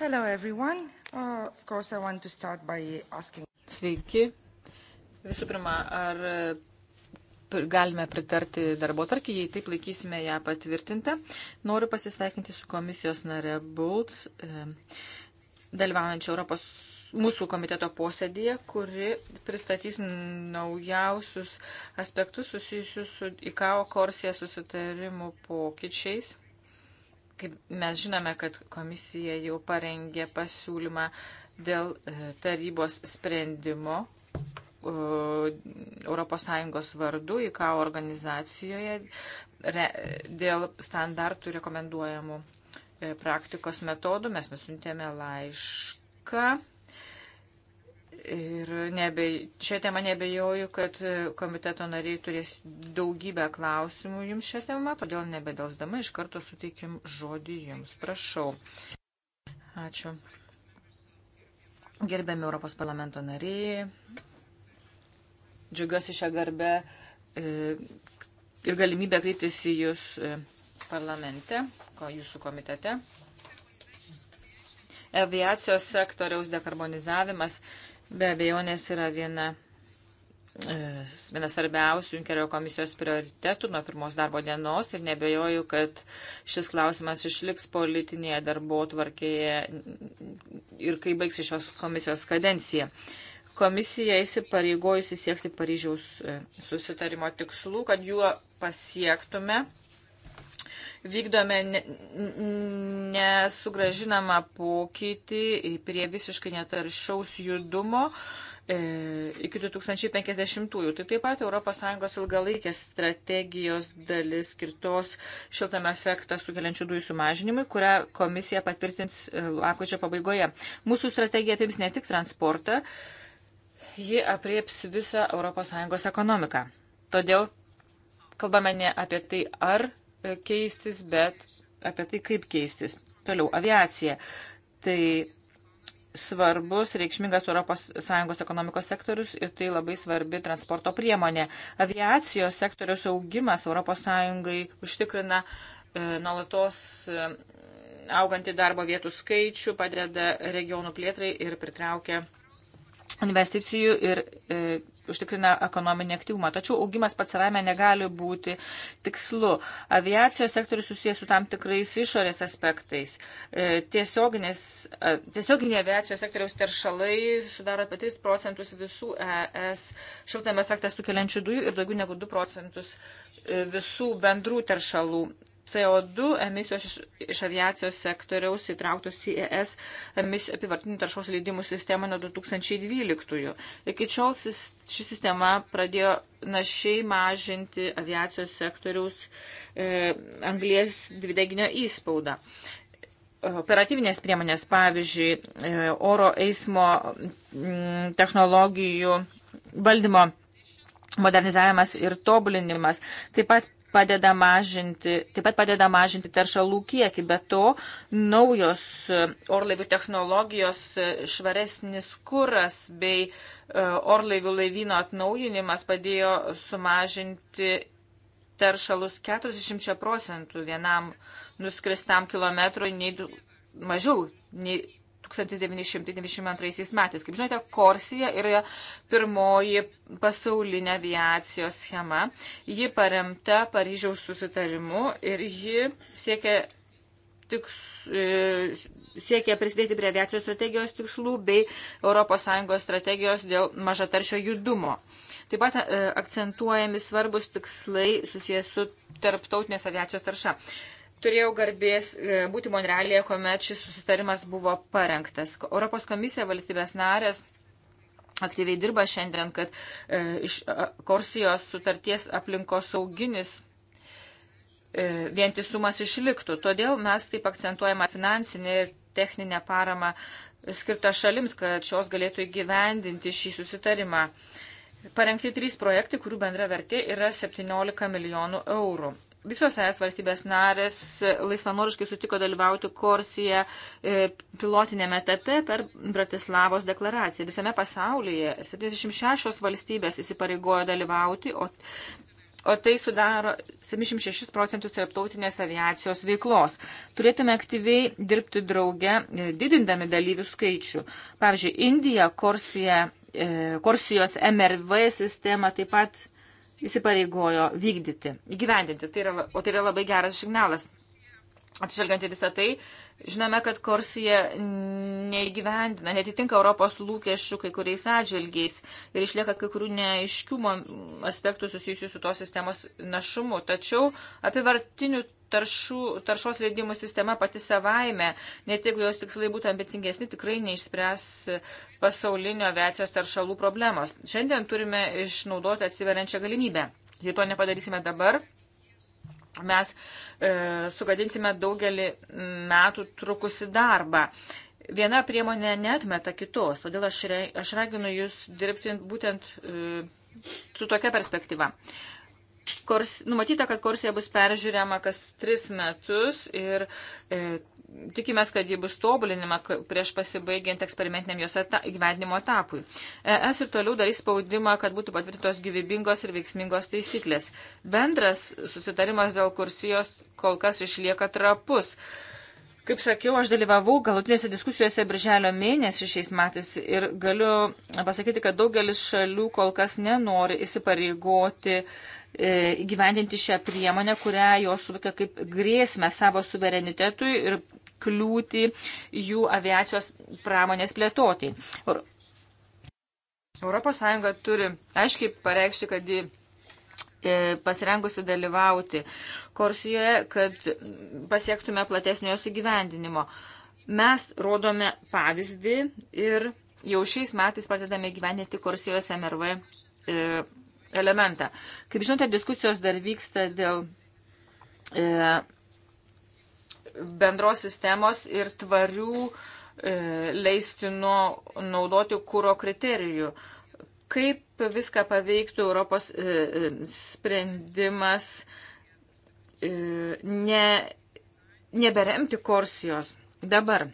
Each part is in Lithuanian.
Hello everyone. Uh, of course I want to start by asking. Sveiki. Visų pirma, ar uh, galime pritarti darbo tarkį, jei taip laikysime ją patvirtintą. Noriu pasisveikinti su komisijos nare Bults, um, dalyvaujančio Europos mūsų komiteto posėdėje, kuri pristatys naujausius aspektus susijusius su IKAO korsija susitarimų pokyčiais. Kaip mes žinome, kad komisija jau parengė pasiūlymą dėl e, tarybos sprendimo ES vardu IKAO organizacijoje re, dėl standartų rekomenduojamų e, praktikos metodų. Mes nusintėme laišką Ir nebe, šią temą nebejoju, kad komiteto nariai turės daugybę klausimų jums šią temą, todėl nebedelsdama iš karto suteikim žodį jums. Prašau. Ačiū. Gerbiami Europos parlamento nariai, džiugiuosi šią garbę e, ir galimybę kreiptis į jūs e, parlamente, jūsų komitete. Aviacijos sektoriaus dekarbonizavimas Be abejonės yra viena, e, viena svarbiausių Junkerio komisijos prioritetų nuo pirmos darbo dienos ir nebejoju, kad šis klausimas išliks politinėje darbo tvarkėje ir kai baigsi šios komisijos kadencija. Komisija įsipareigojusi siekti Paryžiaus e, susitarimo tikslų, kad juo pasiektume vykdome nesugražinamą pokytį prie visiškai netaršaus judumo e, iki 2050-ųjų. Tai taip pat ES ilgalaikės strategijos dalis skirtos šiltame efektą sukeliančių dujų sumažinimui, kurią komisija patvirtins e, lapkričio pabaigoje. Mūsų strategija apims ne tik transportą, ji aprieps visą ES ekonomiką. Todėl kalbame ne apie tai, ar keistis, bet apie tai, kaip keistis. Toliau, aviacija. Tai svarbus, reikšmingas ES ekonomikos sektorius ir tai labai svarbi transporto priemonė. Aviacijos sektoriaus augimas ES užtikrina e, nuolatos e, augantį darbo vietų skaičių, padeda regionų plėtrai ir pritraukia investicijų ir e, užtikrina ekonominį aktyvumą. Tačiau augimas pats savame negali būti tikslu. Aviacijos sektorius susijęs su tam tikrais išorės aspektais. E, Tiesioginiai e, aviacijos sektoriaus teršalai sudaro apie 3 procentus visų ES šiltame efektą sukeliančių dujų ir daugiau negu 2 procentus e, visų bendrų teršalų. CO2 emisijos iš, iš aviacijos sektoriaus įtrauktos į ES apivartinių taršos leidimų sistemą nuo 2012. Iki šiol ši sistema pradėjo našiai mažinti aviacijos sektoriaus e, anglės dvideginio įspaudą. Operatyvinės priemonės, pavyzdžiui, e, oro eismo m, technologijų valdymo modernizavimas ir tobulinimas, taip pat padeda mažinti, taip pat padeda mažinti teršalų kiekį, bet to naujos e, orlaivių technologijos, e, švaresnis kuras bei e, orlaivių laivyno atnaujinimas padėjo sumažinti teršalus 40 procentų vienam nuskristam kilometrui nei mažiau nei 1992 metais. Kaip žinote, Korsija yra pirmoji pasaulinė aviacijos schema. Ji paremta Paryžiaus susitarimu ir ji siekia, tiks, e, siekia prisidėti prie aviacijos strategijos tikslų bei ES strategijos dėl mažataršio judumo. Taip pat e, akcentuojami svarbus tikslai susijęs su tarptautinės aviacijos tarša turėjau garbės e, būti Monrealėje, kuomet šis susitarimas buvo parengtas. Europos komisija valstybės narės aktyviai dirba šiandien, kad e, iš a, Korsijos sutarties aplinkos sauginis e, vientisumas išliktų. Todėl mes taip akcentuojame finansinį ir techninę paramą skirtą šalims, kad šios galėtų įgyvendinti šį susitarimą. Parengti trys projektai, kurių bendra vertė yra 17 milijonų eurų visos es valstybės narės e, laisvanoriškai sutiko dalyvauti Korsija e, pilotinėme etape per Bratislavos deklaraciją. Visame pasaulyje 76 valstybės įsipareigojo dalyvauti, o, o tai sudaro 76 procentus tarptautinės aviacijos veiklos. Turėtume aktyviai dirbti drauge, e, didindami dalyvių skaičių. Pavyzdžiui, Indija Korsija, Korsijos MRV sistemą taip pat įsipareigojo vykdyti, įgyvendinti. Tai yra, o tai yra labai geras signalas. Atsižvelgiant į visą tai, žinome, kad Korsija neįgyvendina, netitinka Europos lūkesčių kai kuriais atžvilgiais ir išlieka kai kurių neaiškiumo aspektų susijusių su tos sistemos našumu. Tačiau apivartinių taršų, taršos leidimų sistema pati savaime, net jeigu jos tikslai būtų ambicingesni, tikrai neišspręs pasaulinio aviacijos taršalų problemos. Šiandien turime išnaudoti atsiveriančią galimybę. Jei to nepadarysime dabar, mes e, sugadinsime daugelį metų trukusi darbą. Viena priemonė netmeta kitos, todėl aš, re, aš raginu jūs dirbti būtent e, su tokia perspektyva. Kors, numatyta, kad korsija bus peržiūrėma kas tris metus ir e, tikimės, kad ji bus tobulinima prieš pasibaigiant eksperimentiniam jos eta, gyvenimo etapui. ES ir toliau darys spaudimą, kad būtų patvirtintos gyvybingos ir veiksmingos taisyklės. Bendras susitarimas dėl kursijos kol kas išlieka trapus. Kaip sakiau, aš dalyvavau galutinėse diskusijose birželio mėnesį šiais metais ir galiu pasakyti, kad daugelis šalių kol kas nenori įsipareigoti e, įgyvendinti šią priemonę, kurią jos suvokia kaip grėsmę savo suverenitetui ir kliūtį jų aviacijos pramonės plėtotai. ES turi aiškiai pareikšti, kad ji e, pasirengusi dalyvauti Korsijoje, kad pasiektume platesnio jos įgyvendinimo. Mes rodome pavyzdį ir jau šiais metais pradedame gyveninti Korsijos MRV e, elementą. Kaip žinote, diskusijos dar vyksta dėl e, bendros sistemos ir tvarių e, leistino naudoti kūro kriterijų. Kaip viską paveiktų Europos e, e, sprendimas ne, neberemti Korsijos dabar?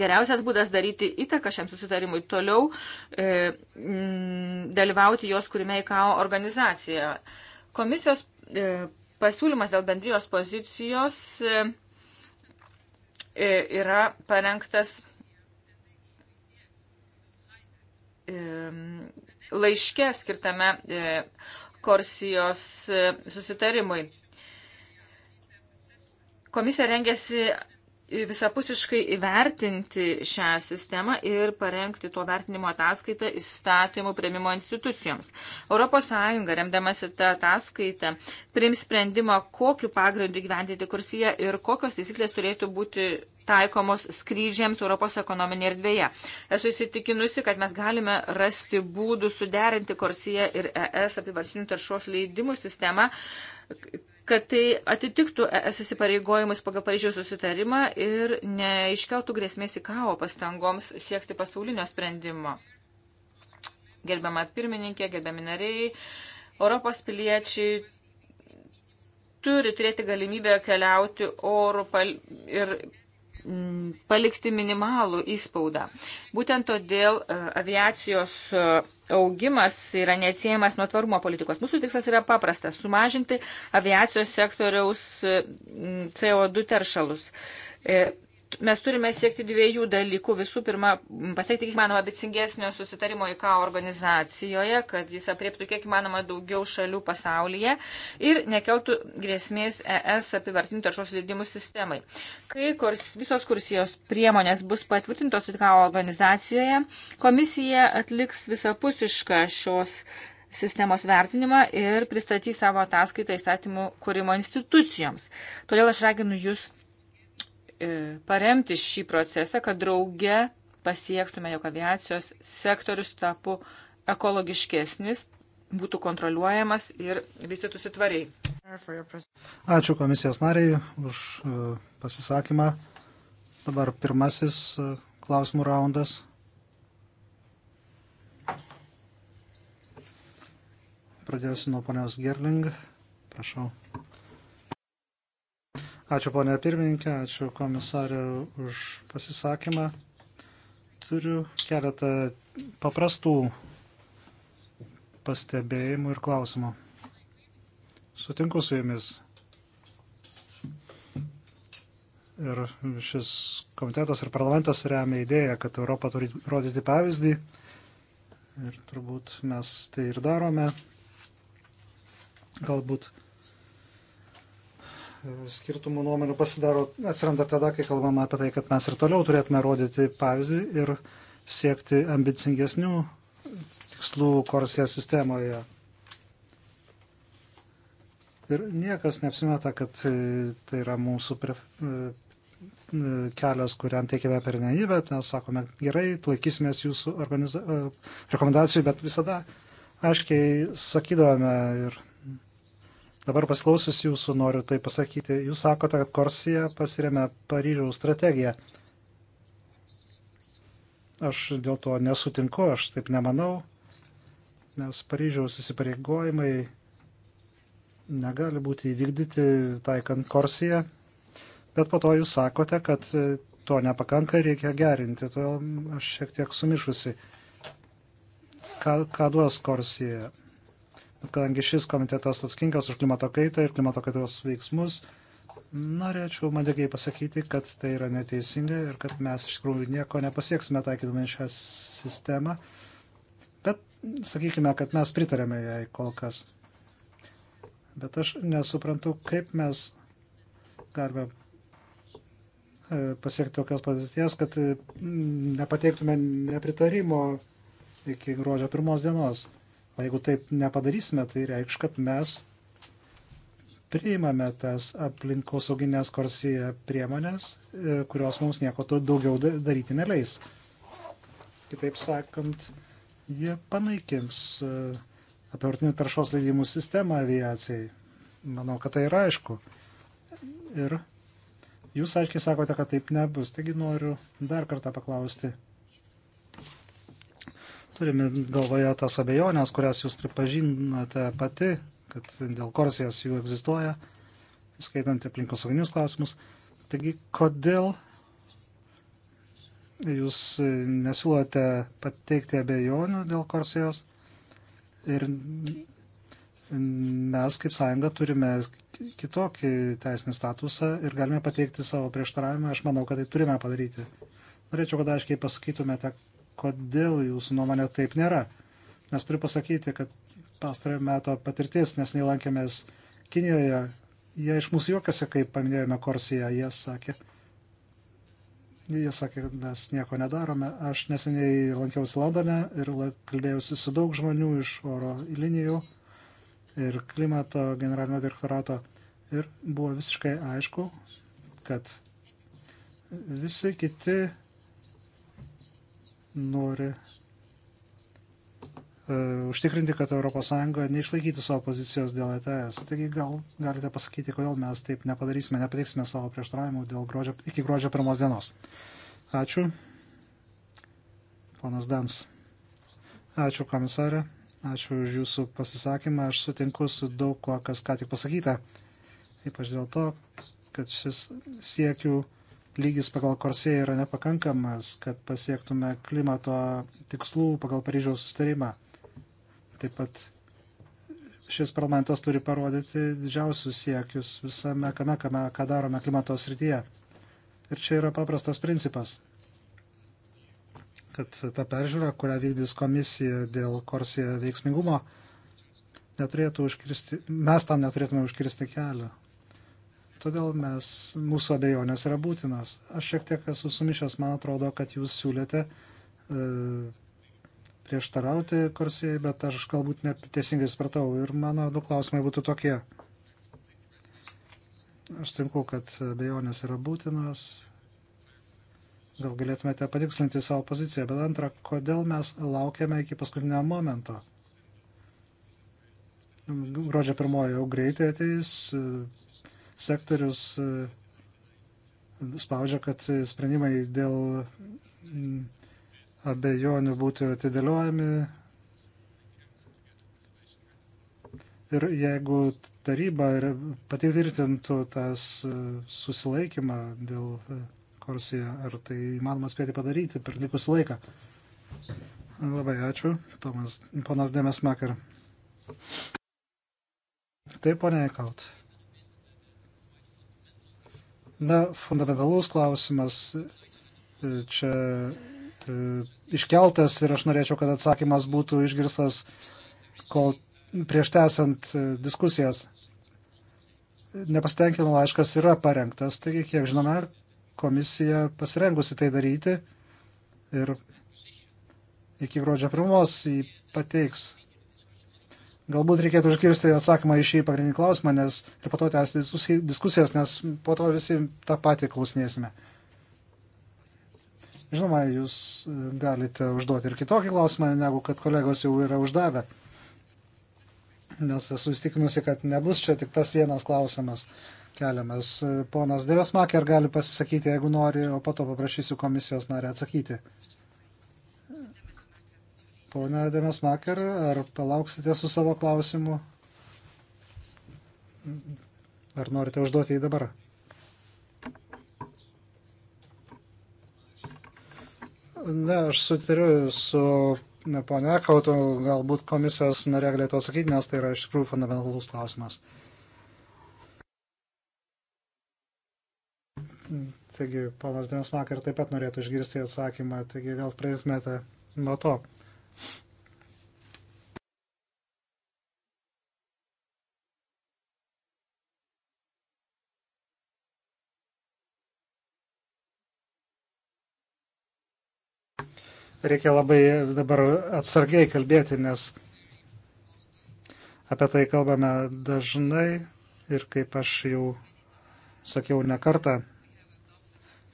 Geriausias būdas daryti įtaką šiam susitarimui toliau e, m, dalyvauti jos kūrime IKAO organizacijoje. Komisijos e, Pasiūlymas dėl bendrijos pozicijos e, e, yra parengtas e, laiške skirtame Korsijos susitarimui. Komisija rengėsi visapusiškai įvertinti šią sistemą ir parengti to vertinimo ataskaitą įstatymų prieimimo institucijoms. ES, remdamasi tą ataskaitą, prims sprendimą, kokiu pagrindu gyventi kursyje ir kokios taisyklės turėtų būti taikomos skrydžiams Europos ekonominėje erdvėje. Esu įsitikinusi, kad mes galime rasti būdų suderinti Korsiją ir ES apivarsinių taršos leidimų sistemą kad tai atitiktų ES įsipareigojimus pagal Paryžiaus susitarimą ir neiškeltų grėsmės į kavo pastangoms siekti pasaulinio sprendimo. Gerbiama pirmininkė, gerbiami nariai, Europos piliečiai turi turėti galimybę keliauti oru ir Mm, palikti minimalų įspaudą. Būtent todėl e, aviacijos e, augimas yra neatsiejamas nuo tvarumo politikos. Mūsų tikslas yra paprastas - sumažinti aviacijos sektoriaus e, mm, CO2 teršalus mes turime siekti dviejų dalykų. Visų pirma, pasiekti kiek manoma ambicingesnio susitarimo į ką organizacijoje, kad jis apriektų kiek manoma daugiau šalių pasaulyje ir nekeltų grėsmės ES apivartinių taršos leidimų sistemai. Kai kurs, visos kursijos priemonės bus patvirtintos į ką organizacijoje, komisija atliks visapusišką šios sistemos vertinimą ir pristatys savo ataskaitą įstatymų kūrimo institucijoms. Todėl aš raginu jūs E, paremti šį procesą, kad drauge pasiektume, jog aviacijos sektorius tapo ekologiškesnis, būtų kontroliuojamas ir vystytųsi tvariai. Ačiū komisijos nariai už e, pasisakymą. Dabar pirmasis e, klausimų raundas. Pradėsiu nuo ponios Gerling. Prašau. Ačiū ponė pirmininkė, ačiū komisarė už pasisakymą. Turiu keletą paprastų pastebėjimų ir klausimų. Sutinku su jumis. Ir šis komitetas ir parlamentas remia idėją, kad Europa turi rodyti pavyzdį. Ir turbūt mes tai ir darome. Galbūt skirtumų nuomonių pasidaro, atsiranda tada, kai kalbama apie tai, kad mes ir toliau turėtume rodyti pavyzdį ir siekti ambicingesnių tikslų korsė sistemoje. Ir niekas neapsimeta, kad tai yra mūsų pre... E, kelias, kuriam teikime pernelyvę, nes sakome, gerai, laikysimės jūsų organiza... E, rekomendacijų, bet visada aiškiai sakydavome ir Dabar pasklausus jūsų noriu tai pasakyti. Jūs sakote, kad Korsija pasiremė Paryžiaus strategiją. Aš dėl to nesutinku, aš taip nemanau, nes Paryžiaus įsipareigojimai negali būti įvykdyti taikant Korsiją, bet po to jūs sakote, kad to nepakanka ir reikia gerinti, todėl aš šiek tiek sumišusi. Ką, ką duos Korsija? Bet kadangi šis komitetas atsakingas už klimato kaitą ir klimato kaitos veiksmus, norėčiau mandagiai pasakyti, kad tai yra neteisinga ir kad mes iš tikrųjų nieko nepasieksime taikydami šią sistemą. Bet sakykime, kad mes pritarėme jai kol kas. Bet aš nesuprantu, kaip mes galime e, pasiekti tokios pozicijos, kad mm, nepateiktume nepritarimo iki gruodžio pirmos dienos. O jeigu taip nepadarysime, tai reikš, kad mes priimame tas aplinkosauginės korsija priemonės, e, kurios mums nieko daugiau daryti neleis. Kitaip sakant, jie panaikins e, apivartinių taršos leidimų sistemą aviacijai. Manau, kad tai yra aišku. Ir jūs aiškiai sakote, kad taip nebus. Taigi noriu dar kartą paklausti Turime galvoje tas abejonės, kurias jūs pripažinote pati, kad dėl korsijos jų egzistuoja, skaitant aplinkos auginius klausimus. Taigi, kodėl jūs nesiūlote pateikti abejonių dėl korsijos? Ir mes kaip sąjunga turime kitokį teisinį statusą ir galime pateikti savo prieštaravimą. Aš manau, kad tai turime padaryti. Norėčiau, kad aiškiai pasakytumėte, kodėl jūsų nuomonė taip nėra. Nes turiu pasakyti, kad pastarojo meto patirtis, nes nelankėmės Kinijoje, jie iš mūsų juokėsi, kai paminėjome Korsiją, jie sakė, jie sakė, mes nieko nedarome. Aš neseniai lankiausi Londone ir kalbėjausi su daug žmonių iš oro linijų ir klimato generalinio direktorato ir buvo visiškai aišku, kad visi kiti nori e, užtikrinti, kad ES neišlaikytų savo pozicijos dėl ETS. Taigi gal galite pasakyti, kodėl mes taip nepadarysime, nepateiksime savo prieštaravimų gruodžio, iki gruodžio pirmos dienos. Ačiū. Ponas Dans. Ačiū komisarė. Ačiū už jūsų pasisakymą. Aš sutinku su daug kuo, kas ką tik pasakyta. Ypač dėl to, kad šis siekių lygis pagal korsė yra nepakankamas, kad pasiektume klimato tikslų pagal Paryžiaus sustarimą. Taip pat šis parlamentas turi parodyti didžiausius siekius visame, kame, kame, ką darome klimato srityje. Ir čia yra paprastas principas, kad ta peržiūra, kurią vykdys komisija dėl korsė veiksmingumo, neturėtų užkristi, mes tam neturėtume užkristi kelią. Todėl mes, mūsų abejonės yra būtinas. Aš šiek tiek esu sumišęs, man atrodo, kad jūs siūlėte e, prieštarauti korsijai, bet aš galbūt neteisingai supratau. Ir mano du klausimai būtų tokie. Aš tinku, kad abejonės yra būtinos. Gal galėtumėte patikslinti savo poziciją, bet antra, kodėl mes laukiame iki paskutinio momento? Gruodžio pirmoji jau greitai ateis, sektorius e, spaudžia, kad sprendimai dėl abejonių būtų atidėliojami. Ir jeigu taryba patvirtintų tas e, susilaikymą dėl e, Korsija, ar tai įmanoma spėti padaryti per likusį laiką? Labai ačiū, Tomas, ponas Demes Maker. Taip, ponia Ekaut. Na, fundamentalus klausimas e, čia e, iškeltas ir aš norėčiau, kad atsakymas būtų išgirstas, kol prieš tęsiant e, diskusijas. Nepastenkinimo laiškas yra parengtas, taigi, kiek žinome, komisija pasirengusi tai daryti ir iki gruodžio pirmos jį pateiks. Galbūt reikėtų išgirsti atsakymą į šį pagrindinį klausimą, nes ir po to tęsti diskusijas, nes po to visi tą patį klausinėsime. Žinoma, jūs e, galite užduoti ir kitokį klausimą, negu kad kolegos jau yra uždavę. Nes esu įstikinusi, kad nebus čia tik tas vienas klausimas keliamas. E, ponas Devesmaker gali pasisakyti, jeigu nori, o po to paprašysiu komisijos narę atsakyti. Pone Demesmaker, ar palauksite su savo klausimu? Ar norite užduoti jį dabar? Ne, aš sutariu su ponia Kautu, galbūt komisijos narė galėtų atsakyti, nes tai yra iš tikrųjų fundamentalus klausimas. Taigi, ponas Demesmaker taip pat norėtų išgirsti atsakymą, taigi gal pradėtumėte nuo to. reikia labai dabar atsargiai kalbėti, nes apie tai kalbame dažnai ir kaip aš jau sakiau ne kartą.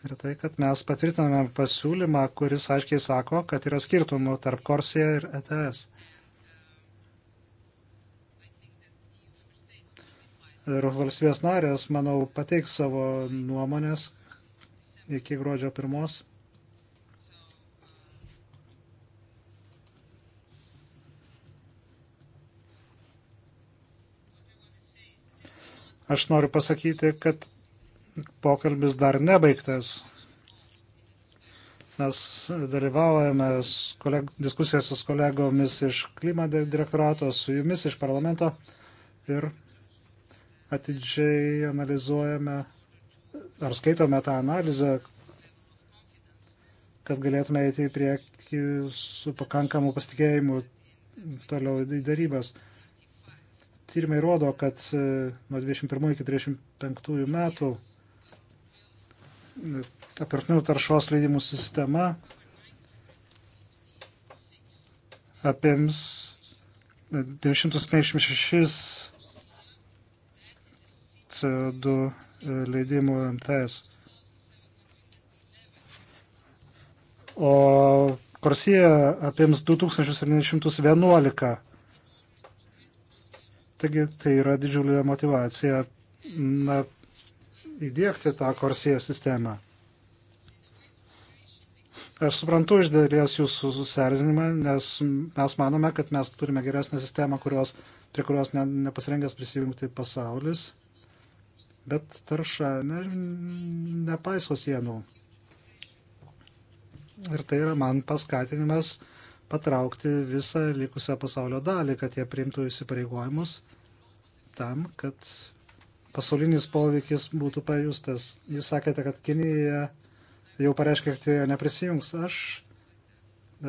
Ir tai, kad mes patvirtiname pasiūlymą, kuris aiškiai sako, kad yra skirtumų tarp Korsija ir ETS. Ir valstybės narės, manau, pateiks savo nuomonės iki gruodžio pirmos. Aš noriu pasakyti, kad pokalbis dar nebaigtas. Mes dalyvaujame koleg... diskusijose su kolegomis iš klima direktorato, su jumis iš parlamento ir atidžiai analizuojame ar skaitome tą analizę, kad galėtume eiti į priekį su pakankamu pasitikėjimu toliau į darybas tyrimai rodo, kad e, nuo 21 iki 35 metų e, apartinių taršos leidimų sistema apims 956 e, CO2 leidimų MTS. O Korsija apims 2711 Taigi tai yra didžiulė motivacija na, įdėkti tą korsiją sistemą. Aš suprantu iš dalies jūsų susierzinimą, nes mes manome, kad mes turime geresnę sistemą, kurios, prie kurios ne, nepasirengęs prisijungti pasaulis, bet tarša ne, nepaiso sienų. Ir tai yra man paskatinimas patraukti visą likusią pasaulio dalį, kad jie priimtų įsipareigojimus tam, kad pasaulinis poveikis būtų pajustas. Jūs sakėte, kad Kinija jau pareiškia, kad jie neprisijungs. Aš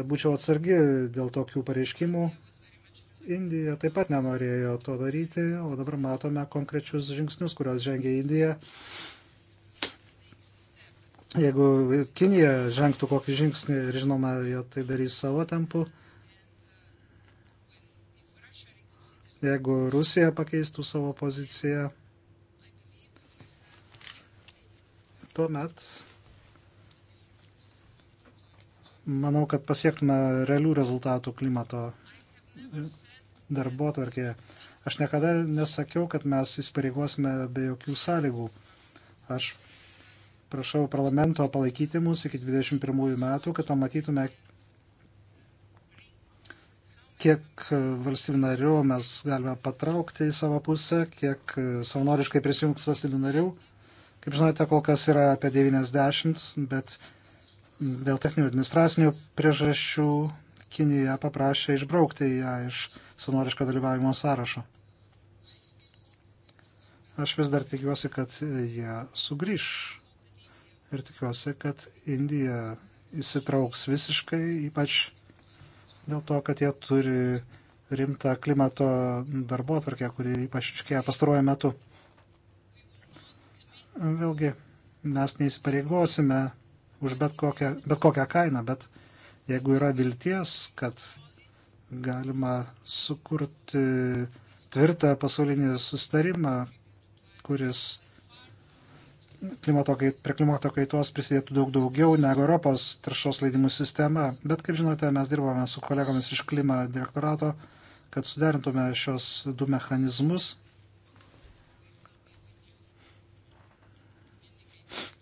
būčiau atsargi dėl tokių pareiškimų. Indija taip pat nenorėjo to daryti, o dabar matome konkrečius žingsnius, kuriuos žengia Indija jeigu Kinija žengtų kokį žingsnį ir žinoma, jie tai darys savo tempu, jeigu Rusija pakeistų savo poziciją, tuomet manau, kad pasiektume realių rezultatų klimato darbo tvarkėje. Aš niekada nesakiau, kad mes įsipareigosime be jokių sąlygų. Aš Prašau parlamento palaikyti mus iki 21 metų, kad pamatytume, kiek valstybių narių mes galime patraukti į savo pusę, kiek savanoriškai prisijungs valstybių narių. Kaip žinote, kol kas yra apie 90, bet dėl techninių administracinių priežasčių Kinija paprašė išbraukti ją iš savanoriško dalyvavimo sąrašo. Aš vis dar tikiuosi, kad jie sugrįž ir tikiuosi, kad Indija įsitrauks visiškai, ypač dėl to, kad jie turi rimtą klimato darbo atvarkę, kuri ypač iškėja pastaruoju metu. Vėlgi, mes neįsipareigosime už bet kokią, bet kokią kainą, bet jeigu yra vilties, kad galima sukurti tvirtą pasaulinį sustarimą, kuris klimato kait, prie klimato kaitos prisidėtų daug daugiau negu Europos taršos leidimų sistema. Bet, kaip žinote, mes dirbame su kolegomis iš klima direktorato, kad suderintume šios du mechanizmus.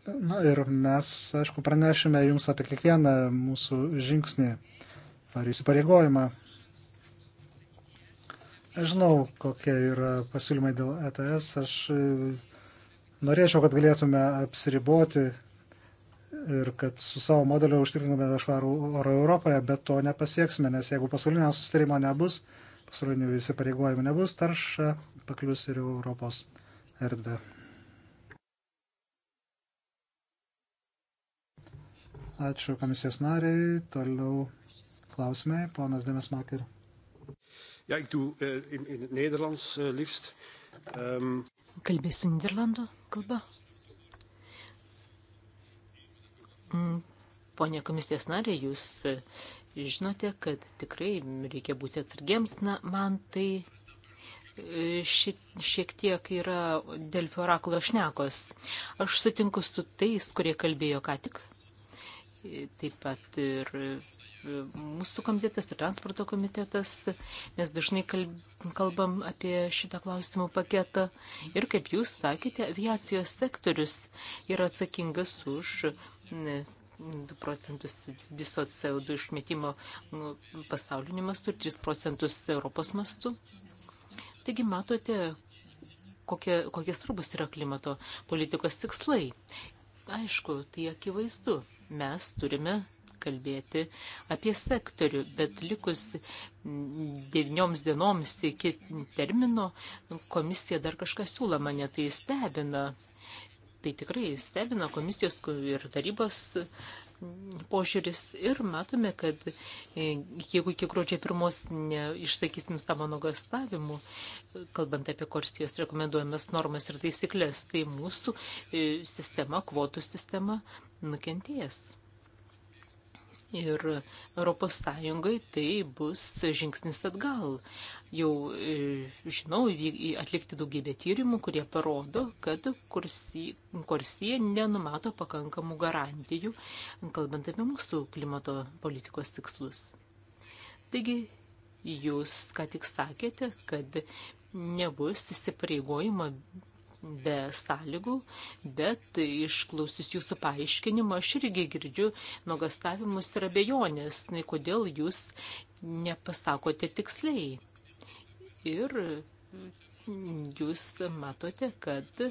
Na ir mes, aišku, pranešime jums apie kiekvieną mūsų žingsnį ar įsipareigojimą. Aš žinau, kokie yra pasiūlymai dėl ETS. Aš Norėčiau, kad galėtume apsiriboti ir kad su savo modeliu užtikrintume švarų oro Europoje, bet to nepasieksime, nes jeigu pasaulinio sustarimo nebus, pasaulinių įsipareigojimų nebus, tarša paklius ir Europos erdvę. Ačiū komisijos nariai. Toliau klausimai. Ponas Demesmaker. Ja, ik doe uh, in, in het Nederlands uh, liefst. Um... Kalbėsiu Niderlandų kalba. Mm, Pone komisijos narė, jūs e, žinote, kad tikrai reikia būti atsargiems. Na, man tai e, ši, šiek tiek yra Delfio orakulo šnekos. Aš sutinku su tais, kurie kalbėjo ką tik taip pat ir e, mūsų komitetas, ir transporto komitetas. Mes dažnai kalbam apie šitą klausimų paketą. Ir kaip jūs sakėte, aviacijos sektorius yra atsakingas už 2 procentus viso CO2 išmetimo nu, pasauliniu mastu ir 3 procentus Europos mastu. Taigi matote, kokie, kokie svarbus yra klimato politikos tikslai. Aišku, tai akivaizdu mes turime kalbėti apie sektorių, bet likus devynioms dienoms iki termino nu, komisija dar kažką siūlo, mane tai stebina. Tai tikrai stebina komisijos ir tarybos požiūris ir matome, kad e, jeigu iki gruodžio pirmos neišsakysim savo nuogastavimų, kalbant apie Korsijos rekomenduojamas normas ir taisyklės, tai mūsų e, sistema, kvotų sistema nukentės. Ir Europos Sąjungai tai bus žingsnis atgal. Jau e, žinau, atlikti daugybę tyrimų, kurie parodo, kad Korsija nenumato pakankamų garantijų, kalbant apie mūsų klimato politikos tikslus. Taigi, jūs ką tik sakėte, kad nebus įsipareigojimo be sąlygų, bet išklausius jūsų paaiškinimą, aš irgi girdžiu nuogastavimus ir abejonės, na, kodėl jūs nepasakote tiksliai. Ir jūs matote, kad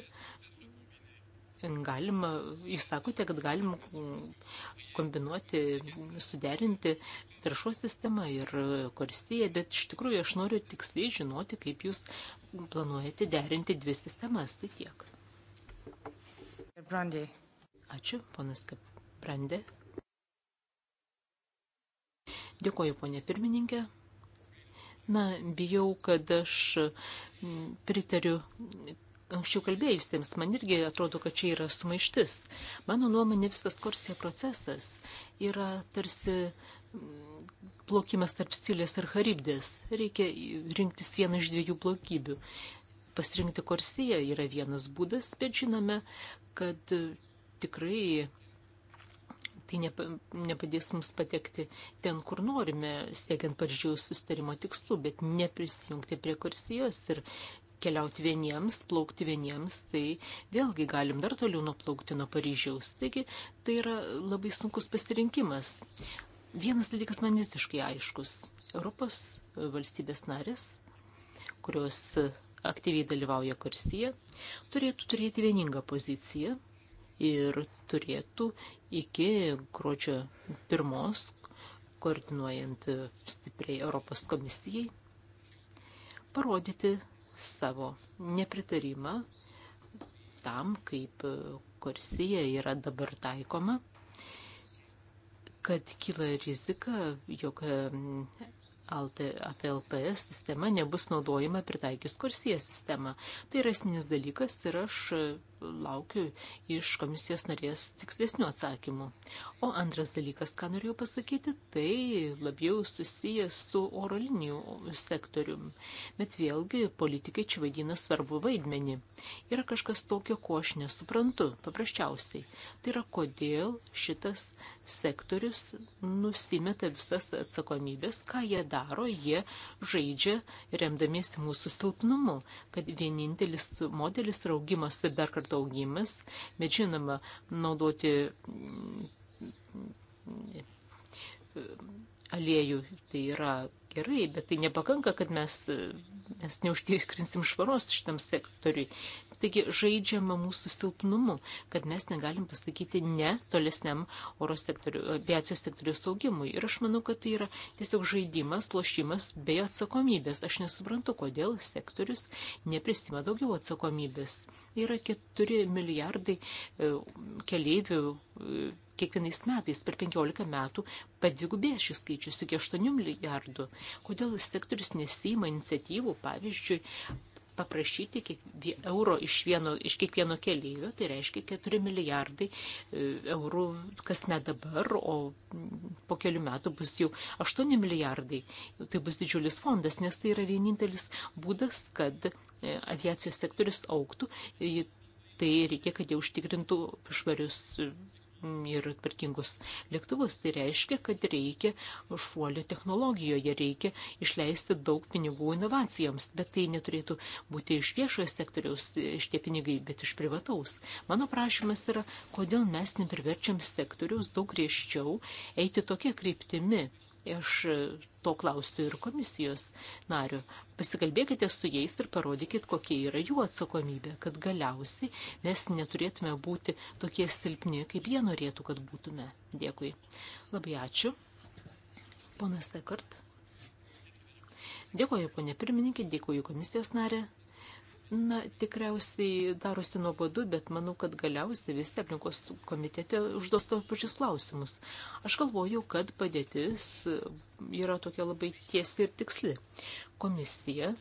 galima, jūs sakote, kad galima kombinuoti, suderinti taršos sistemą ir koristiją, bet iš tikrųjų aš noriu tiksliai žinoti, kaip jūs planuojate derinti dvi sistemas, tai tiek. Brandy. Ačiū, ponas Brandė. Dėkoju, ponė pirmininkė. Na, bijau, kad aš pritariu anksčiau kalbėjusiems, man irgi atrodo, kad čia yra sumaištis. Mano nuomonė, visas korsija procesas yra tarsi mm, plokimas tarp stilės ir haribdės. Reikia rinktis vieną iš dviejų blogybių. Pasirinkti korsiją yra vienas būdas, bet žinome, kad e, tikrai tai nepadės mums patekti ten, kur norime, siekiant Paryžiaus sustarimo tikslų, bet neprisijungti prie korsijos ir keliauti vieniems, plaukti vieniems, tai vėlgi galim dar toliau nuplaukti nuo Paryžiaus. Taigi tai yra labai sunkus pasirinkimas. Vienas dalykas man visiškai aiškus. Europos valstybės narės, kurios aktyviai dalyvauja karstyje, turėtų turėti vieningą poziciją ir turėtų iki gruodžio pirmos, koordinuojant stipriai Europos komisijai, parodyti savo nepritarimą tam, kaip korsija yra dabar taikoma, kad kyla rizika, jog ATLPS sistema nebus naudojama pritaikius korsija sistemą. Tai yra esminis dalykas ir aš laukiu iš komisijos narės tikslesnių atsakymų. O antras dalykas, ką norėjau pasakyti, tai labiau susijęs su oro linijų sektorium. Bet vėlgi politikai čia vaidina svarbu vaidmenį. Yra kažkas tokio, ko aš nesuprantu, paprasčiausiai. Tai yra, kodėl šitas sektorius nusimeta visas atsakomybės, ką jie daro, jie žaidžia remdamiesi mūsų silpnumu, kad vienintelis modelis yra augimas ir dar kartą eksporto augimas, bet žinoma, naudoti mm, aliejų tai yra gerai, bet tai nepakanka, kad mes, mes neužtikrinsim švaros šitam sektoriui. Taigi žaidžiama mūsų silpnumu, kad mes negalim pasakyti ne tolesniam oro sektoriu, aviacijos sektoriaus augimui. Ir aš manau, kad tai yra tiesiog žaidimas, lošimas be atsakomybės. Aš nesuprantu, kodėl sektorius neprisima daugiau atsakomybės. Yra 4 milijardai e, keleivių e, kiekvienais metais per 15 metų padvigubės šis skaičius iki 8 milijardų. Kodėl sektorius nesima iniciatyvų, pavyzdžiui, paprašyti euro iš, vieno, iš kiekvieno keleivio, tai reiškia 4 milijardai e, eurų kas ne dabar, o po kelių metų bus jau 8 milijardai. Tai bus didžiulis fondas, nes tai yra vienintelis būdas, kad e, aviacijos sektorius auktų. Tai reikia, kad jie užtikrintų švarius ir tvarkingus lėktuvus, tai reiškia, kad reikia šuolio technologijoje, reikia išleisti daug pinigų inovacijoms, bet tai neturėtų būti iš viešojo sektoriaus šitie pinigai, bet iš privataus. Mano prašymas yra, kodėl mes nepriverčiam sektoriaus daug griežčiau eiti tokia kryptimi Aš e, to klausiu ir komisijos nariu. Pasikalbėkite su jais ir parodykit, kokia yra jų atsakomybė, kad galiausiai mes neturėtume būti tokie silpni, kaip jie norėtų, kad būtume. Dėkui. Labai ačiū. Ponas Sekart. Dėkoju, ponė pirmininkė, dėkoju komisijos narė. Na, tikriausiai darosi nuobodu, bet manau, kad galiausiai visi aplinkos komitete užduos to pačius klausimus. Aš galvoju, kad padėtis yra tokia labai tiesi ir tiksli. Komisija,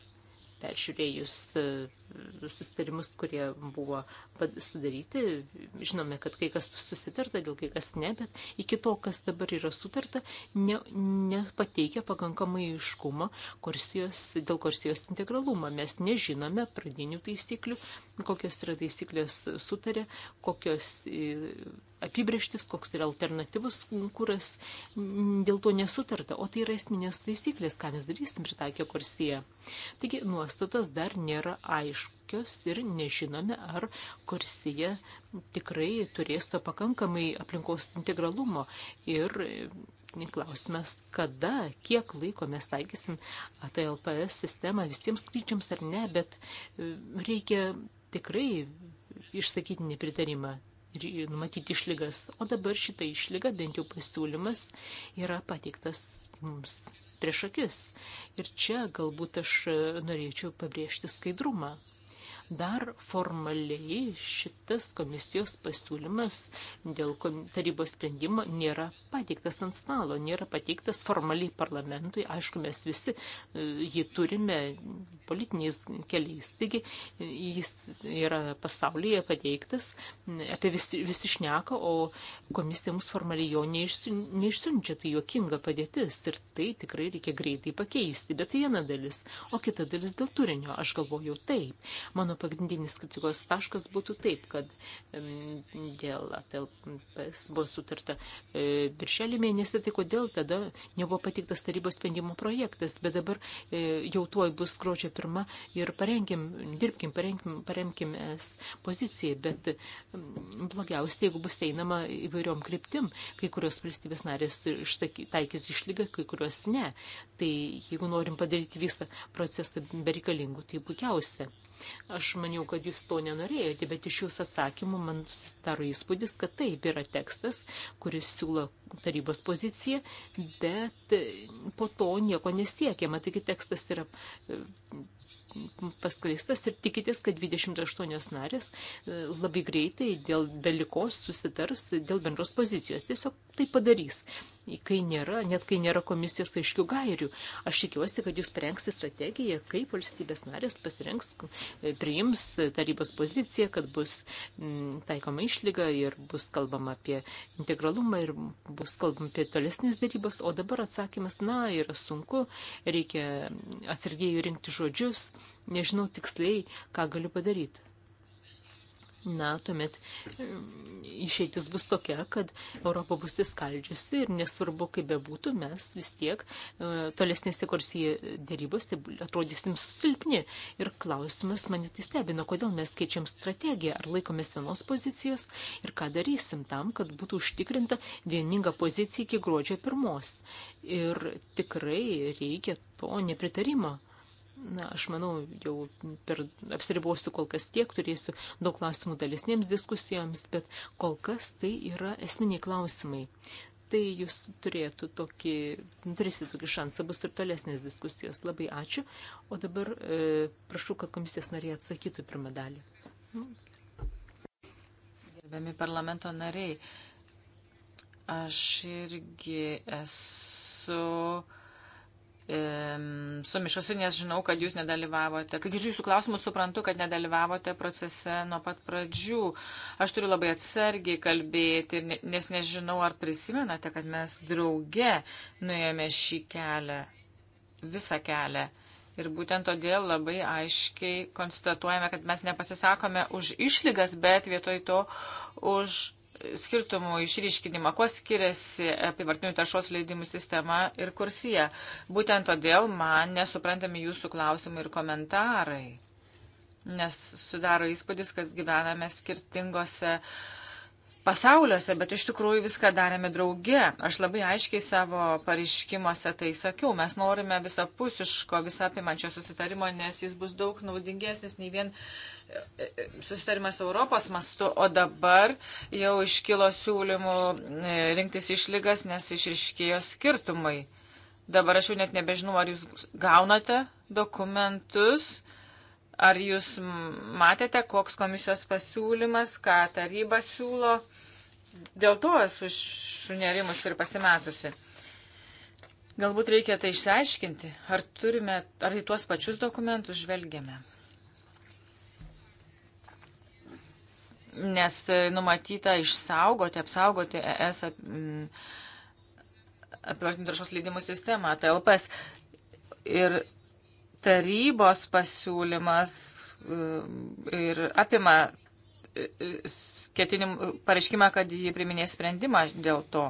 peržiūrėjus sustarimus, kurie buvo sudaryti. Žinome, kad kai kas susitarta, dėl kai kas ne, bet iki to, kas dabar yra sutarta, ne, nepateikia pakankamai iškumo korsijos, dėl korsijos integralumą. Mes nežinome pradinių taisyklių, kokios yra taisyklės sutarė, kokios e, apibrieštis, koks yra alternatyvus kuras, dėl to nesutarta, o tai yra esminės taisyklės, ką mes darysim pritaikę korsiją. Taigi nuostatos dar nėra aiškios neaiškios ir nežinome, ar kursija tikrai turės to pakankamai aplinkos integralumo. Ir e, klausimas, kada, kiek laiko mes taikysim ATLPS sistemą visiems skrydžiams ar ne, bet e, reikia tikrai išsakyti nepritarimą ir numatyti išlygas. O dabar šita išlyga, bent jau pasiūlymas, yra pateiktas mums prieš akis. Ir čia galbūt aš norėčiau pabrėžti skaidrumą. Dar formaliai šitas komisijos pasiūlymas dėl tarybos sprendimo nėra pateiktas ant stalo, nėra pateiktas formaliai parlamentui. Aišku, mes visi e, jį turime politiniais keliais. Taigi, e, jis yra pasaulyje pateiktas, apie visi, visi šneka, o komisija mums formaliai jo neišsiunčia. Tai juokinga padėtis ir tai tikrai reikia greitai pakeisti. Bet tai viena dalis. O kita dalis dėl turinio. Aš galvojau taip. Mano mano pagrindinis kritikos taškas būtų taip, kad dėl ATLPS buvo sutarta e, birželį mėnesį, tai kodėl tada nebuvo patiktas tarybos sprendimo projektas, bet dabar e, jau tuoj bus gruodžio pirma ir parengim, dirbkim, parengim, paremkim es poziciją, bet blogiausia, jeigu bus einama įvairiom kryptim, kai kurios valstybės narės išsaky, taikys išlygą, kai kurios ne. Tai jeigu norim padaryti visą procesą bereikalingų, tai puikiausia. Aš Aš maniau, kad jūs to nenorėjote, bet iš jūsų atsakymų man susidaro įspūdis, kad taip yra tekstas, kuris siūlo tarybos poziciją, bet e, po to nieko nesiekiama. Taigi tekstas yra e, paskleistas ir tikitės, kad 28 narės e, labai greitai dėl dalikos susitars dėl bendros pozicijos. Tiesiog tai padarys kai nėra, net kai nėra komisijos aiškių gairių. Aš tikiuosi, kad jūs prengsite strategiją, kaip valstybės narės pasirengs, e, priims tarybos poziciją, kad bus taikoma išlyga ir bus kalbama apie integralumą ir bus kalbama apie tolesnės darybos. O dabar atsakymas, na, yra sunku, reikia atsargiai rinkti žodžius, nežinau tiksliai, ką galiu padaryti na, tuomet mm, išeitis bus tokia, kad Europa bus įskaldžiusi ir nesvarbu, kaip bebūtų, mes vis tiek e, tolesnėse korsijai dėrybose atrodysim silpni. Ir klausimas mane tai stebina, kodėl mes keičiam strategiją, ar laikomės vienos pozicijos ir ką darysim tam, kad būtų užtikrinta vieninga pozicija iki gruodžio pirmos. Ir tikrai reikia to nepritarimo Na, aš manau, jau per apsiribosiu kol kas tiek, turėsiu daug klausimų dalesnėms diskusijoms, bet kol kas tai yra esminiai klausimai. Tai jūs turėtų tokį, turėsite tokį šansą, bus ir tolesnės diskusijos. Labai ačiū. O dabar e, prašau, kad komisijos nariai atsakytų pirmą dalį. Nu. Gerbiami parlamento nariai, aš irgi esu. E, sumišusi, nes žinau, kad jūs nedalyvavote. Kai girdžiu jūsų klausimus, suprantu, kad nedalyvavote procese nuo pat pradžių. Aš turiu labai atsargiai kalbėti, nes nežinau, ar prisimenate, kad mes drauge nuėjome šį kelią, visą kelią. Ir būtent todėl labai aiškiai konstatuojame, kad mes nepasisakome už išlygas, bet vietoj to už skirtumų išryškinimą, kuo skiriasi apivartinių taršos leidimų sistema ir kursija. Būtent todėl man nesuprantami jūsų klausimai ir komentarai, nes sudaro įspūdis, kad gyvename skirtingose pasauliuose, bet iš tikrųjų viską darėme drauge. Aš labai aiškiai savo pareiškimuose tai sakiau, mes norime visapusiško, visapimančio susitarimo, nes jis bus daug naudingesnis nei vien susitarimas Europos mastu, o dabar jau iškilo siūlymų e, rinktis išlygas, nes išriškėjo skirtumai. Dabar aš jau net nebežinau, ar jūs gaunate dokumentus, ar jūs matėte, koks komisijos pasiūlymas, ką taryba siūlo. Dėl to esu sunerimus ir pasimetusi. Galbūt reikia tai išsiaiškinti, ar turime, ar į tuos pačius dokumentus žvelgiame. nes e, numatyta išsaugoti, apsaugoti ES apivartinių taršos leidimų sistemą, TLPS. Ir tarybos pasiūlymas e, ir apima e, ketinim, pareiškimą, kad jį priminės sprendimą dėl to.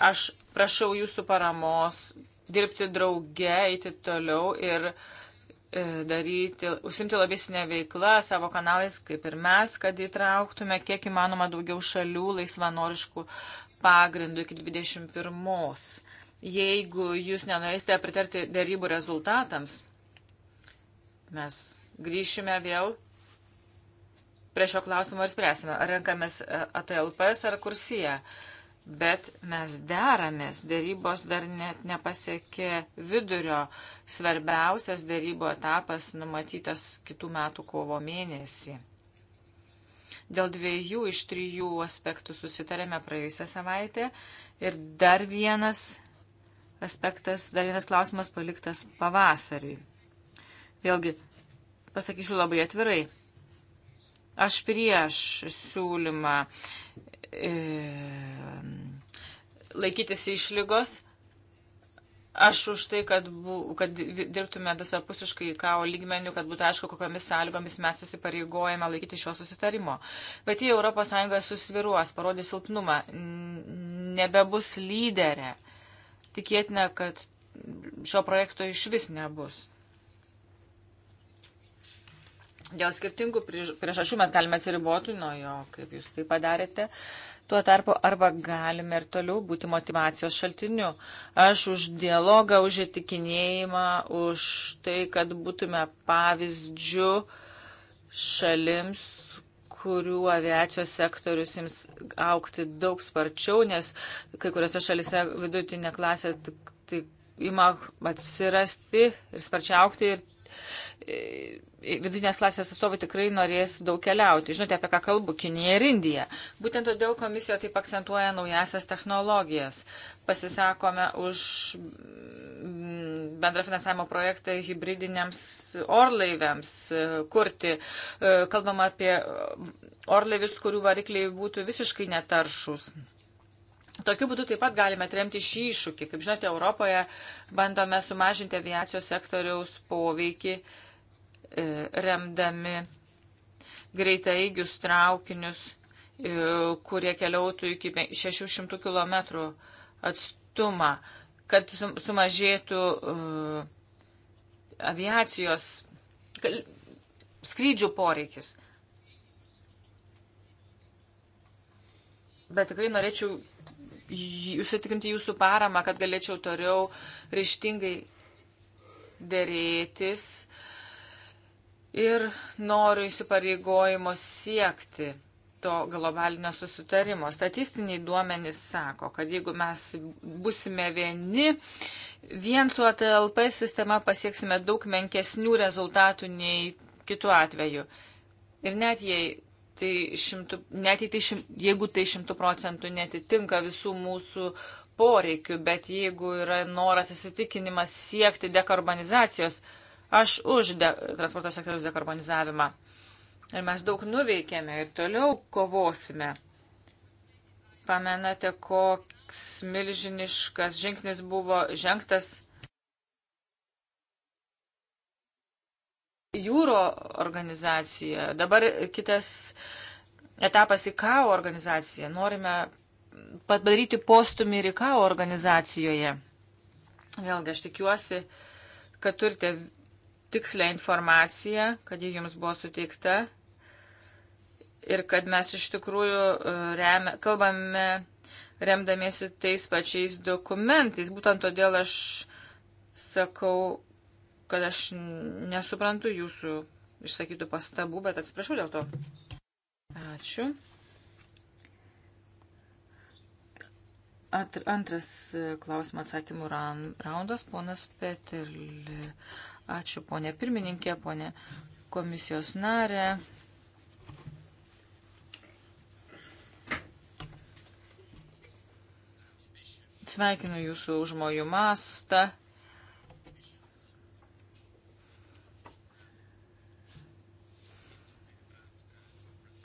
Aš prašau jūsų paramos dirbti drauge, eiti toliau ir uh, E, daryti, užsimti lobistinę veiklą savo kanalais, kaip ir mes, kad įtrauktume kiek įmanoma daugiau šalių laisvanoriškų pagrindų iki 21. Jeigu jūs nenorėsite pritarti darybų rezultatams, mes grįšime vėl prie šio klausimo ir spręsime, ar renkamės e, ATLPS ar kursiją. Uh, bet mes deramės, dėrybos dar net nepasiekė vidurio. Svarbiausias dėrybo etapas numatytas kitų metų kovo mėnesį. Dėl dviejų iš trijų aspektų susitarėme praėjusią savaitę ir dar vienas aspektas, dar vienas klausimas paliktas pavasariui. Vėlgi, pasakysiu labai atvirai. Aš prieš siūlymą e, laikytis išlygos. Aš už tai, kad, bu, kad dirbtume visapusiškai KAO lygmenių, kad būtų aišku, kokiamis sąlygomis mes įsipareigojame laikyti šio susitarimo. Bet jei ES susviruos, parodys silpnumą, nebebus lyderė, tikėtina, kad šio projekto iš vis nebus. Dėl skirtingų priežasčių mes galime atsiriboti nuo jo, kaip jūs tai padarėte. Uh, Tuo tarpu arba galime ir toliau būti motivacijos šaltiniu. Aš už dialogą, už įtikinėjimą, už tai, kad būtume pavyzdžių šalims, kurių aviacijos sektorius jums aukti daug sparčiau, nes kai kuriuose šalise vidutinė klasė tik, tik ima atsirasti ir sparčiai aukti ir E, vidutinės klasės atstovai tikrai norės daug keliauti. Žinote, apie ką kalbu - Kinija ir Indija. Būtent todėl komisija taip akcentuoja naujasias technologijas. Pasisakome už mm, bendrą finansavimo projektą hybridiniams orlaiviams e, kurti. E, Kalbama apie orlaivius, kurių varikliai būtų visiškai netaršus. Tokiu būdu taip pat galime atremti šį iššūkį. Kaip žinote, Europoje bandome sumažinti aviacijos sektoriaus poveikį, e, remdami greitaigius traukinius, e, kurie keliautų iki 600 km atstumą, kad sumažėtų e, aviacijos skrydžių poreikis. Bet tikrai norėčiau užsitikrinti jūsų paramą, kad galėčiau toliau ryštingai dėrėtis ir noriu įsipareigojimo siekti to globalinio susitarimo. Statistiniai duomenys sako, kad jeigu mes busime vieni, vien su ATLP sistema pasieksime daug menkesnių rezultatų nei kitų atveju. Ir net jei tai šimtų, netitį, tai šim, jeigu tai šimtų procentų netitinka visų mūsų poreikių, bet jeigu yra noras įsitikinimas siekti dekarbonizacijos, aš už de, transporto sektoriaus dekarbonizavimą. Ir mes daug nuveikėme ir toliau kovosime. Pamenate, koks milžiniškas žingsnis buvo žengtas jūro organizacija, dabar kitas etapas į KAO organizaciją. Norime padaryti postumį ir į KAO organizacijoje. Vėlgi, aš tikiuosi, kad turite tikslę informaciją, kad ji jums buvo suteikta ir kad mes iš tikrųjų e, remia, kalbame remdamiesi tais pačiais dokumentais. Būtent todėl aš sakau, kad aš nesuprantu jūsų išsakytų pastabų, bet atsiprašau dėl to. Ačiū. At, antras e, klausimų atsakymų raundas, ponas Peterli. Ačiū, ponė pirmininkė, ponė komisijos narė. Sveikinu jūsų užmojų mastą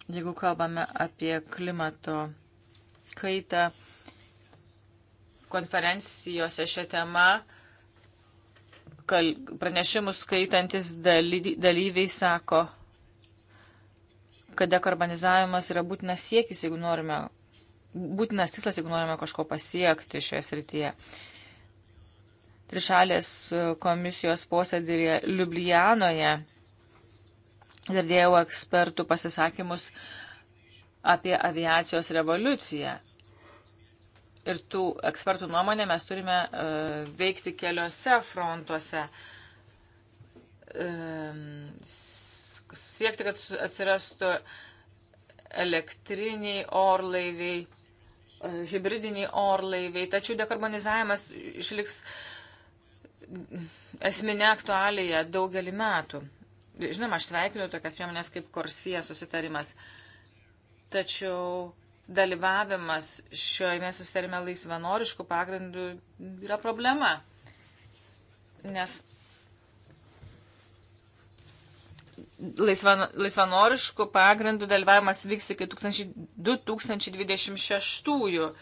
Jeigu kalbame apie klimato kaitą, konferencijose šią temą kal, pranešimus skaitantis daly, dalyviai sako, kad dekarbonizavimas yra būtinas siekis, jeigu norime, būtinas tikslas, jeigu norime kažko pasiekti šioje srityje. Trišalės komisijos posėdėje Ljubljanoje girdėjau ekspertų pasisakymus apie aviacijos revoliuciją. Ir tų ekspertų nuomonė mes turime uh, veikti keliose frontuose. Um, siekti, kad atsirastų elektriniai orlaiviai, uh, e, hybridiniai orlaiviai, tačiau dekarbonizavimas išliks esminė aktualija daugelį metų. Žinoma, aš sveikinu tokias priemonės kaip korsija susitarimas, tačiau dalyvavimas šiojame susitarime laisvanoriškų pagrindų yra problema, nes laisvan, laisvanoriškų pagrindų dalyvavimas vyks iki 2000, 2026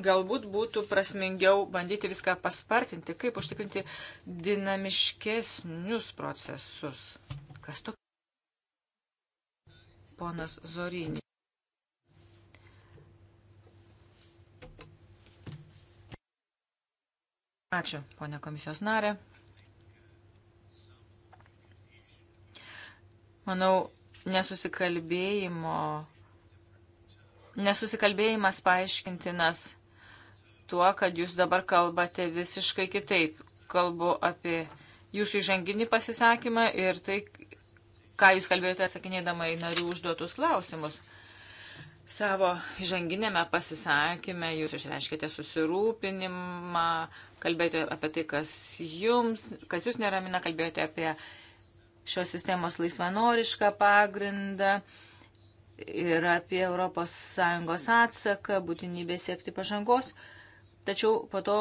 galbūt būtų prasmingiau bandyti viską paspartinti, kaip užtikrinti dinamiškesnius procesus. Kas tokia? Ponas Zorinį. Ačiū, ponė komisijos narė. Manau, nesusikalbėjimo nesusikalbėjimas paaiškintinas tuo, kad jūs dabar kalbate visiškai kitaip. Kalbu apie jūsų įžanginį pasisakymą ir tai, ką jūs kalbėjote atsakinėdama į narių užduotus klausimus. Savo žanginėme pasisakymę jūs išreiškite susirūpinimą, kalbėjote apie tai, kas, jums, kas jūs neramina, kalbėjote apie šios sistemos laisvanorišką pagrindą ir apie ES atsaką, būtinybę siekti pažangos. Uh, Tačiau po to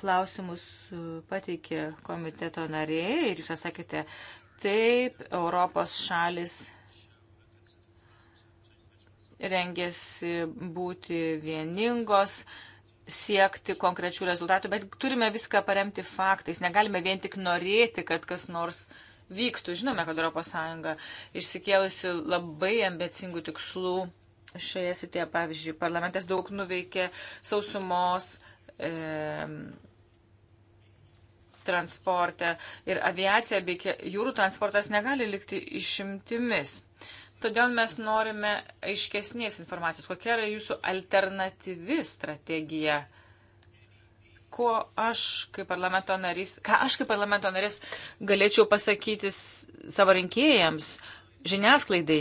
klausimus e, pateikė komiteto nariai ir jūs atsakėte, taip, Europos šalis rengėsi būti vieningos, siekti konkrečių rezultatų, bet turime viską paremti faktais, negalime vien tik norėti, kad kas nors vyktų. Žinome, kad ES išsikėlusi labai ambicingų tikslų šioje sitėje, pavyzdžiui, parlamentas daug nuveikė sausumos e, transporte ir aviacija bei jūrų transportas negali likti išimtimis. Todėl mes norime aiškesnės informacijos. Kokia yra jūsų alternatyvi strategija? Ko aš kaip parlamento narys, ką aš kaip parlamento narys galėčiau pasakyti savo rinkėjams, žiniasklaidai?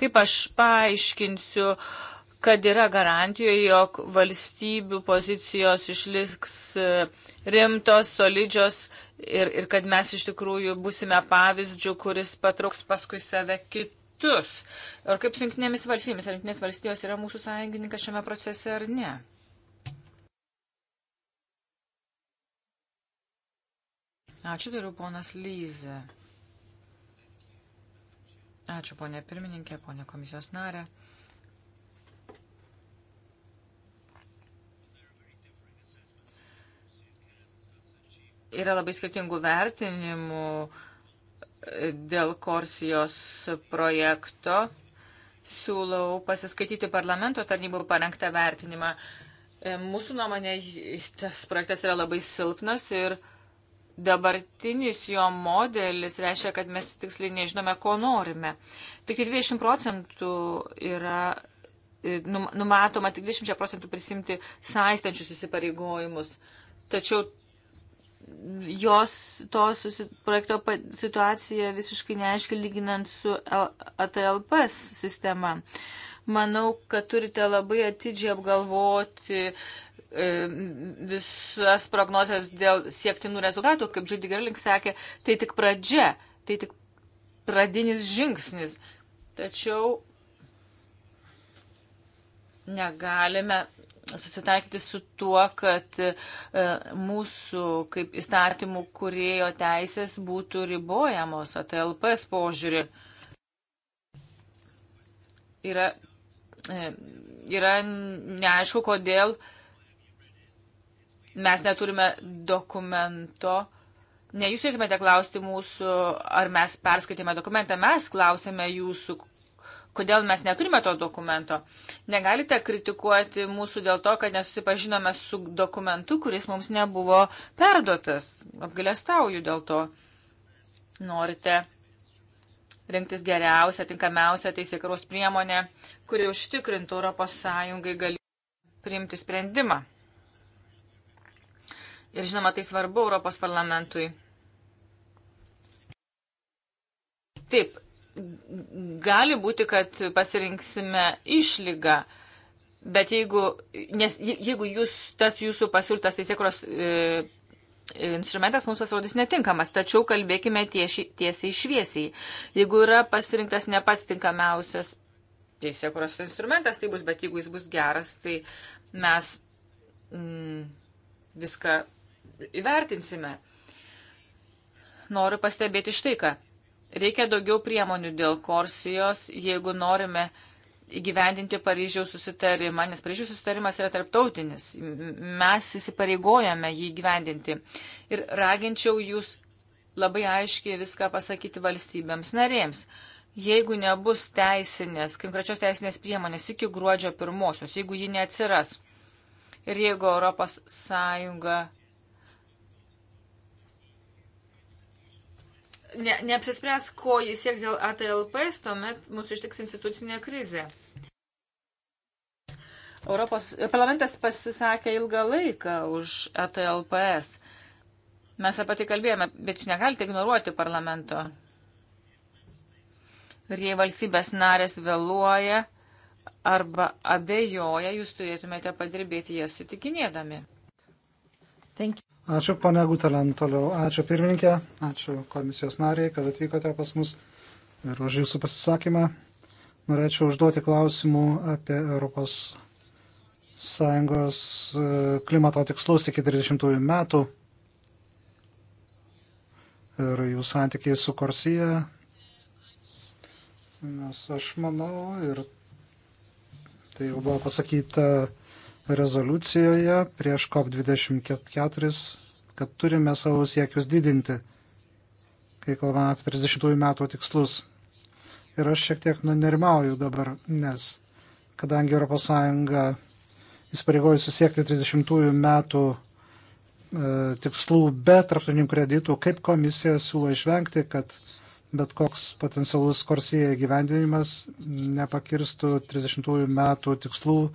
Kaip aš paaiškinsiu, kad yra garantijų, jog valstybių pozicijos išliks e, rimtos, solidžios ir, ir kad mes iš tikrųjų busime pavyzdžių, kuris patrauks paskui save kitus. Ir kaip su jungtinėmis valstybėmis, ar jungtinės valstybės yra mūsų sąjungininkas šiame procese ar ne? Ačiū, dariau ponas Lyze. Ačiū, ponė pirmininkė, ponė komisijos narė. Yra labai skirtingų vertinimų e, dėl Korsijos projekto. Siūlau pasiskaityti parlamento tarnybų parengtą vertinimą. E, mūsų nuomonė, tas projektas yra labai silpnas ir uh, dabartinis jo modelis reiškia, kad mes tiksliai nežinome, ko norime. Tik 20 tai procentų yra e, numatoma, tik 20 procentų prisimti saistančius įsipareigojimus. Tačiau jos to susi, projekto situacija visiškai neaiški lyginant su ATLP sistema. Manau, kad turite labai atidžiai apgalvoti E, visas prognozes dėl siektinų rezultatų, kaip Judy Gerling sakė, tai tik pradžia, tai tik pradinis žingsnis. Tačiau negalime susitaikyti su tuo, kad e, mūsų kaip įstatymų kurėjo teisės būtų ribojamos ATLPS požiūrį. Yra, e, yra neaišku, kodėl uh, mes neturime dokumento. Ne jūs turėtumėte klausti mūsų, ar mes perskaitėme dokumentą, mes klausėme jūsų, kodėl mes neturime to dokumento. Negalite kritikuoti mūsų dėl to, kad nesusipažinome su dokumentu, kuris mums nebuvo perduotas. Apgalėstauju dėl to. Norite rinktis geriausią, tinkamiausią teisėkaros priemonę, kuri užtikrintų ES galimybę priimti sprendimą. Ir žinoma, tai svarbu Europos parlamentui. Taip, gali būti, kad pasirinksime išlygą, bet jeigu, nes, jeigu jūs, tas jūsų pasiūlytas teisėkros e, instrumentas mums pasirodys netinkamas, tačiau kalbėkime tieši, tiesiai šviesiai. Jeigu yra pasirinktas ne pats tinkamiausias teisėkros instrumentas, tai bus, bet jeigu jis bus geras, tai mes mm, viską įvertinsime. Noriu pastebėti štai ką. Reikia daugiau priemonių dėl Korsijos, jeigu norime įgyvendinti Paryžiaus susitarimą, nes Paryžiaus susitarimas yra tarptautinis. Mes įsipareigojame jį įgyvendinti. Ir raginčiau jūs labai aiškiai viską pasakyti valstybėms narėms. Jeigu nebus teisinės, konkrečios teisinės priemonės iki gruodžio pirmosios, jeigu ji neatsiras ir jeigu ES ne, neapsispręs, ko jis sieks dėl ATLP, tuomet mūsų ištiks institucinė krizė. Europos parlamentas pasisakė ilgą laiką už ATLPS. Mes apie tai kalbėjome, bet jūs negalite ignoruoti parlamento. Ir jei valstybės narės vėluoja arba abejoja, jūs turėtumėte padirbėti jas įtikinėdami. Thank you. Ačiū, ponia Gutelant, toliau. Ačiū pirmininkė, ačiū komisijos nariai, kad atvykote pas mus ir už jūsų pasisakymą. Norėčiau užduoti klausimų apie Europos Sąjungos e, klimato tikslus iki 30 metų ir jų santykiai su Korsija. Nes aš manau, ir tai jau buvo pasakyta rezoliucijoje prieš COP24, kad turime savo siekius didinti, kai kalbame apie 30 metų tikslus. Ir aš šiek tiek nunerimauju dabar, nes kadangi ES įsipareigojo susiekti 30 metų e, tikslų be tarptautinių kreditų, kaip komisija siūlo išvengti, kad bet koks potencialus korsija įgyvendinimas nepakirstų 30 metų tikslų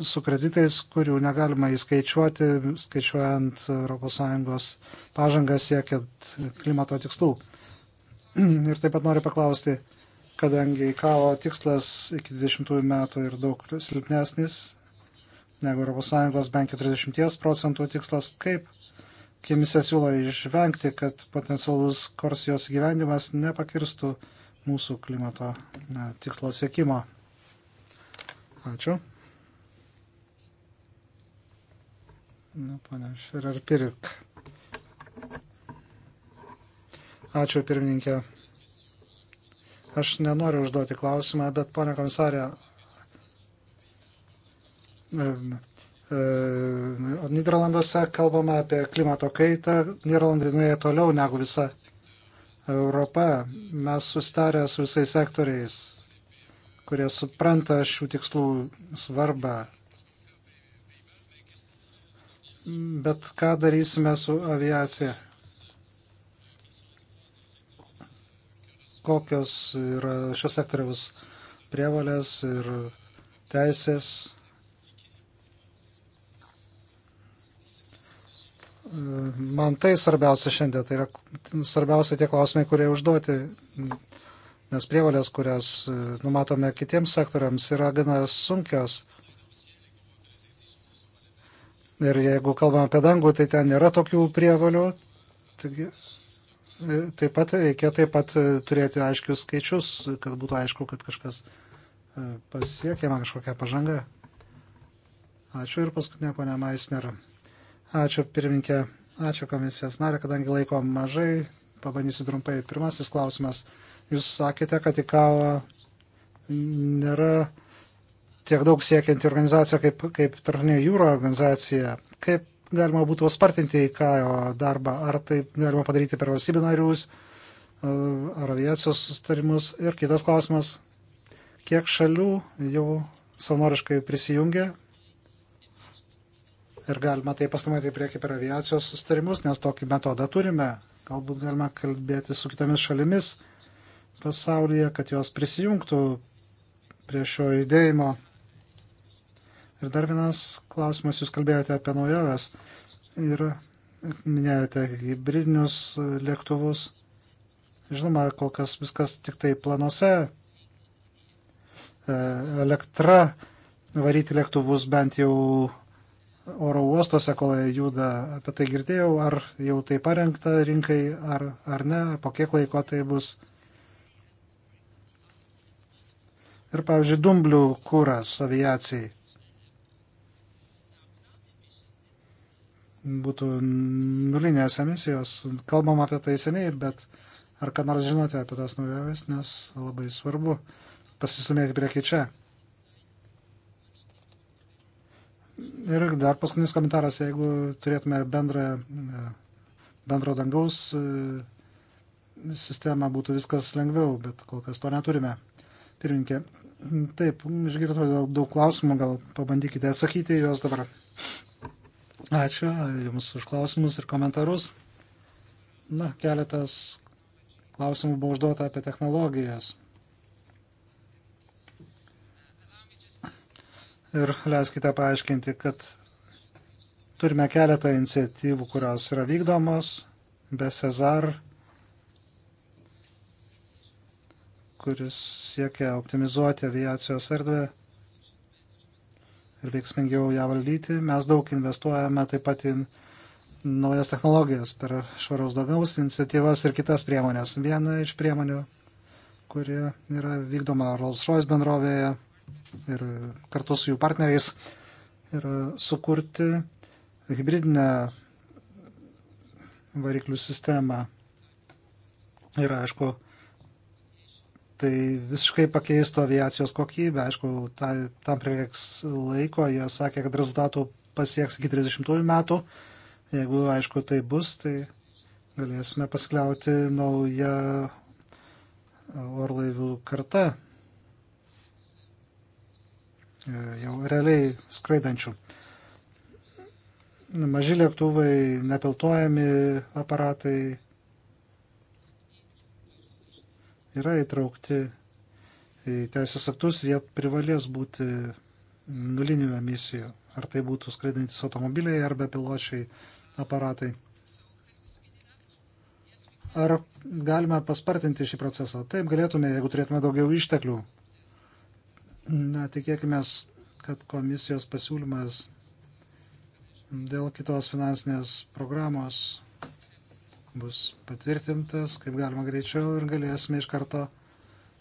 su kreditais, kurių negalima įskaičiuoti, skaičiuojant ES pažangą siekiant klimato tikslų. Ir taip pat noriu paklausti, kadangi kavo tikslas iki 20 metų ir daug silpnesnis negu ES bent 30 procentų tikslas, kaip Kimisė siūlo išvengti, kad potencialus Korsijos gyvenimas nepakirstų mūsų klimato tikslo siekimo. Ačiū. Na, pana Šerar Pirik. Ačiū, pirmininkė. Aš nenoriu užduoti klausimą, bet, ponia komisarė, e, e, Niderlanduose kalbame apie klimato kaitą, Niderlandai nuėjo toliau negu visa Europa. Mes sustarę su visais sektoriais, kurie supranta šių tikslų svarbą. Bet ką darysime su aviacija? Kokios yra šios sektoriaus prievalės ir teisės? Man tai svarbiausia šiandien, tai yra svarbiausia tie klausimai, kurie užduoti, nes prievalės, kurias numatome kitiems sektoriams, yra gana sunkios Ir jeigu kalbame apie dangų, tai ten nėra tokių prievalių. Taigi, e, taip pat reikia taip pat e, turėti aiškius skaičius, kad būtų aišku, kad kažkas e, pasiekėma kažkokią pažangą. Ačiū ir paskutinė ponia Maisnera. Ačiū pirminkė, ačiū komisijos narė, kadangi laiko mažai, pabandysiu trumpai. Pirmasis klausimas. Jūs sakėte, kad į kavą nėra tiek daug siekianti organizacija kaip, kaip Tarnė jūro organizacija. Kaip galima būtų spartinti į KAO darbą? Ar tai galima padaryti per valstybių narius, ar aviacijos sustarimus? Ir kitas klausimas, kiek šalių jau savanoriškai prisijungia? Ir galima tai pastumėti į priekį per aviacijos sustarimus, nes tokį metodą turime. Galbūt galima kalbėti su kitomis šalimis pasaulyje, kad jos prisijungtų prie šio judėjimo Ir dar vienas klausimas, jūs kalbėjote apie naujoves ir minėjote hybridinius lėktuvus. Žinoma, kol kas viskas tik tai planuose. E, elektra varyti lėktuvus bent jau oro uostuose, kol jie juda, apie tai girdėjau, ar jau tai parengta rinkai, ar, ar ne, po kiek laiko tai bus. Ir pavyzdžiui, dumblių kūras aviacijai. būtų nulinės emisijos. Kalbam apie tai seniai, bet ar ką nors žinote apie tas naujoves, nes labai svarbu pasistumėti prieki čia. Ir dar paskutinis komentaras, jeigu turėtume bendrą, bendro dangaus e, sistemą, būtų viskas lengviau, bet kol kas to neturime. Pirminkė, taip, išgirdote daug klausimų, gal pabandykite atsakyti juos dabar. Ačiū Jums už klausimus ir komentarus. Na, keletas klausimų buvo užduota apie technologijas. Ir leiskite paaiškinti, kad turime keletą iniciatyvų, kurios yra vykdomos, be Cezar, kuris siekia optimizuoti aviacijos erdvę ir veiksmingiau ją valdyti. Mes daug investuojame taip pat į naujas technologijas per švaraus dangaus iniciatyvas ir kitas priemonės. Viena iš priemonių, kuri yra vykdoma Rolls-Royce bendrovėje ir kartu su jų partneriais, yra sukurti hybridinę variklių sistemą. Ir aišku, tai visiškai pakeistų aviacijos kokybę. Aišku, ta, tam prireiks laiko, jie sakė, kad rezultatų pasieks iki 30 metų. Jeigu, aišku, tai bus, tai galėsime paskliauti naują orlaivių kartą e, jau realiai skraidančių. Maži lėktuvai, nepiltojami aparatai, yra įtraukti į teisės aktus, jie privalės būti nulinių emisijų. Ar tai būtų skraidantis automobiliai ar bepiločiai aparatai. Ar galime paspartinti šį procesą? Taip galėtume, jeigu turėtume daugiau išteklių. Na, tikėkime, kad komisijos pasiūlymas dėl kitos finansinės programos bus patvirtintas, kaip galima greičiau, ir galėsime iš karto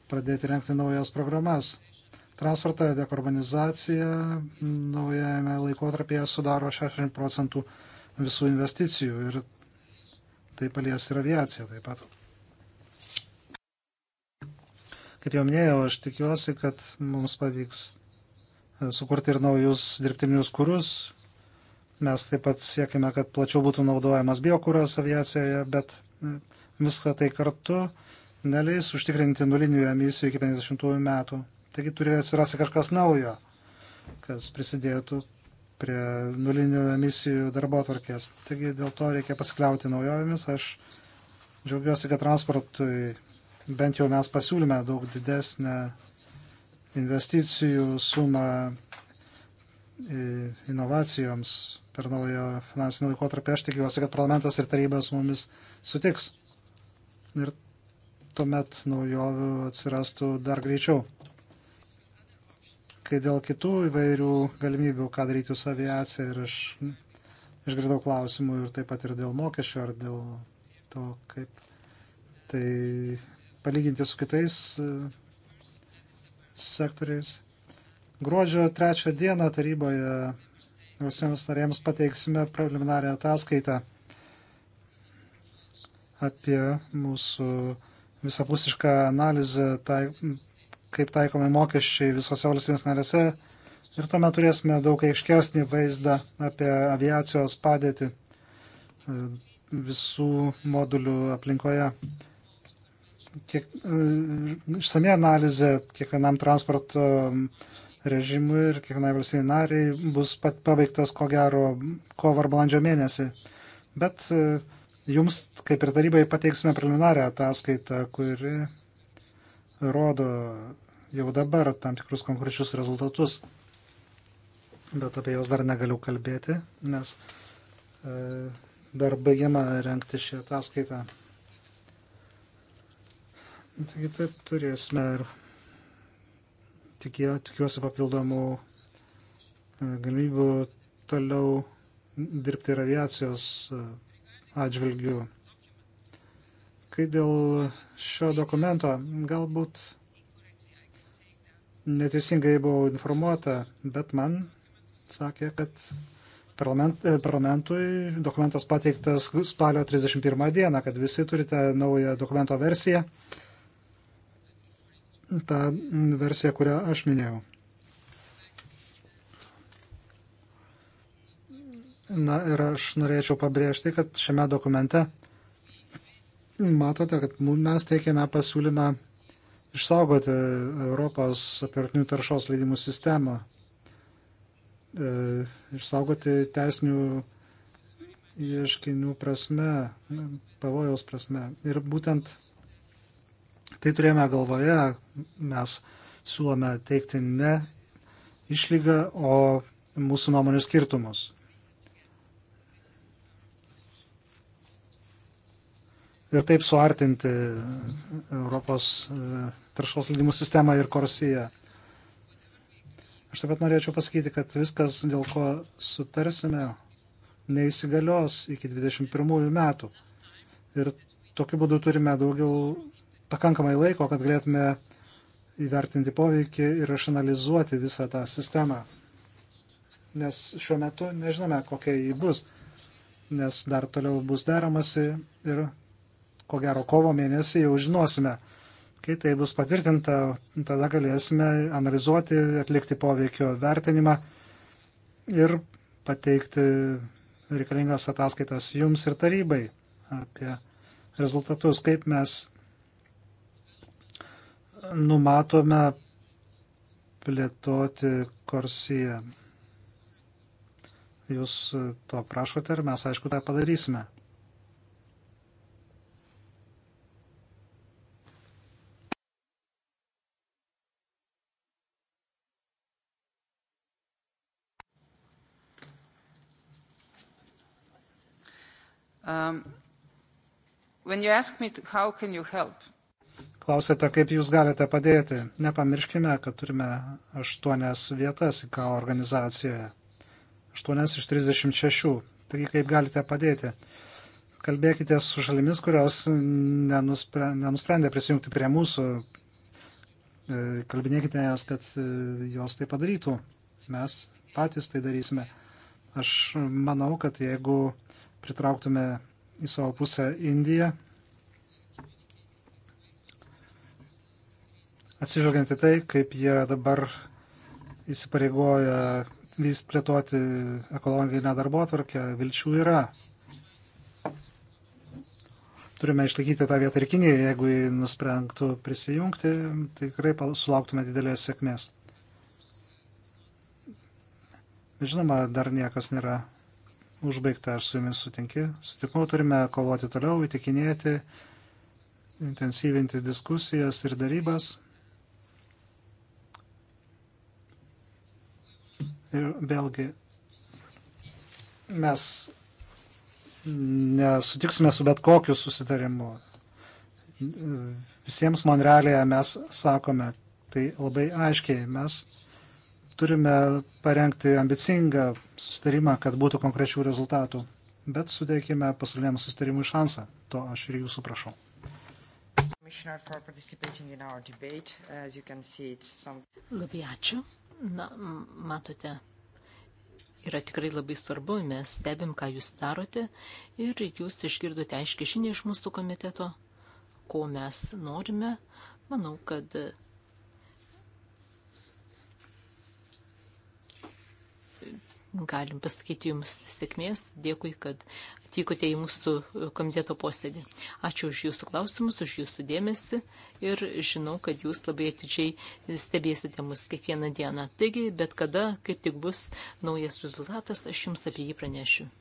pradėti renkti naujas programas. Transporto dekarbonizacija naujame laikotarpyje sudaro 60 procentų visų investicijų ir tai palies ir aviaciją taip pat. Kaip jau minėjau, aš tikiuosi, kad mums pavyks sukurti ir naujus dirbtinius kurus, Mes taip pat siekime, kad plačiau būtų naudojamas biokūros aviacijoje, bet e, viską tai kartu neleis užtikrinti nulinių emisijų iki 50 metų. Taigi turi atsirasti kažkas naujo, kas prisidėtų prie nulinių emisijų darbo atvarkės. Taigi dėl to reikia pasikliauti naujovėmis. Aš džiaugiuosi, kad transportui bent jau mes pasiūlyme daug didesnę investicijų sumą e, inovacijoms per naują finansinį laikotarpį. Aš tikiuosi, kad parlamentas ir taryba su mumis sutiks. Ir tuomet naujovių atsirastų dar greičiau. Kai dėl kitų įvairių galimybių, ką daryti su aviacija, ir aš išgirdau klausimų ir taip pat ir dėl mokesčio, ar dėl to, kaip tai palyginti su kitais e, sektoriais. Gruodžio trečią dieną taryboje visiems narėms pateiksime preliminarią ataskaitą apie mūsų visapusišką analizę, tai, kaip taikomi mokesčiai visose valstybės narėse. Ir tuomet turėsime daug aiškesnį vaizdą apie aviacijos padėtį e, visų modulių aplinkoje. Kiek, e, išsame analizė kiekvienam transporto režimui ir kiekvienai valstybei nariai bus pat pabaigtas ko gero kovo ar balandžio mėnesį. Bet e, jums, kaip ir tarybai, pateiksime preliminarią ataskaitą, kuri rodo jau dabar tam tikrus konkrečius rezultatus. Bet apie juos dar negaliu kalbėti, nes e, dar baigiama renkti šį ataskaitą. Taigi taip turėsime ir tikė, tikiuosi papildomų e, galimybių toliau dirbti ir aviacijos e, atžvilgių. Kai dėl šio dokumento galbūt neteisingai buvau informuota, bet man sakė, kad parlament, e, parlamentui dokumentas pateiktas spalio 31 dieną, kad visi turite naują dokumento versiją tą versiją, kurią aš minėjau. Na ir aš norėčiau pabrėžti, kad šiame dokumente matote, kad mes teikėme pasiūlymą išsaugoti Europos apivartinių taršos leidimų sistemą, e, išsaugoti teisinių ieškinių prasme, pavojaus prasme. Ir būtent Tai turėjome galvoje, mes siūlome teikti ne išlygą, o mūsų nuomonių skirtumus. Ir taip suartinti Europos e, taršos leidimų sistemą ir Korsiją. Aš taip pat norėčiau pasakyti, kad viskas, dėl ko sutarsime, neįsigalios iki 21 metų. Ir tokiu būdu turime daugiau pakankamai laiko, kad galėtume įvertinti poveikį ir išanalizuoti visą tą sistemą. Nes šiuo metu nežinome, kokia jį bus, nes dar toliau bus deramasi ir ko gero kovo mėnesį jau žinosime. Kai tai bus patvirtinta, tada galėsime analizuoti, atlikti poveikio vertinimą ir pateikti reikalingas ataskaitas jums ir tarybai apie rezultatus, kaip mes numatome plėtoti korsiją. Jūs to prašote ir mes, aišku, tą padarysime. Um, when you ask me to, how can you help, klausėte, kaip jūs galite padėti. Nepamirškime, kad turime aštuonias vietas į ką organizacijoje. Aštuonias iš 36. Taigi kaip galite padėti? Kalbėkite su šalimis, kurios nenusprendė, nenusprendė prisijungti prie mūsų. E, kalbinėkite jas, kad e, jos tai padarytų. Mes patys tai darysime. Aš manau, kad jeigu pritrauktume į savo pusę Indiją, atsižvelgiant į tai, kaip jie dabar įsipareigoja vis plėtoti ekologinę darbo atvarkę, vilčių yra. Turime išlaikyti tą vietą ir Kinijai, jeigu jį nusprendtų prisijungti, tai tikrai sulauktume didelės sėkmės. Žinoma, dar niekas nėra užbaigta, aš su jumis sutinki. Sutikau, turime kovoti toliau, įtikinėti, intensyvinti diskusijas ir darybas. Ir vėlgi mes nesutiksime su bet kokiu susitarimu. Visiems Monrealėje mes sakome, tai labai aiškiai, mes turime parengti ambicingą susitarimą, kad būtų konkrečių rezultatų, bet suteikime pasauliniam susitarimui šansą. To aš ir jūsų prašau. Labai ačiū Na, matote, yra tikrai labai svarbu, mes stebim, ką jūs darote ir jūs išgirdote aiškiai žinią iš mūsų komiteto, ko mes norime. Manau, kad e, galim pasakyti jums sėkmės. Dėkui, kad atvykote į mūsų komiteto posėdį. Ačiū už jūsų klausimus, už jūsų dėmesį ir žinau, kad jūs labai atidžiai stebėsite mus kiekvieną dieną. Taigi, bet kada, kaip tik bus naujas rezultatas, aš jums apie jį pranešiu.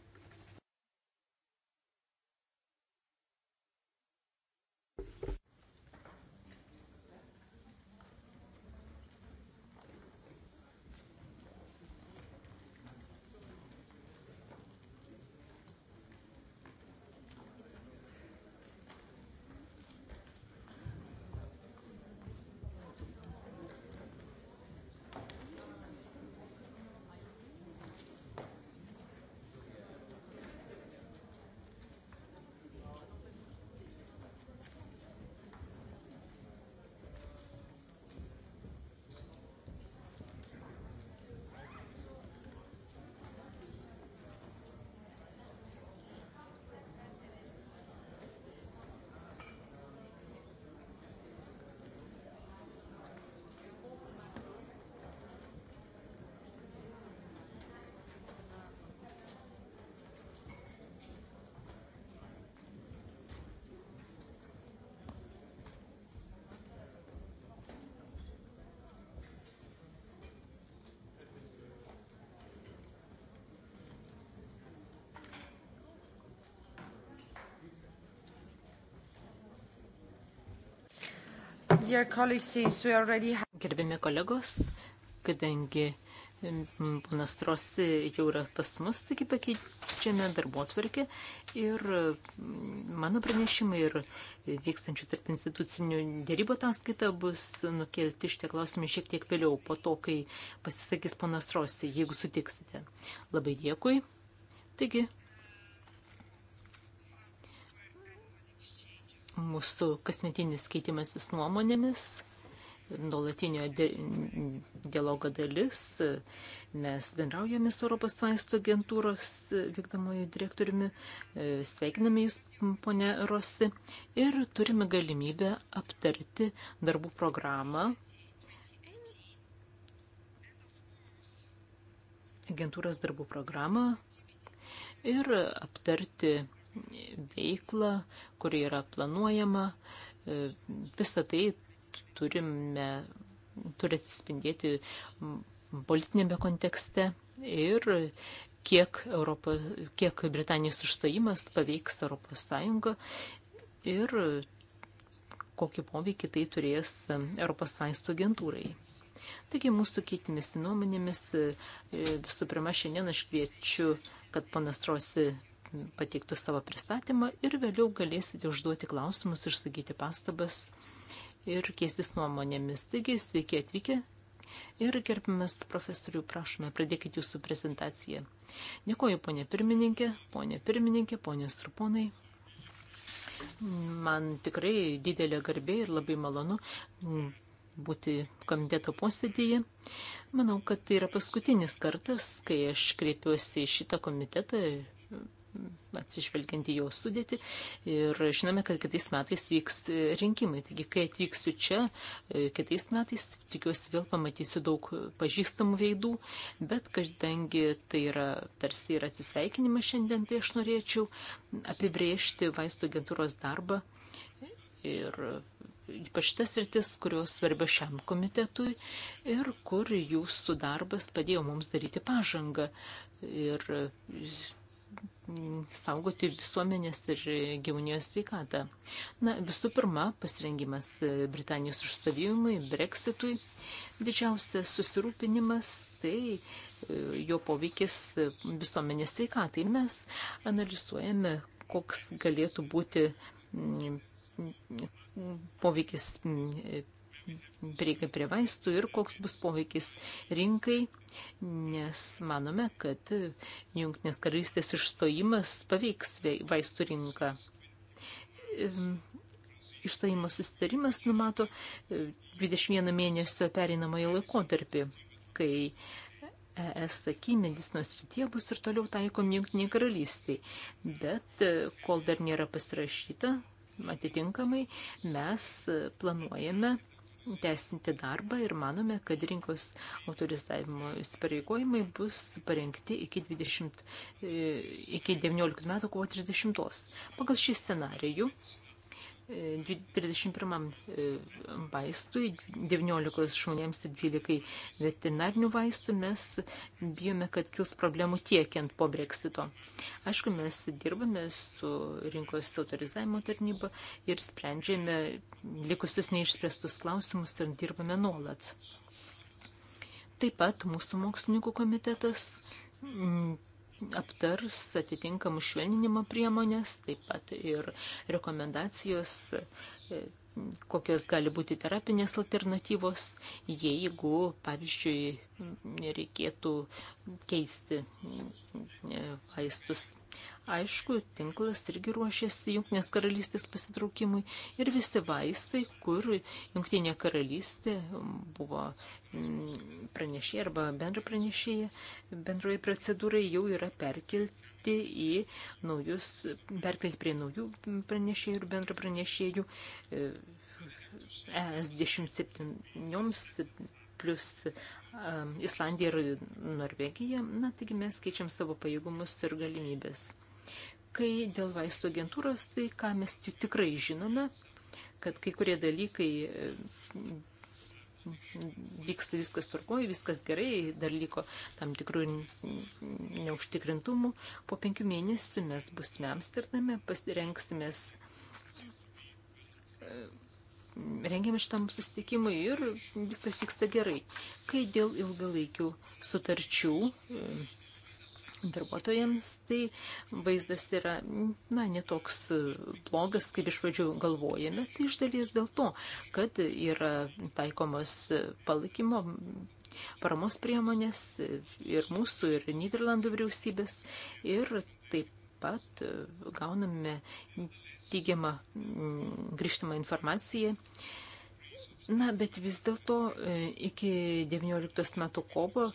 Gerbiami kolegos, kadangi ponas Trosi jau yra pas mus, taigi pakeičiame darbo tvarkę ir mano pranešimai ir vykstančių tarp institucinių dėrybų ataskaita bus nukelti šitie klausimai šiek tiek vėliau, po to, kai pasisakys ponas Trosi, jeigu sutiksite. Labai dėkui. Taigi, mūsų kasmetinis keitimasis nuomonėmis, nuolatinio dialogo dalis. Mes bendraujame su Europos vaistų agentūros vykdomojo direktoriumi, e, sveikiname Jūs, ponė Rosi, ir turime galimybę aptarti darbų programą agentūros darbų programą ir aptarti veiklą, kuri yra planuojama. E, Visą tai turime, turi atsispindėti politinėme kontekste ir kiek, Europo, kiek Britanijos išstojimas paveiks Europos Sąjungą ir kokį poveikį tai turės Europos vaistų agentūrai. Taigi mūsų keitimėsi nuomonėmis, e, visų pirma, šiandien aš kviečiu, kad panas Rosi pateiktų savo pristatymą ir vėliau galėsite užduoti klausimus, išsakyti pastabas ir keistis nuomonėmis. Taigi, sveiki atvykę ir gerbimas profesorių, prašome, pradėkite jūsų prezentaciją. Dėkuoju, ponė pirmininkė, ponė pirmininkė, ponės ir ponai. Man tikrai didelė garbė ir labai malonu būti komiteto posėdėje. Manau, kad tai yra paskutinis kartas, kai aš kreipiuosi į šitą komitetą, atsižvelgiant į jo sudėtį. Ir žinome, kad kitais metais vyks rinkimai. Taigi, kai atvyksiu čia e, kitais metais, tikiuosi vėl pamatysiu daug pažįstamų veidų, bet kadangi tai yra tarsi ir atsisveikinimas šiandien, tai aš norėčiau apibriežti vaistų agentūros darbą. Ir ypač tas rytis, kurios svarbia šiam komitetui ir kur jūsų darbas padėjo mums daryti pažangą ir saugoti visuomenės ir gyvūnijos sveikatą. Na, visų pirma, pasirengimas Britanijos užstovimui, Brexitui. Didžiausias susirūpinimas tai e, jo poveikis visuomenės sveikatai. Mes analizuojame, koks galėtų būti poveikis prieiga prie vaistų ir koks bus poveikis rinkai, nes manome, kad jungtinės karalystės išstojimas paveiks vaistų rinką. Išstojimo susitarimas numato 21 e, mėnesio pereinamąjį laikotarpį, kai ES aky medicinos srityje bus ir toliau taikomi jungtiniai karalystiai. Bet e, kol dar nėra pasirašyta, atitinkamai mes e, planuojame tęsinti darbą ir manome, kad rinkos autorizavimo įsipareigojimai bus parengti iki, 20, e, iki 19 metų kovo 30. Pagal šį scenarijų 31 e, vaistui, 19 šunėms ir 12 veterinarinių vaistų mes bijome, kad kils problemų tiekiant po breksito. Aišku, mes dirbame su rinkos autorizavimo tarnyba ir sprendžiame likusius neišspręstus klausimus ir dirbame nuolat. Taip pat mūsų mokslininkų komitetas aptars atitinkamų švelninimo priemonės, taip pat ir rekomendacijos kokios gali būti terapinės alternatyvos, jeigu, pavyzdžiui, reikėtų keisti vaistus. Aišku, tinklas irgi ruošiasi Junktinės karalystės pasitraukimui ir visi vaistai, kur Junktinė karalystė buvo pranešėja arba bendra pranešėja, bendroji procedūrai jau yra perkelti perkelti į naujus, perkelti prie naujų pranešėjų ir bendro pranešėjų e, ES 27 plus e, Islandija ir Norvegija. Na, taigi mes keičiam savo pajėgumus ir galimybės. Kai dėl vaistų agentūros, tai ką mes tikrai žinome, kad kai kurie dalykai e, vyksta viskas turkoju, viskas gerai, dar liko tam tikrų neužtikrintumų. Po penkių mėnesių mes busime Amsterdame, pasirengsimės, e, rengiame šitam susitikimui ir viskas vyksta gerai. Kai dėl ilgalaikių sutarčių e, darbuotojams, tai vaizdas yra, na, netoks blogas, kaip iš pradžių galvojame. Tai iš dalies dėl to, kad yra taikomos palaikymo paramos priemonės ir mūsų, ir Niderlandų vyriausybės. Ir taip pat gauname teigiamą mm, grįžtamą informaciją. Na, bet vis dėlto e, iki 19 metų kovo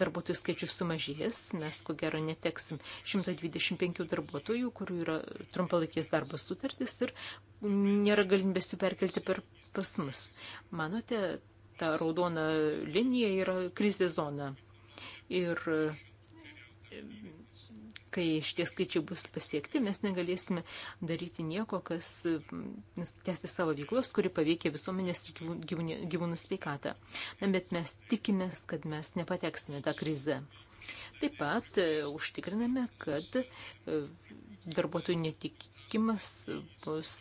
darbuotojų skaičius sumažės, mes ko gero neteksim 125 darbuotojų, kurių yra trumpalaikės darbo sutartys ir nėra galimybės jų perkelti per pas mus. Manote, ta raudona linija yra krizės zona. Ir kai šitie skaičiai bus pasiekti, mes negalėsime daryti nieko, kas tęsti savo veiklos, kuri paveikia visuomenės gyvūnų sveikatą. Na, bet mes tikimės, kad mes nepateksime tą krizę. Taip pat e, užtikriname, kad e, darbuotojų netikimas bus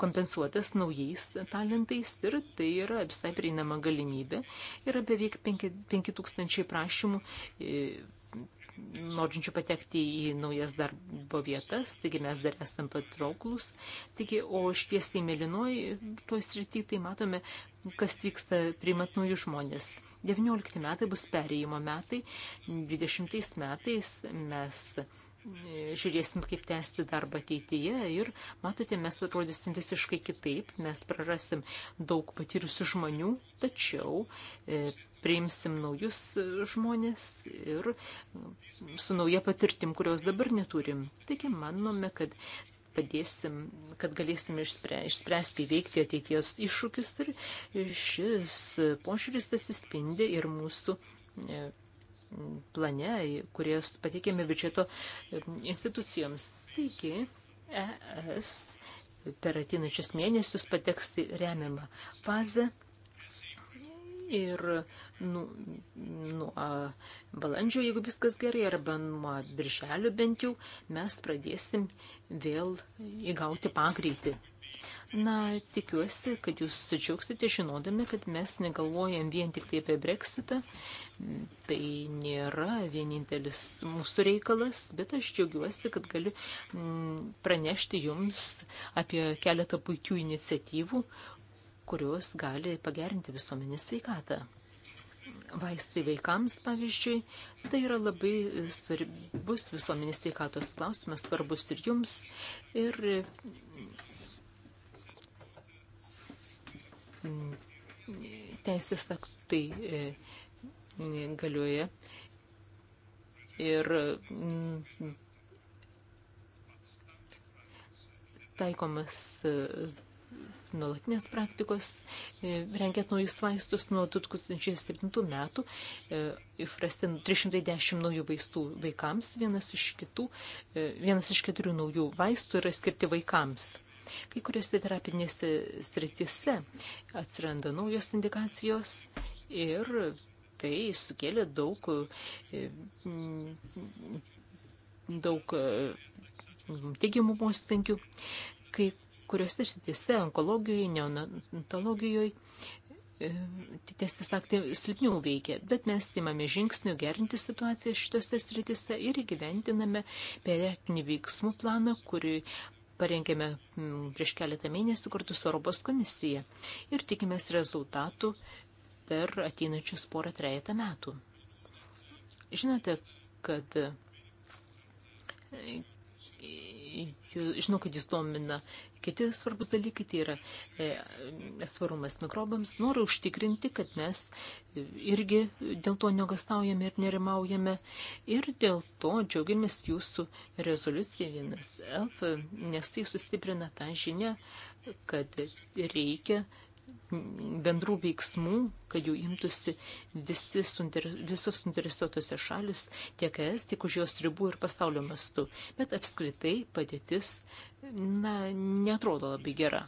kompensuotas naujais talentais ir tai yra visai prieinama galimybė. Yra beveik 5000 prašymų e, norinčių patekti į naujas darbo vietas, taigi mes dar esam patrauklus. Taigi, o šviesiai mėlynoji, tuo srity tai matome, kas vyksta priimant naujus žmonės. 19 metai bus perėjimo metai, 20 metais mes e, žiūrėsim, kaip tęsti darbą ateityje ir, matote, mes atrodysim visiškai kitaip, mes prarasim daug patyrusių žmonių, tačiau e, priimsim naujus žmonės ir su nauja patirtim, kurios dabar neturim. Taigi manome, kad padėsim, kad galėsim išspre, išspręsti įveikti ateities iššūkis ir šis požiūris atsispindi ir mūsų e, plane, kurie pateikėme biudžeto e, institucijoms. Taigi, ES per atinačius mėnesius pateks į remiamą fazę ir nu, nuo balandžio, jeigu viskas gerai, arba nuo birželio bent jau, mes pradėsim vėl įgauti pagreitį. Na, tikiuosi, kad jūs sudžiaugsite žinodami, kad mes negalvojam vien tik tai apie breksitą. Tai nėra vienintelis mūsų reikalas, bet aš džiaugiuosi, kad galiu mm, pranešti jums apie keletą puikių iniciatyvų, kurios gali pagerinti visuomenės sveikatą. Vaistai vaikams, pavyzdžiui, tai yra labai svarbus visuomenės sveikatos klausimas, svarbus ir jums. Ir mm, teisės aktai e, galioja. Ir mm, taikomas e, nuolatinės praktikos, e, rengiant naujus vaistus nuo 2007 metų, e, išrasti 310 naujų vaistų vaikams, vienas iš, kitų, e, vienas iš keturių naujų vaistų yra skirti vaikams. Kai kuriuose terapinėse sritise atsiranda naujos indikacijos ir tai sukėlė daug, daug teigiamų postinkių. Kai kuriuose srityse, onkologijoje, neonatologijoje, tai tiesiog aktai silpniau veikia, bet mes imame žingsnių gerinti situaciją šitose srityse ir įgyventiname perėtinį veiksmų planą, kurį parengėme prieš keletą mėnesių kartu su Europos komisija ir tikimės rezultatų per ateinačius porą trejata metų. Žinote, kad e, žinau, kad jis domina. Kiti svarbus dalykai tai yra e, svarumas mikrobams. Noriu užtikrinti, kad mes irgi dėl to negastaujame ir nerimaujame. Ir dėl to džiaugiamės jūsų rezoliucija vienas elf, nes tai sustiprina tą žinią, kad reikia bendrų veiksmų, kad jų imtųsi visi sunter, visos suinteresuotose šalis, tiek es, tiek už jos ribų ir pasaulio mastu. Bet apskritai padėtis, na, netrodo labai gera.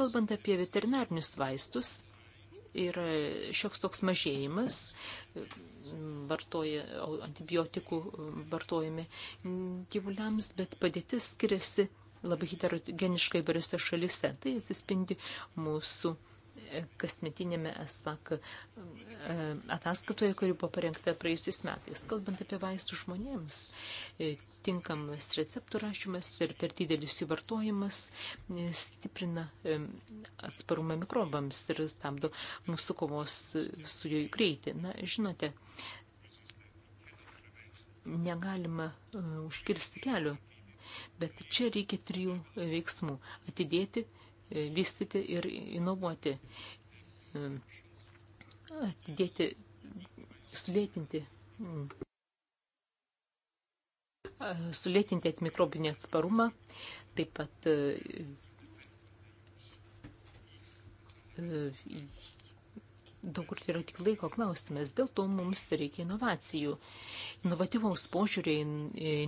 Kalbant apie veterinarinius vaistus, yra šioks toks mažėjimas, vartoja, antibiotikų vartojami gyvuliams, bet padėtis skiriasi labai heterogeniškai įvairiose šalise. Tai atsispindi mūsų e, kasmetinėme ESVAK ataskatoje, kuri buvo parengta praėjusiais metais. Kalbant apie vaistų žmonėms, e, tinkamas receptų rašymas ir per didelis jų vartojimas e, stiprina atsparumą mikrobams ir stabdo mūsų kovos su jų greitį. Na, žinote, negalima užkirsti kelio Bet čia reikia trijų veiksmų – atidėti, e, vystyti ir inovuoti. E, atidėti, sulėtinti sulėtinti antimikrobinį atsparumą, taip pat e, daug kur yra tik laiko klausimas, dėl to mums reikia inovacijų. Inovatyvaus požiūrį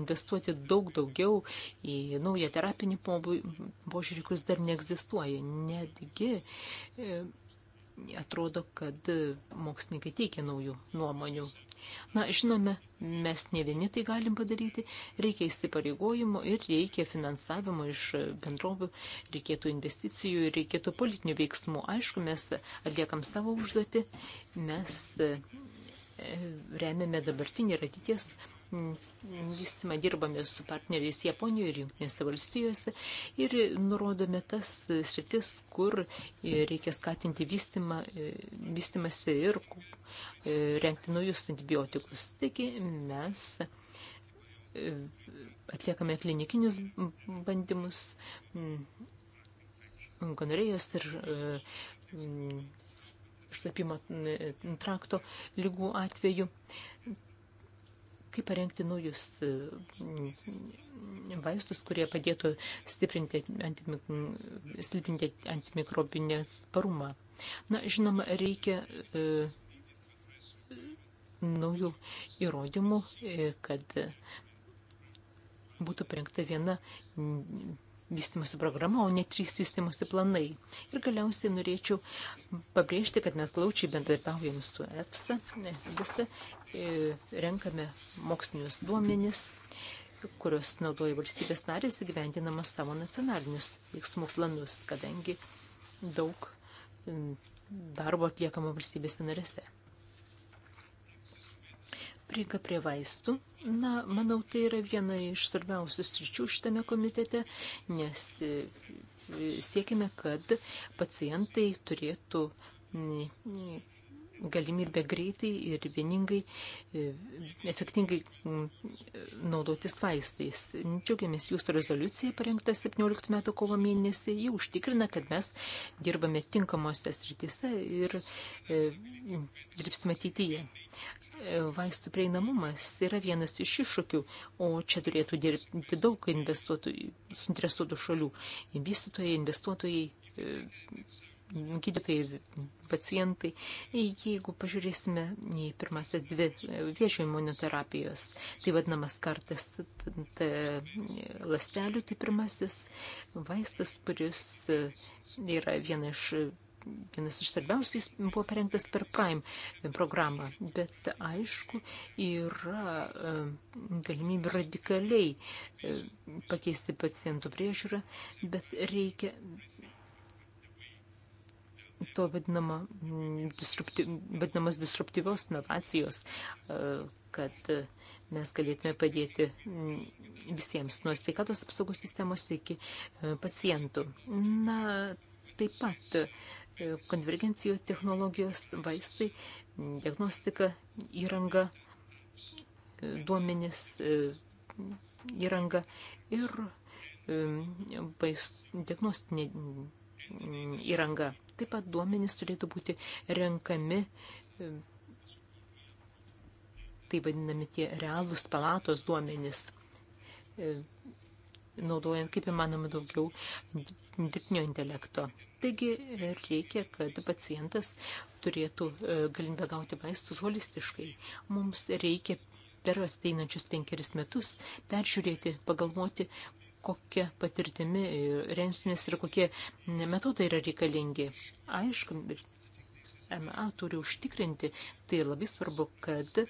investuoti daug daugiau į naują terapinį požiūrį, kuris dar neegzistuoja. Netgi e, atrodo, kad mokslininkai teikia naujų nuomonių. Na, žinome, mes ne vieni tai galim padaryti, reikia įsipareigojimo ir reikia finansavimo iš bendrovių, reikėtų investicijų ir reikėtų politinių veiksmų. Aišku, mes atliekam savo užduotį, mes e, remiame dabartinį ir ateities Mm, vystymą dirbame su partneriais Japonijoje ir Junktinėse valstijose ir nurodome tas sritis, kur e, reikia skatinti vystymą, e, vystymasi ir e, renkti naujus antibiotikus. Taigi mes atliekame klinikinius bandymus mm, gonorėjos ir mm, šlapimo trakto lygų atveju. E, kaip parengti naujus e, vaistus, kurie padėtų stiprinti, antimik stiprinti antimikrobinę sparumą. Na, žinoma, reikia e, naujų įrodymų, e, kad būtų parengta viena vystimosi programa, o ne trys vystimosi planai. Ir galiausiai norėčiau pabrėžti, kad mes glaučiai bendradarbiaujam su EFSA, EFSA E, renkame mokslinius duomenis, kurios naudoja valstybės narės įgyvendinamas savo nacionalinius veiksmų planus, kadangi daug darbo atliekama valstybėse narėse. Prieka prie vaistų. Na, manau, tai yra viena iš svarbiausių sričių šitame komitete, nes e, siekime, kad pacientai turėtų galimybę greitai ir vieningai, e, efektingai naudotis vaistais. Džiaugiamės jūsų rezoliucija parengta 17 metų kovo mėnesį, ji užtikrina, kad mes dirbame tinkamose srityse ir e, dirbsime ateityje e, vaistų prieinamumas yra vienas iš iššūkių, o čia turėtų dirbti daug investuotojų, suinteresuotų šalių - vystytojai, investuotojai, e, gydytojai, pacientai. Jeigu pažiūrėsime į pirmasis dvi viešo imunoterapijos, tai vadinamas kartas lastelių, tai pirmasis vaistas, kuris yra viena iš vienas iš svarbiausių jis buvo parengtas per Prime programą, bet aišku, yra e, galimybė radikaliai e, pakeisti pacientų priežiūrą, bet reikia to vadinama, mm, disrupti, vadinamas disruptyvios inovacijos, e, kad mes galėtume padėti mm, visiems, nuo sveikatos apsaugos sistemos iki e, pacientų. Na, taip pat e, konvergencijų technologijos, vaistai, mm, diagnostika, įranga, duomenis, įranga ir vaist, diagnostinė įranga. Taip pat duomenys turėtų būti renkami, tai vadinami tie realūs palatos duomenys, naudojant kaip įmanoma daugiau dirbtinio intelekto. Taigi reikia, kad pacientas turėtų e, galimybę gauti vaistus holistiškai. Mums reikia per ateinančius penkeris metus peržiūrėti, pagalvoti, kokia patirtimi remsimės ir kokie metodai yra reikalingi. Aišku, MA turi užtikrinti, tai labai svarbu, kad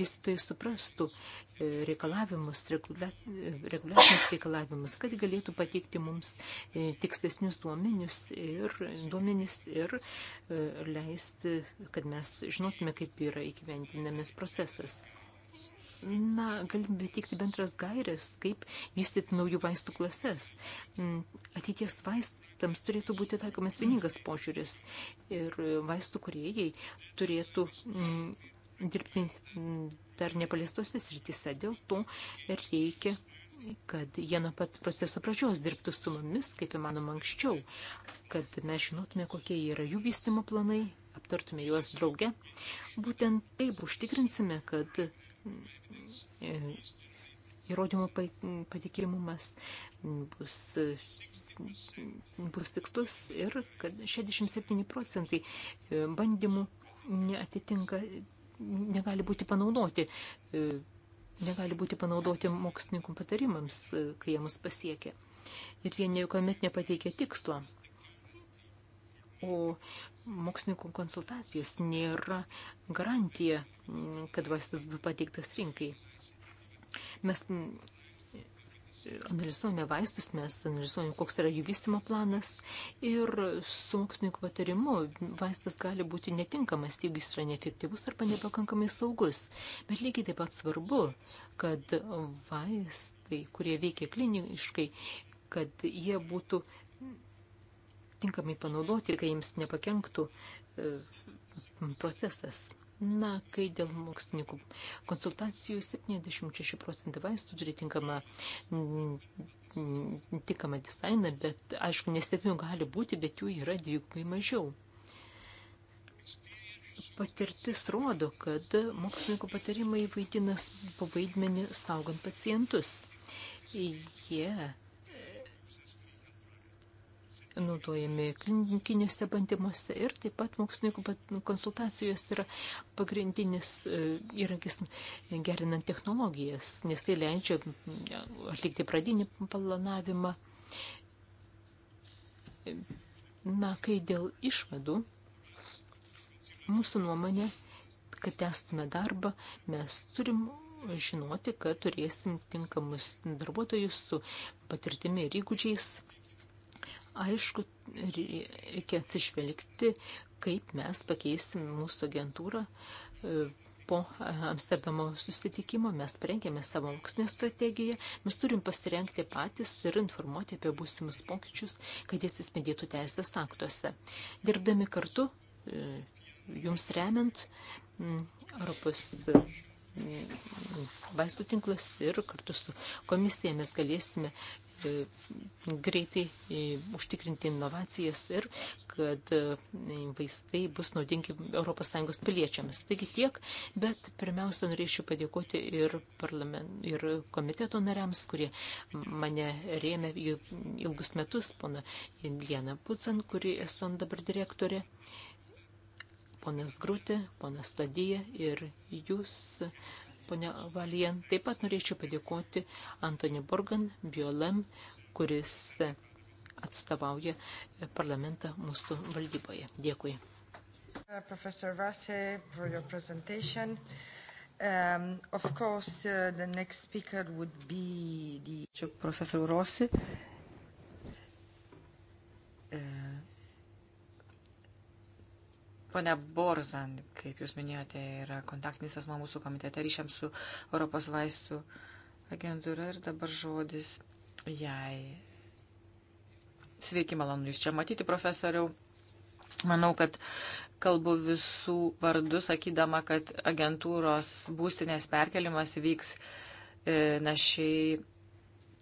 vystytojai suprastų e, reikalavimus, reguliacinius reikalavimus, kad galėtų pateikti mums e, tikslesnius duomenius ir duomenis ir e, leisti, kad mes žinotume, kaip yra įgyventinamas procesas. Na, galime teikti bendras gairės, kaip vystyti naujų vaistų klases. Mm, ateities vaistams turėtų būti taikomas vieningas požiūris ir vaistų kuriejai turėtų mm, dirbti mm, dar nepaliestuose srityse. Dėl to reikia kad jie nuo pat proceso pradžios dirbtų su mumis, kaip įmanoma anksčiau, kad mes žinotume, kokie yra jų vystimo planai, aptartume juos drauge. Būtent taip užtikrinsime, kad Mm. Mm. Mm. įrodymų patikimumas bus, bus tikslus ir kad 67 procentai e, bandymų neatitinka, negali būti panaudoti, e, negali būti panaudoti mokslininkų patarimams, e, kai jie mus pasiekia. Ir jie niekuomet nepateikia tikslo. O mokslininkų konsultacijos nėra garantija, mm, kad vaistas bus pateiktas rinkai. Mes mm, analizuojame vaistus, mes analizuojame, koks yra jų vystimo planas ir su mokslininko patarimu vaistas gali būti netinkamas, jeigu jis yra neefektyvus arba nepakankamai saugus. Bet lygiai taip pat svarbu, kad vaistai, kurie veikia kliniškai, kad jie būtų tinkamai panaudoti, kai jiems nepakenktų e, procesas. Na, kai dėl mokslininkų konsultacijų 76 procentai vaistų turi tinkamą, tinkamą dizainą, bet aišku, nesėkmių gali būti, bet jų yra dvigubai mažiau. Patirtis rodo, kad mokslininkų patarimai vaidina vaidmenį saugant pacientus. Jie yeah naudojami klinikiniuose bandymuose ir taip pat mokslininkų konsultacijos yra pagrindinis e, įrankis gerinant technologijas, nes tai leidžia atlikti pradinį planavimą. Na, kai dėl išvadų, mūsų nuomonė, kad testume darbą, mes turim žinoti, kad turėsim tinkamus darbuotojus su patirtimi ir įgūdžiais Aišku, reikia atsižvelgti, kaip mes pakeisim mūsų agentūrą. E, po e, Amsterdamo susitikimo mes parengėme savo mokslinę strategiją, mes turim pasirengti patys ir informuoti apie būsimus pokyčius, kad jie atsispindėtų teisės aktuose. Dirbdami kartu, e, jums remiant, Europos vaistų tinklas ir kartu su komisija mes galėsime E, greitai e, užtikrinti inovacijas ir kad e, vaistai bus naudingi ES piliečiams. Taigi tiek, bet pirmiausia norėčiau padėkoti ir, ir komiteto nariams, kurie mane rėmė ilgus metus, pana Jana Pucen, kuri esu dabar direktorė, ponas Grūtė, ponas Stadija ir jūs ponia Valijan. Taip pat norėčiau padėkoti Antoni Borgan, Biolem, kuris atstovauja parlamentą mūsų valdyboje. Dėkui. Uh, Professor Vase, for your presentation. Um, of course, uh, the next speaker would be the... Profesor Rossi. Uh, Pone Borzan, kaip Jūs minėjote, yra kontaktinis asmo mūsų komitete ryšiams su Europos vaistų agentūra ir dabar žodis jai. Sveiki, malonu Jūs čia matyti, profesoriau. Manau, kad kalbu visų vardų, sakydama, kad agentūros būstinės perkelimas vyks e, našiai,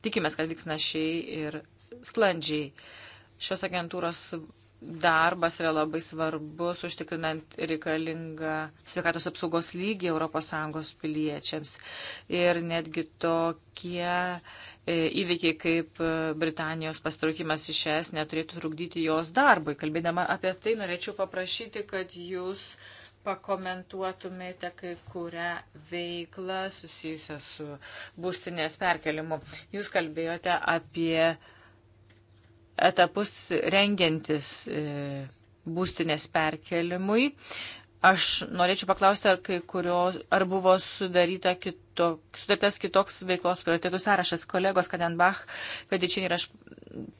tikimės, kad vyks našiai ir sklandžiai. Šios agentūros darbas yra labai svarbus, užtikrinant reikalingą sveikatos apsaugos lygį ES piliečiams. Ir netgi tokie e, įvykiai kaip Britanijos pastraukimas iš es neturėtų trukdyti jos darbui. Kalbėdama apie tai, norėčiau paprašyti, kad jūs pakomentuotumėte kai kurią veiklą susijusią su būstinės perkelimu. Jūs kalbėjote apie etapus rengiantis e, būstinės perkelimui. Aš norėčiau paklausti, ar, kurio, ar buvo sudaryta kitok, sudarytas kitoks veiklos prioritėtų sąrašas. Kolegos Kadenbach, Pedičinė ir aš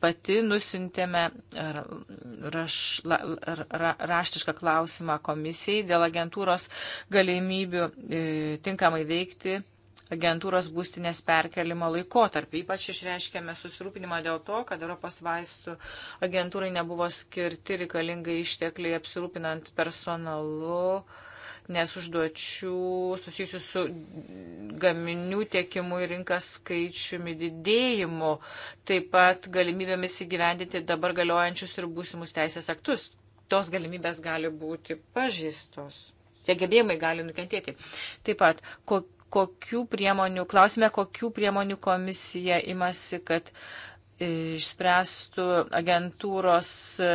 pati nusintėme raš, la, ra, raštišką klausimą komisijai dėl agentūros galimybių e, tinkamai veikti agentūros būstinės perkelimo laikotarpį. Ypač išreiškėme susirūpinimą dėl to, kad Europos vaistų agentūrai nebuvo skirti reikalingai ištekliai apsirūpinant personalu, nes užduočių susijusių su gaminių tiekimu į rinką skaičiumi didėjimu, taip pat galimybėmis įgyvendinti dabar galiojančius ir būsimus teisės aktus. Tos galimybės gali būti pažįstos tie gebėjimai gali nukentėti. Taip pat, ko, kokių priemonių, klausime, kokių priemonių komisija imasi, kad išspręstų agentūros e,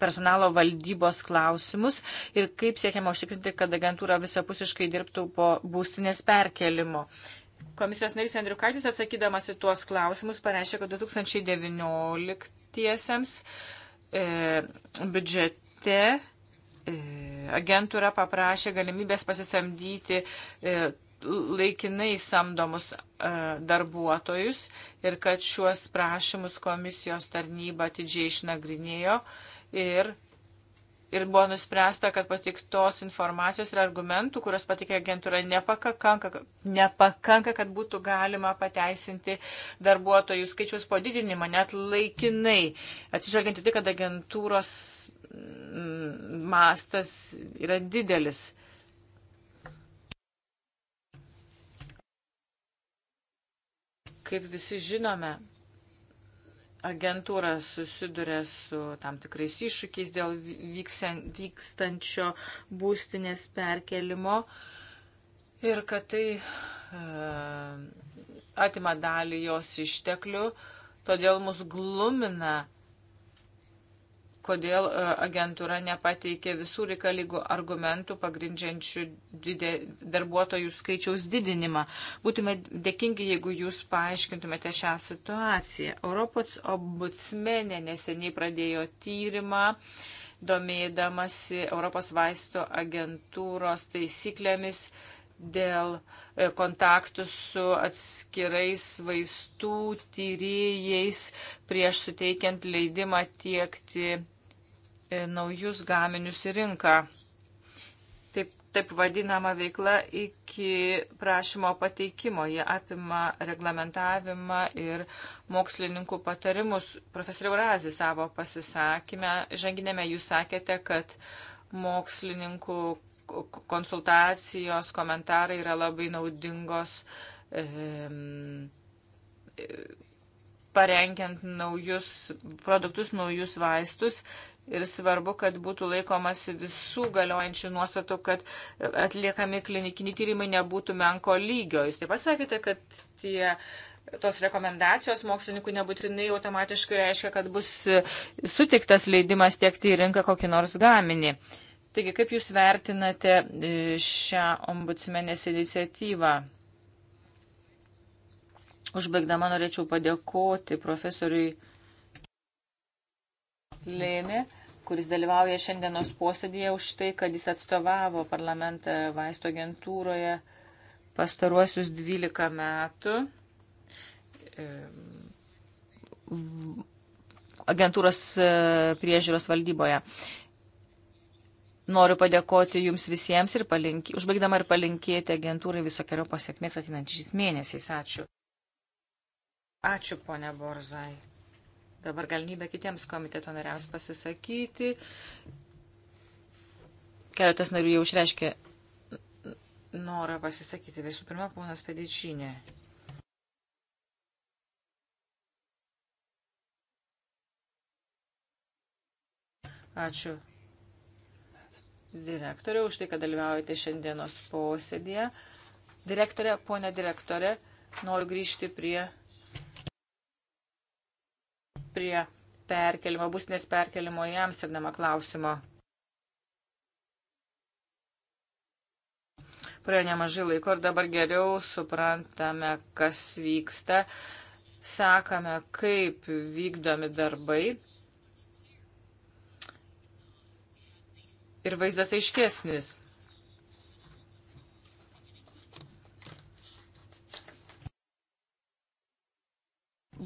personalo valdybos klausimus ir kaip siekiama užtikrinti, kad agentūra visapusiškai dirbtų po būstinės perkelimo. Komisijos narys Andriu Kaitis atsakydamas į tuos klausimus pareiškė, kad 2019-iesiems e, biudžete e, agentūra paprašė galimybės pasisamdyti e, laikinai samdomus e, darbuotojus ir kad šiuos prašymus komisijos tarnyba atidžiai išnagrinėjo ir, ir buvo nuspręsta, kad patiktos informacijos ir argumentų, kurios patikė agentūra, nepakanka, nepakanka, kad būtų galima pateisinti darbuotojų skaičiaus padidinimą, net laikinai, atsižvelgiant į tai, kad agentūros mastas yra didelis. Kaip visi žinome, agentūra susiduria su tam tikrais iššūkiais dėl vykstančio būstinės perkelimo ir kad tai e, atima dalį jos išteklių, todėl mus glumina kodėl e, agentūra nepateikė visų reikalingų argumentų pagrindžiančių didė, darbuotojų skaičiaus didinimą. Būtume dėkingi, jeigu jūs paaiškintumėte šią situaciją. Europos obudsmenė neseniai pradėjo tyrimą domėdamasi Europos vaisto agentūros taisyklėmis dėl e, kontaktų su atskirais vaistų tyrėjais prieš suteikiant leidimą tiekti E, naujus gaminius į rinką. Taip, taip vadinama veikla iki prašymo pateikimo. Jie apima reglamentavimą ir mokslininkų patarimus. Profesoriau Razi savo pasisakymę, žanginėme jūs sakėte, kad mokslininkų konsultacijos, komentarai yra labai naudingos. E, parengiant naujus produktus, naujus vaistus Ir svarbu, kad būtų laikomasi visų galiojančių nuostatų, kad atliekami klinikiniai tyrimai nebūtų menko lygio. Jūs taip pat sakėte, kad tie, tos rekomendacijos mokslininkų nebūtinai automatiškai reiškia, kad bus sutiktas leidimas tiekti į rinką kokį nors gaminį. Taigi, kaip Jūs vertinate e, šią ombudsmenės iniciatyvą? Užbaigdama norėčiau padėkoti profesoriui Lėnė kuris dalyvauja šiandienos posėdėje už tai, kad jis atstovavo parlamentą vaisto agentūroje pastaruosius 12 metų. Ehm, agentūros e, priežiūros valdyboje. Noriu padėkoti jums visiems ir palinkėti, užbaigdama ir palinkėti agentūrai visokiojo pasiekmės ateinančiais mėnesiais. Ačiū. Ačiū, ponia Borzai dabar galimybę kitiems komiteto nariams pasisakyti. Keletas narių jau išreiškė norą pasisakyti. Visų pirma, ponas Pedičinė. Ačiū direktoriau už tai, kad dalyvaujate šiandienos posėdėje. Direktorė, ponė direktorė, noriu grįžti prie prie perkelimo, būstinės perkelimo į Amsterdamą klausimo. Praėjo nemažai laiko ir dabar geriau suprantame, kas vyksta, sakome, kaip vykdomi darbai. Ir vaizdas aiškesnis.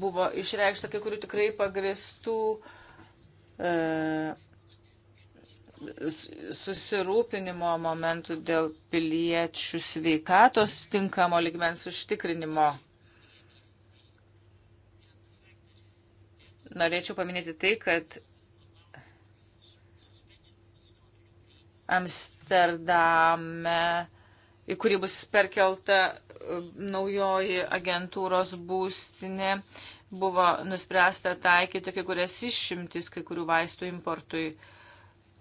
buvo išreikšta kai kurių tikrai pagristų e, susirūpinimo momentų dėl piliečių sveikatos tinkamo ligmens užtikrinimo. Norėčiau paminėti tai, kad Amsterdame, į kurį bus perkelta naujoji agentūros būstinė, buvo nuspręsta taikyti kai kurias išimtis kai kurių vaistų importui.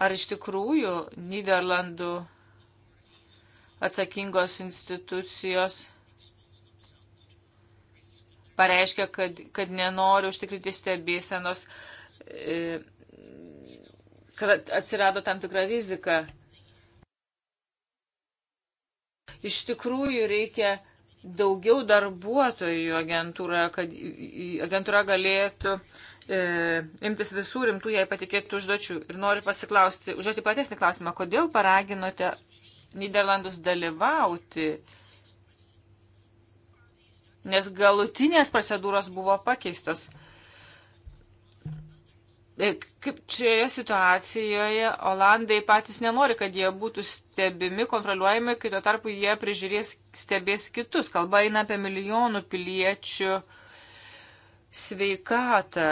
Ar iš tikrųjų Niderlandų atsakingos institucijos pareiškia, kad, kad nenori užtikrinti stebėsenos, e, kad atsirado tam tikra rizika. Iš tikrųjų reikia daugiau darbuotojų agentūroje, kad agentūra galėtų e, imtis visų rimtų jai patikėtų užduočių. Ir noriu pasiklausti, užduoti platesnį klausimą, kodėl paraginote Niderlandus dalyvauti, nes galutinės procedūros buvo pakeistos. E, kaip šioje situacijoje Olandai patys nenori, kad jie būtų stebimi, kontroliuojami, kai tuo tarpu jie prižiūrės, stebės kitus. Kalba eina apie milijonų piliečių sveikatą.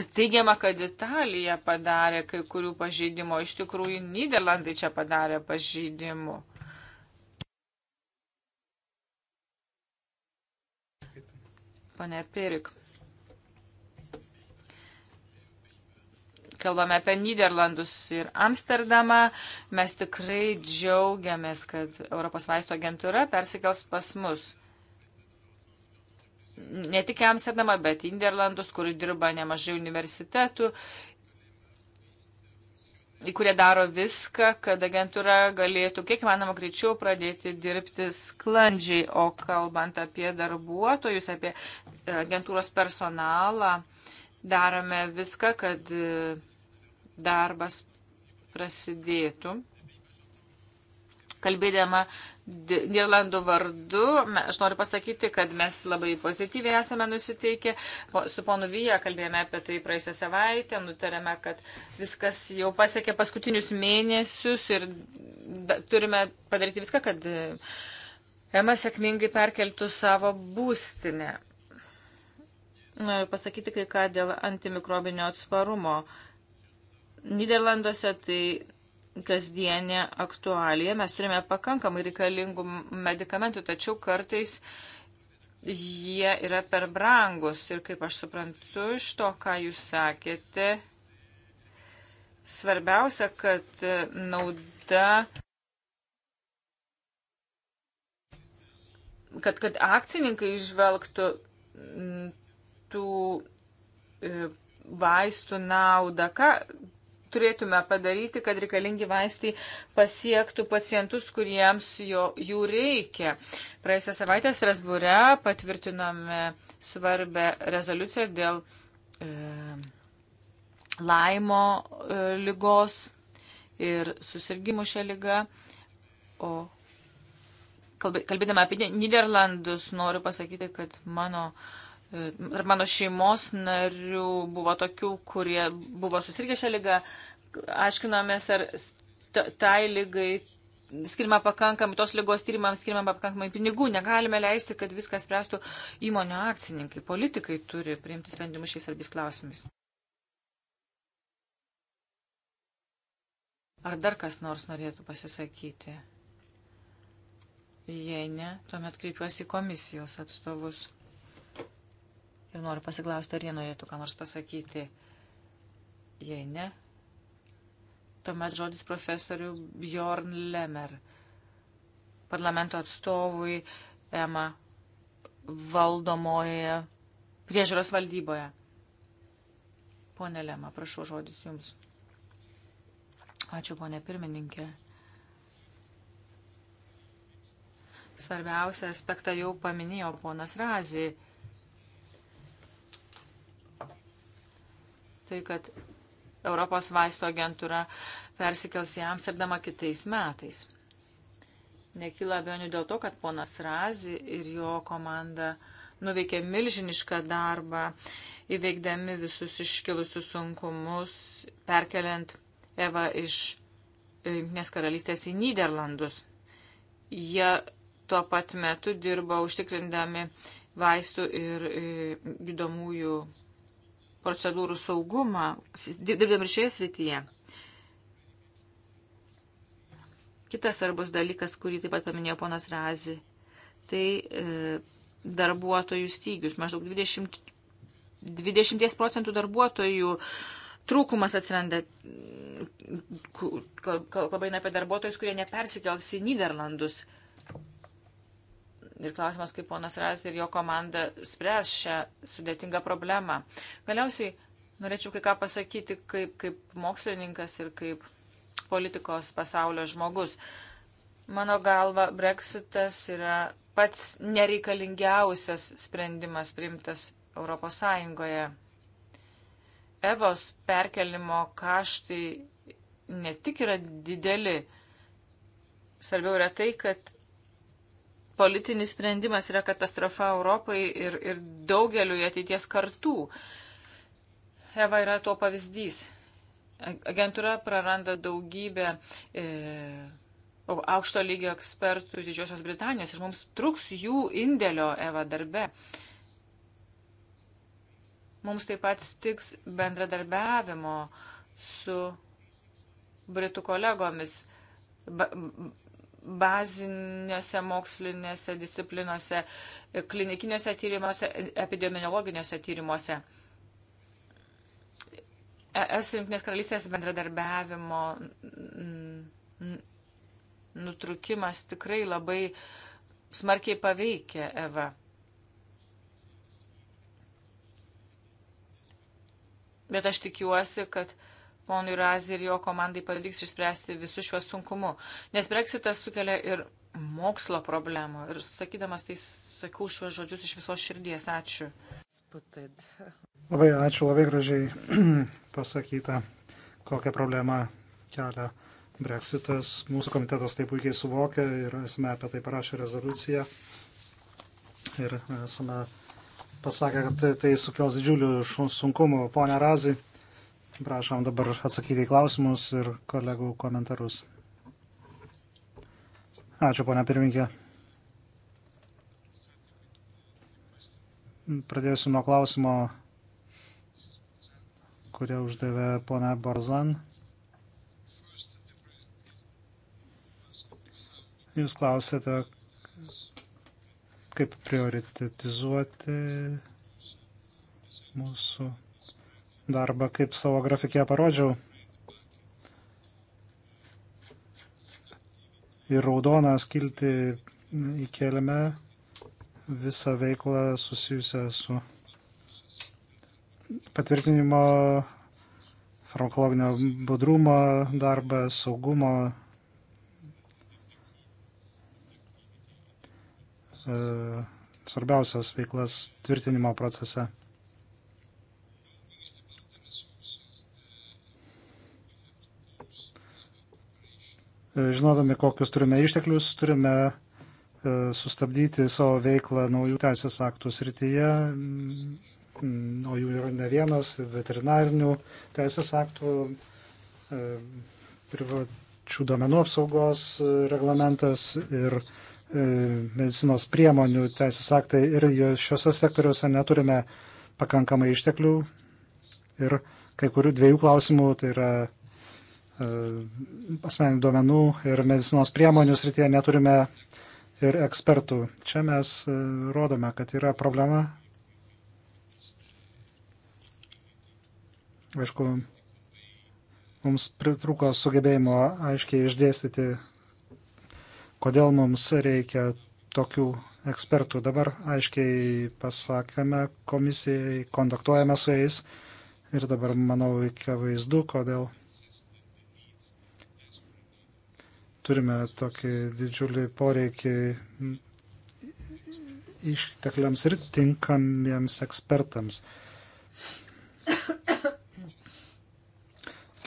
Ir teigiama, kad Italija padarė kai kurių pažydimų, iš tikrųjų Niderlandai čia padarė pažydimų. ponė Pirik. Kalbame apie Niderlandus ir Amsterdamą. Mes tikrai džiaugiamės, kad Europos vaisto agentūra persikels pas mus ne tik Amsterdamą, bet Niderlandus, kur dirba nemažai universitetų kurie daro viską, kad agentūra galėtų kiek manoma greičiau pradėti dirbti sklandžiai. O kalbant apie darbuotojus, apie e, agentūros personalą, darome viską, kad e, darbas prasidėtų. Kalbėdama Nirlandų vardu. Aš noriu pasakyti, kad mes labai pozityviai esame nusiteikę. Su ponu Vyja kalbėjome apie tai praėjusią savaitę, nutarėme, kad viskas jau pasiekė paskutinius mėnesius ir da, turime padaryti viską, kad e, Ema sėkmingai perkeltų savo būstinę. Noriu pasakyti kai ką dėl antimikrobinio atsparumo. Niderlanduose tai kasdienė aktualija. Mes turime pakankamai reikalingų medikamentų, tačiau kartais jie yra per brangus. Ir kaip aš suprantu iš to, ką jūs sakėte, svarbiausia, kad nauda. Kad, kad akcininkai išvelgtų tų e, vaistų naudą. Ką, turėtume padaryti, kad reikalingi vaistai pasiektų pacientus, kuriems jo, jų reikia. Praėjusią savaitę Strasbūre patvirtinome svarbę rezoliuciją dėl e, laimo e, lygos ir susirgymų šią lygą. O kalbėdama apie Niderlandus, noriu pasakyti, kad mano e, ir mano šeimos narių buvo tokių, kurie buvo susirgę šią lygą. Aiškinomės, ar tai lygai skirima pakankamai, tos lygos tyrimams skirima pakankamai pinigų. Negalime leisti, kad viskas spręstų įmonių akcininkai. Politikai turi priimti sprendimus šiais svarbiais klausimais. Ar dar kas nors norėtų pasisakyti? Jei ne, tuomet kreipiuosi į komisijos atstovus ir noriu pasiklausti, ar jie norėtų ką nors pasakyti. Jei ne, tuomet žodis profesorių Bjorn Lemer, parlamento atstovui EMA valdomoje priežiūros valdyboje. Pone Lema, prašau žodis jums. Ačiū, ponė pirmininkė. Svarbiausią aspektą jau paminėjo ponas Razi. tai, kad Europos vaisto agentūra persikels į Amsterdamą kitais metais. Nekyla abejonių dėl to, kad ponas Razi ir jo komanda nuveikė milžinišką darbą, įveikdami visus iškilusius sunkumus, perkeliant Eva iš e, Junktinės karalystės į Niderlandus. Jie tuo pat metu dirbo užtikrindami vaistų ir įdomųjų e, procedūrų saugumą, dirbdami ir šioje srityje. Kitas svarbus dalykas, kurį taip pat paminėjo ponas Razi, tai e, darbuotojų stygius. Maždaug 20, 20 procentų darbuotojų trūkumas atsiranda, kalba eina apie darbuotojus, kurie nepersikels į Niderlandus. E, Ir klausimas, kaip ponas Ras ir jo komanda spręs šią sudėtingą problemą. Galiausiai norėčiau kai ką pasakyti kaip, kaip mokslininkas ir kaip politikos pasaulio žmogus. Mano galva, breksitas yra pats nereikalingiausias sprendimas priimtas Europos Sąjungoje. Evos perkelimo kaštai ne tik yra dideli, svarbiau yra tai, kad politinis sprendimas yra katastrofa Europai ir, ir daugeliu ateities kartų. Eva yra to pavyzdys. Agentūra praranda daugybę e, aukšto lygio ekspertų iš Didžiosios Britanijos ir mums truks jų indėlio Eva darbe. Mums taip pat stiks bendradarbiavimo su Britų kolegomis. Ba, bazinėse mokslinėse disciplinose, klinikiniuose tyrimuose, epidemiologiniuose tyrimuose. ES rinktinės karalystės bendradarbiavimo nutrukimas tikrai labai smarkiai paveikė Eva. Bet aš tikiuosi, kad uh, ponui Razi ir jo komandai pavyks išspręsti visus šiuos sunkumu. Nes breksitas sukelia ir mokslo problemų. Ir sakydamas tai, sakau šiuos žodžius iš visos širdies. Ačiū. Labai ačiū, labai gražiai pasakyta, kokią problemą kelia breksitas. Mūsų komitetas tai puikiai suvokia ir esame apie tai parašę rezoliuciją. Ir esame pasakę, kad tai sukels didžiulių sunkumų. Pone Razi. Prašom dabar atsakyti į klausimus ir kolegų komentarus. Ačiū, ponia pirminkė. Pradėsiu nuo klausimo, kurį uždavė ponia Barzan. Jūs klausėte, kaip prioritizuoti mūsų darbą, kaip savo grafikė parodžiau. į raudoną skilti įkeliame visą veiklą susijusią su patvirtinimo farmakologinio budrumo darbą, saugumo e, svarbiausias veiklas tvirtinimo procese. E, žinodami, kokius turime išteklius, turime e, sustabdyti savo veiklą naujų teisės aktų srityje, o jų yra ne vienas, veterinarinių teisės aktų, e, privačių domenų apsaugos reglamentas ir medicinos priemonių teisės aktai ir šiuose sektoriuose neturime pakankamai išteklių ir kai kurių dviejų klausimų, tai yra E, asmeninių duomenų ir medicinos priemonių srityje neturime ir ekspertų. Čia mes e, rodome, kad yra problema. Aišku, mums pritruko sugebėjimo aiškiai išdėstyti, kodėl mums reikia tokių ekspertų. Dabar aiškiai pasakėme komisijai, kontaktuojame su jais ir dabar, manau, iki vaizdu, kodėl turime tokį didžiulį poreikį ištekliams ir tinkamiems ekspertams.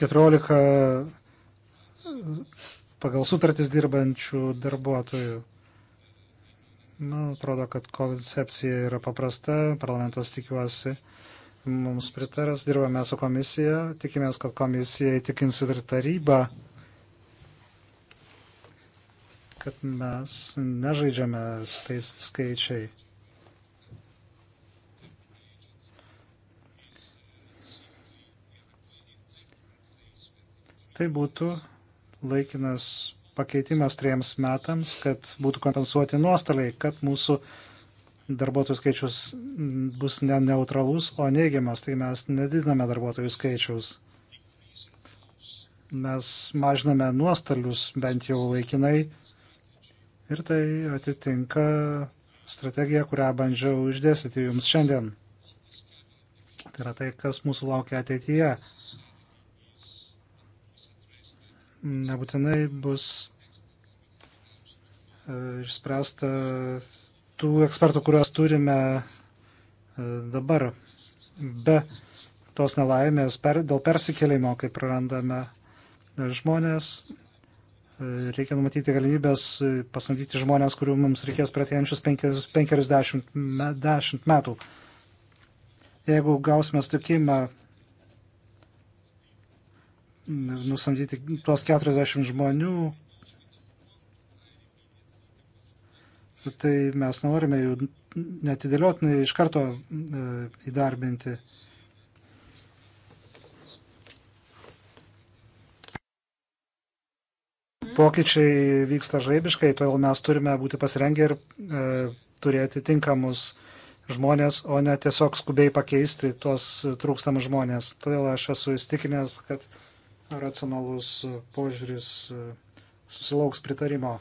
14 pagal sutartis dirbančių darbuotojų. Man atrodo, kad koncepcija yra paprasta, parlamentas tikiuosi mums pritaras, dirbame su komisija, tikimės, kad komisija įtikins ir tarybą kad mes nežaidžiame su tais skaičiai. Tai būtų laikinas pakeitimas trejams metams, kad būtų kompensuoti nuostoliai, kad mūsų darbuotojų skaičius bus ne neutralus, o neigiamas, tai mes nedidiname darbuotojų skaičiaus. Mes mažiname nuostolius bent jau laikinai Ir tai atitinka strategiją, kurią bandžiau išdėstyti jums šiandien. Tai yra tai, kas mūsų laukia ateityje. Nebūtinai bus e, išspręsta tų ekspertų, kuriuos turime e, dabar. Be tos nelaimės per, dėl persikėlimo, kai prarandame žmonės, reikia numatyti galimybės e, pasamdyti žmonės, kurių mums reikės per atėjančius 50 metų. Jeigu gausime sutikimą nusamdyti tuos 40 žmonių, tai mes norime jų netidėliotinai iš karto įdarbinti. E, pokyčiai vyksta žaibiškai, todėl mes turime būti pasirengę ir e, turėti tinkamus žmonės, o ne tiesiog skubiai pakeisti tuos trūkstamus žmonės. Todėl aš esu įstikinęs, kad racionalus požiūris e, susilauks pritarimo.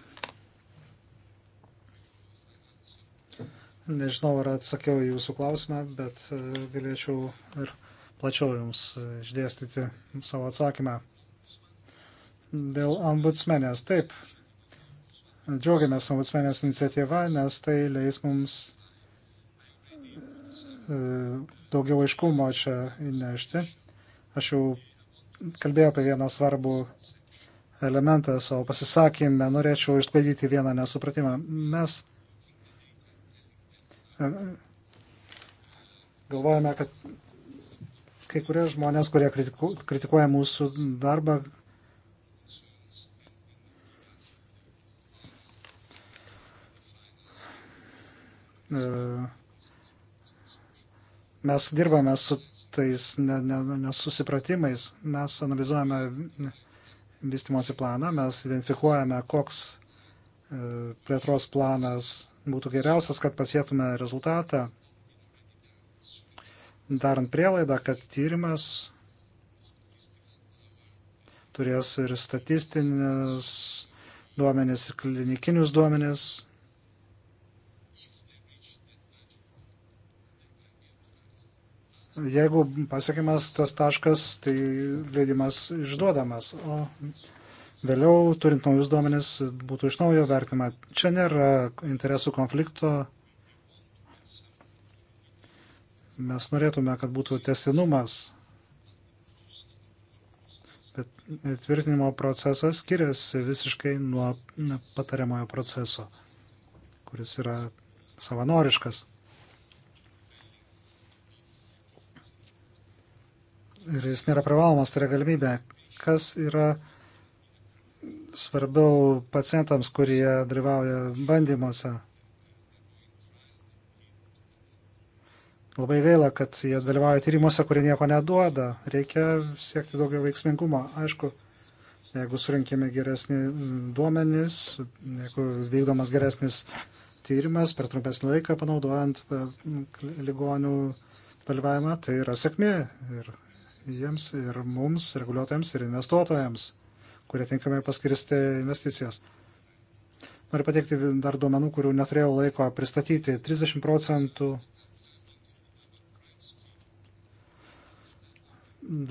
Nežinau, ar atsakiau jūsų klausimą, bet e, galėčiau ir plačiau jums e, išdėstyti savo atsakymą. Dėl ombudsmenės. Taip, džiaugiamės ombudsmenės iniciatyva, nes tai leis mums e, daugiau aiškumo čia įnešti. Aš jau kalbėjau apie vieną svarbų elementą savo pasisakymę, norėčiau išsklaidyti vieną nesupratimą. Mes e, galvojame, kad kai kurie žmonės, kurie kritiku, kritikuoja mūsų darbą, E, mes dirbame su tais nesusipratimais, mes analizuojame vystimosi planą, mes identifikuojame, koks e, plėtros planas būtų geriausias, kad pasėtume rezultatą, darant prielaidą, kad tyrimas turės ir statistinius duomenis, ir klinikinius duomenis, Jeigu pasiekimas tas taškas, tai leidimas išduodamas, o vėliau, turint naujus duomenis, būtų iš naujo vertima. Čia nėra interesų konflikto. Mes norėtume, kad būtų testinumas, bet tvirtinimo procesas skiriasi visiškai nuo patariamojo proceso, kuris yra savanoriškas. ir jis nėra privalomas, tai yra galimybė. Kas yra svarbiau pacientams, kurie dalyvauja bandymuose? Labai gaila, kad jie dalyvauja tyrimuose, kurie nieko neduoda. Reikia siekti daugiau veiksmingumo. Aišku, jeigu surinkime geresnį duomenys, jeigu vykdomas geresnis tyrimas per trumpesnį laiką panaudojant e, ligonių dalyvavimą, tai yra sėkmė ir jiems ir mums, reguliuotojams ir investuotojams, kurie tinkamai paskirsti investicijas. Noriu pateikti dar duomenų, kurių neturėjau laiko pristatyti. 30 procentų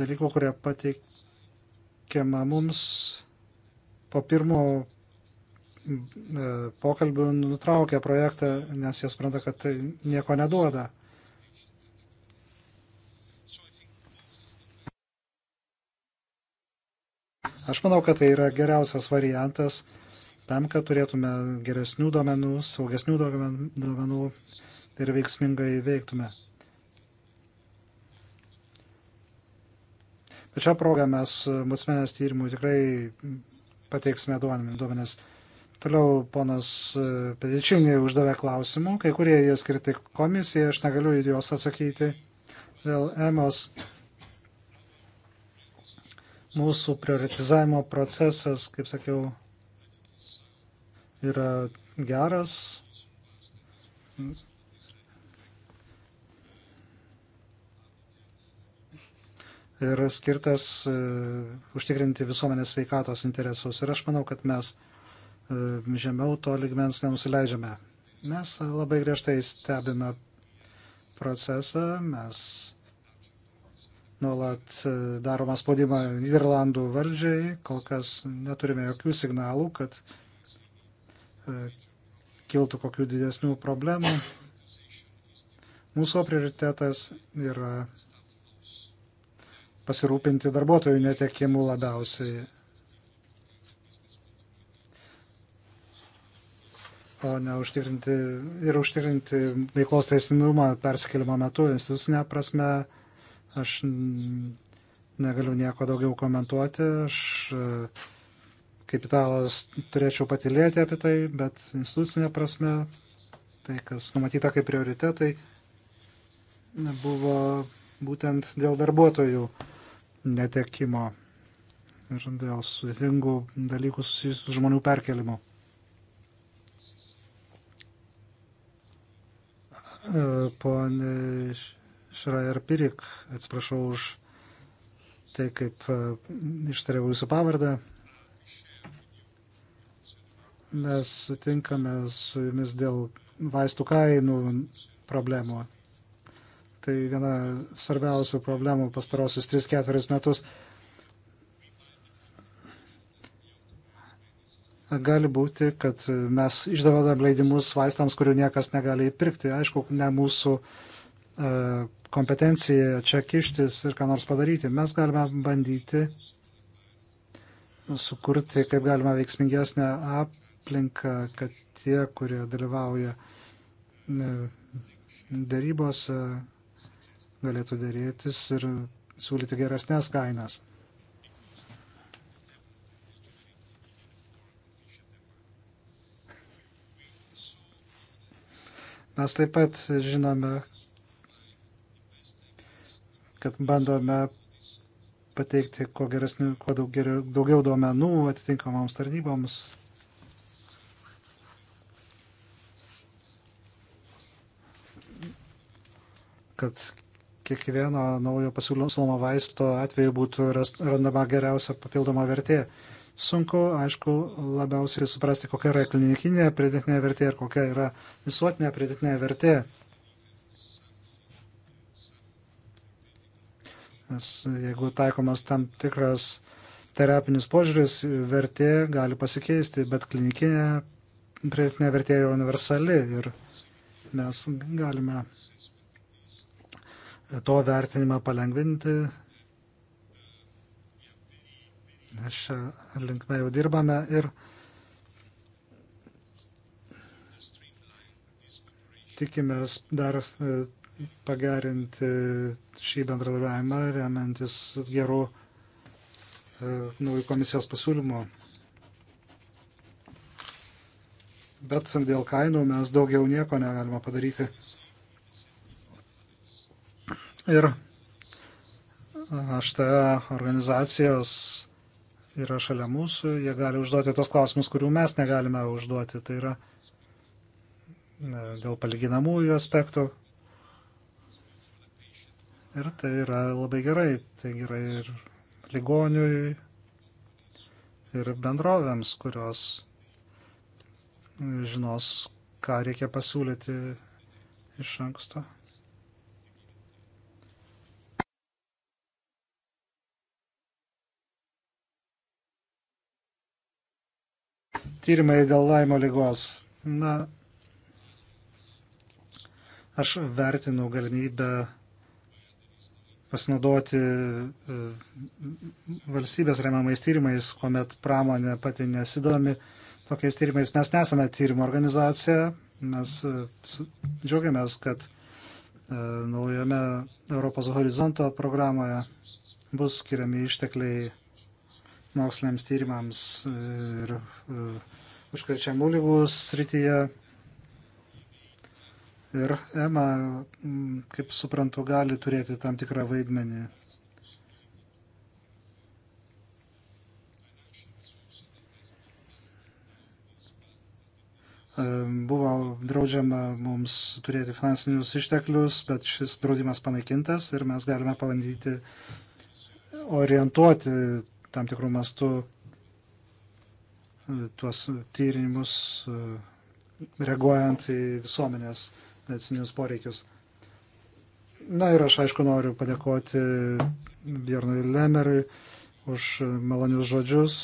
dalykų, kurie pateikiama mums po pirmo e, pokalbių nutraukia projektą, nes jie supranta, kad tai nieko neduoda. Aš manau, kad tai yra geriausias variantas tam, kad turėtume geresnių duomenų, saugesnių duomenų ir veiksmingai veiktume. Bet šią progą mes mūsmenės tyrimų tikrai pateiksime duomenis. Toliau ponas Pedičinį uždavė klausimų, kai kurie jie skirti komisijai, aš negaliu į juos atsakyti. Dėl EMOS Mūsų prioritizavimo procesas, kaip sakiau, yra geras. ir skirtas e, užtikrinti visuomenės veikatos interesus. Ir aš manau, kad mes e, žemiau to ligmens nenusileidžiame. Mes labai griežtai stebime procesą, mes nuolat e, daroma spaudima Niderlandų valdžiai, kol kas neturime jokių signalų, kad e, kiltų kokių didesnių problemų. Mūsų prioritetas yra pasirūpinti darbuotojų netekimu labiausiai, o ne užtikrinti ir užtikrinti veiklos teisinumą persikėlimo metu institucinė prasme Aš negaliu nieko daugiau komentuoti. Aš e, kaip italas turėčiau patilėti apie tai, bet institucinė prasme, tai kas numatyta kaip prioritetai, buvo būtent dėl darbuotojų netekimo ir dėl sudėtingų dalykų susijusių žmonių perkelimo. E, pone Šrajer Pirik, atsiprašau už tai, kaip e, ištariau jūsų pavardę. Mes sutinkame su jumis dėl vaistų kainų problemų. Tai viena svarbiausių problemų pastarosius 3-4 metus. gali būti, kad mes išdavodam leidimus vaistams, kurių niekas negali įpirkti. Aišku, ne mūsų e, kompetencija čia kištis ir ką nors padaryti. Mes galime bandyti sukurti kaip galima veiksmingesnę aplinką, kad tie, kurie dalyvauja e, darybose, galėtų dėrėtis ir siūlyti geresnės kainas. Mes taip pat žinome, kad bandome pateikti kuo, geresnių, kuo daug, geriau, daugiau duomenų atitinkamoms tarnyboms. kad kiekvieno naujo pasiūlymo vaisto atveju būtų randama geriausia papildoma vertė. Sunku, aišku, labiausiai suprasti, kokia yra klinikinė pridėtinė vertė ir kokia yra visuotinė pridėtinė vertė. nes jeigu taikomas tam tikras terapinis požiūris, vertė gali pasikeisti, bet klinikinė pridėtinė vertė yra universali ir mes galime to vertinimą palengvinti. Šią linkmę jau dirbame ir tikimės dar pagerinti šį bendradarbiavimą remiantis gerų e, naujų komisijos pasiūlymų. Bet dėl kainų mes daugiau nieko negalime padaryti. Ir HTA organizacijos yra šalia mūsų, jie gali užduoti tos klausimus, kurių mes negalime užduoti. Tai yra e, dėl palyginamųjų aspektų, Ir tai yra labai gerai. Tai yra ir ligoniui, ir bendrovėms, kurios žinos, ką reikia pasiūlyti iš anksto. tyrimai dėl laimo lygos. Na, aš vertinu galimybę pasinaudoti e, valstybės remiamais tyrimais, kuomet pramonė pati nesidomi tokiais tyrimais. Mes nesame tyrimo organizacija, mes e, džiaugiamės, kad e, naujame Europos horizonto programoje bus skiriami ištekliai moksliniams tyrimams ir užkrečiamų lygų srityje Ir EMA, mm, kaip suprantu, gali turėti tam tikrą vaidmenį. Buvo draudžiama mums turėti finansinius išteklius, bet šis draudimas panaikintas ir mes galime pabandyti orientuoti tam tikrų mastų e, tuos tyrinimus e, reaguojant į visuomenės medicinius poreikius. Na ir aš aišku noriu padėkoti Bjornui Lemeriui už malonius žodžius.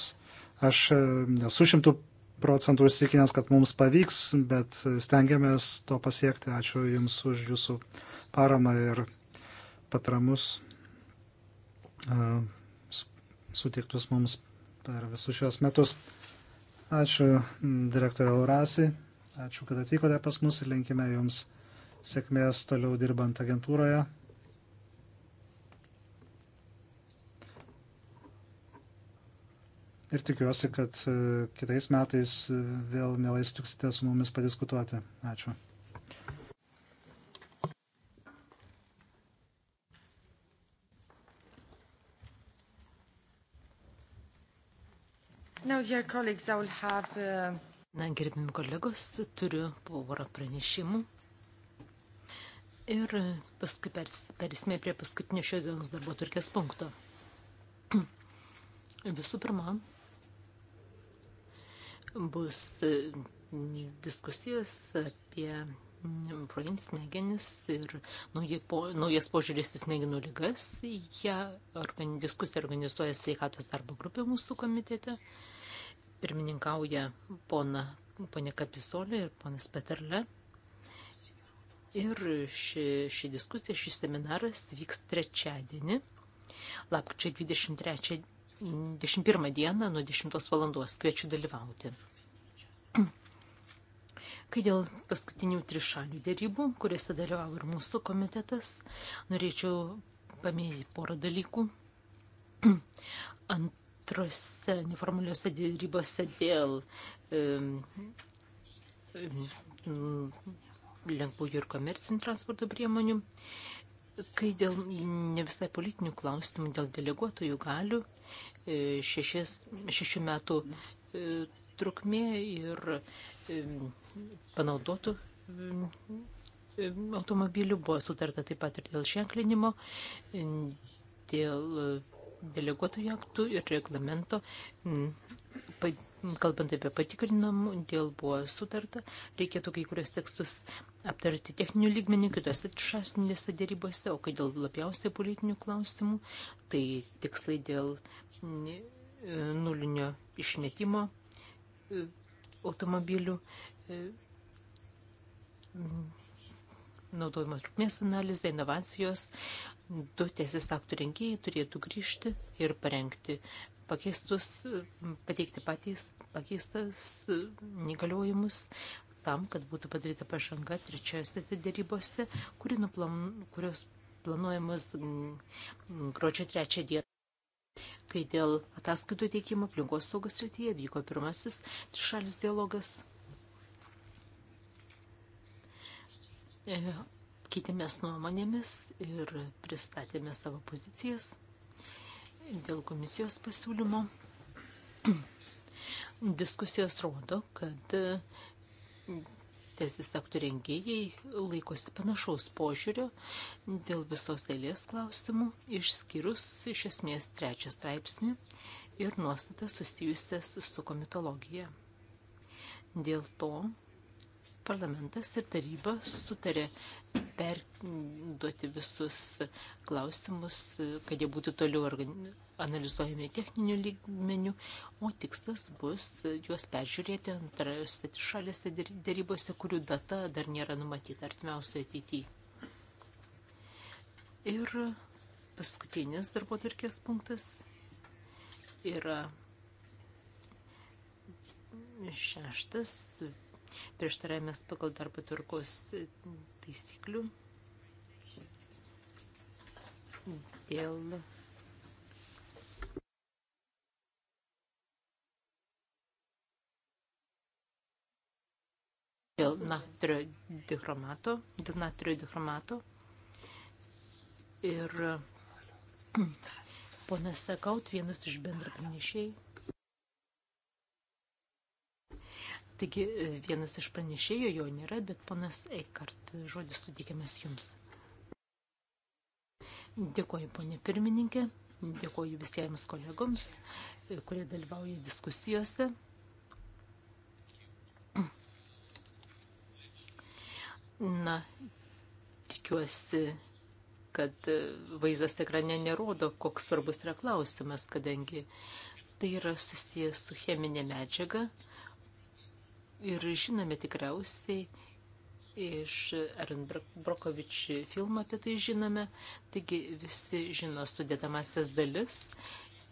Aš e, nesu šimtų procentų įsitikinęs, kad mums pavyks, bet stengiamės to pasiekti. Ačiū Jums už Jūsų paramą ir patramus e, sutiktus mums per visus šios metus. Ačiū direktoriau Rasi. Ačiū, kad atvykote pas mus ir linkime Jums sėkmės toliau dirbant agentūroje. Ir tikiuosi, kad e, kitais metais e, vėl mielai sutiksite su mumis padiskutuoti. Ačiū. Now, dear colleagues, I will have uh, Na, gerbim kolegos, turiu porą pranešimų. Ir paskui persime prie paskutinio šios dienos darbo turkės punkto. Visų pirma, bus e, diskusijos apie Brain mm, smegenis ir po, naujas požiūris į smegenų lygas. Ja organi, diskusiją organizuoja sveikatos darbo grupė mūsų komitete. Uh, pirmininkauja pona, ponė Kapisolė ir ponas Peterle. Ir ši, ši diskusija, šis seminaras vyks trečiadienį, lapkričio 23, 21 dieną nuo 10 valandos. Kviečiu dalyvauti. Kai dėl paskutinių trišalių dėrybų, kuriuose dalyvavo ir mūsų komitetas, norėčiau paminėti porą dalykų. Ant antrose neformaliuose dėrybose dėl e, lengvųjų ir komercinių transporto priemonių, kai dėl ne visai politinių klausimų, dėl deleguotojų galių e, šešis, šešių metų e, trukmė ir panaudotų automobilių buvo sutarta taip pat ir dėl ženklinimo, dėl deleguotojų aktų ir reglamento, kalbant apie patikrinamų, dėl buvo sutarta, reikėtų kai kurios tekstus aptarti techninių lygmenių, kitose šasinėse dėrybose, o kai dėl labiausiai politinių klausimų, tai tikslai dėl nulinio išmetimo e, automobilių e, naudojimo trukmės analizė, inovacijos, du teisės aktų rengėjai turėtų grįžti ir parengti pakeistus, pateikti patys pakeistas negaliojimus tam, kad būtų padaryta pažanga trečiosiose dėrybose, kuri nuplan, kurios planuojamas gruodžio trečią dieną kai dėl ataskaitų teikimo aplinkos saugos srityje vyko pirmasis trišalis dialogas keitėmės nuomonėmis ir pristatėme savo pozicijas dėl komisijos pasiūlymo. Diskusijos rodo, kad teisės aktų rengėjai laikosi panašaus požiūrio dėl visos eilės klausimų, išskyrus iš esmės trečią straipsnį ir nuostatas susijusias su komitologija. Dėl to parlamentas ir taryba sutarė perduoti visus klausimus, kad jie būtų toliau analizuojami techniniu lygmeniu, o tikslas bus juos peržiūrėti antrajose šalėse darybose, kurių data dar nėra numatyta artimiausioje ateityje. Ir paskutinis darbo tvarkės punktas yra šeštas prieštaravimas pagal darbo tvarkos taisyklių dėl dėl natrio dichromato, dėl natrio dichromato. Ir ponas Sakaut, vienas iš bendra pranešėjų. Taigi e, vienas iš pranešėjų jo nėra, bet ponas Eikart, žodis suteikiamas jums. Dėkuoju, ponė pirmininkė, dėkuoju visiems kolegoms, e, kurie dalyvauja diskusijose. Na, tikiuosi, kad e, vaizdas ekrane nerodo, koks svarbus yra klausimas, kadangi tai yra susijęs su cheminė medžiaga, Ir žinome tikriausiai iš Erin Brokovič filmą apie tai žinome, taigi visi žino sudėdamasias dalis.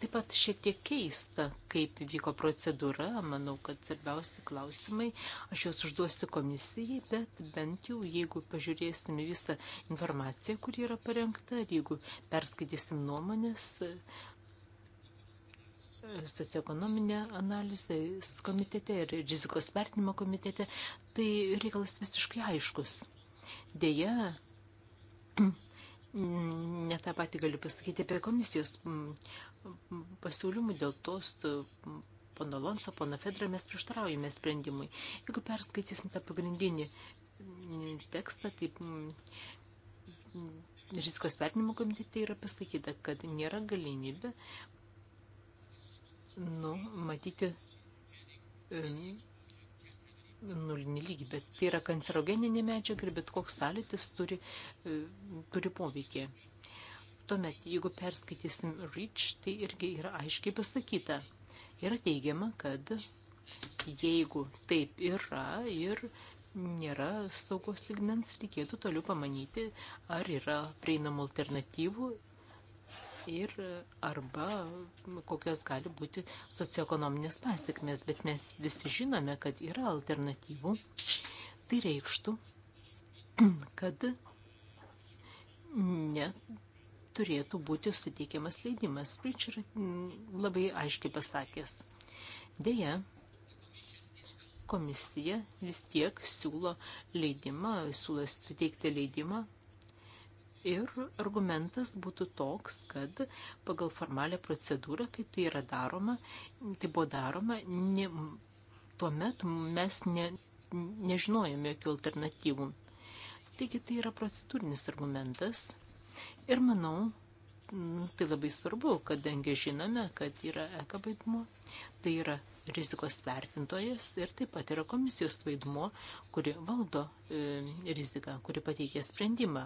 Taip pat šiek tiek keista, kaip vyko procedūra, manau, kad svarbiausi klausimai, aš juos užduosiu komisijai, bet bent jau jeigu pažiūrėsime visą informaciją, kuri yra parengta, ir jeigu perskaitysim nuomonės, socioekonominę analizę komitete ir rizikos vertinimo komitete, tai reikalas visiškai aiškus. Deja, ne tą patį galiu pasakyti apie komisijos pasiūlymų dėl tos pono Lonso, pono Fedro mes prieštraujame sprendimui. Jeigu perskaitysim tą pagrindinį tekstą, taip rizikos vertinimo komitete yra pasakyta, kad nėra galimybė nu, matyti e, nulinį lygį, bet tai yra kancerogeninė medžiaga ir bet koks sąlytis turi, e, turi poveikį. Tuomet, jeigu perskaitysim REACH, tai irgi yra aiškiai pasakyta. Yra teigiama, kad jeigu taip yra ir nėra saugos ligmens, reikėtų toliau pamanyti, ar yra prieinamų alternatyvų ir arba kokios gali būti socioekonominės pasiekmes, bet mes visi žinome, kad yra alternatyvų. Tai reikštų, kad neturėtų būti suteikiamas leidimas. Pritcher labai aiškiai pasakęs. Deja, komisija vis tiek siūlo leidimą, siūlo suteikti leidimą Ir argumentas būtų toks, kad pagal formalią procedūrą, kai tai yra daroma, tai buvo daroma, ne, tuomet mes ne, nežinojome jokių alternatyvų. Taigi tai yra procedūrinis argumentas. Ir manau, nu, tai labai svarbu, kadangi žinome, kad yra ekabaitmo, tai yra rizikos vertintojas ir taip pat yra komisijos vaidmuo, kuri valdo e, riziką, kuri pateikia sprendimą.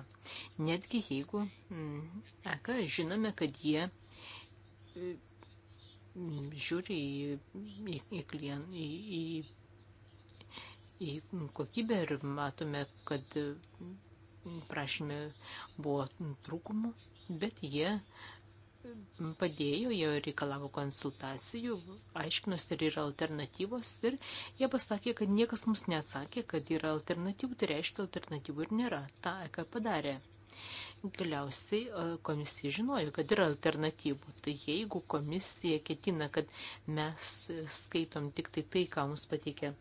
Netgi jeigu mm, eka, žinome, kad jie e, žiūri į, į, į, klien, į, į, į kokybę ir matome, kad mm, prašymė buvo trūkumų, bet jie padėjo, jie reikalavo konsultacijų, aiškinosi, ar yra alternatyvos ir jie pasakė, kad niekas mums neatsakė, kad yra alternatyvų, tai reiškia alternatyvų ir nėra. Ta EK padarė. Galiausiai e, komisija žinojo, kad yra alternatyvų. Tai jeigu komisija ketina, kad mes skaitom tik tai tai, ką mums pateikė.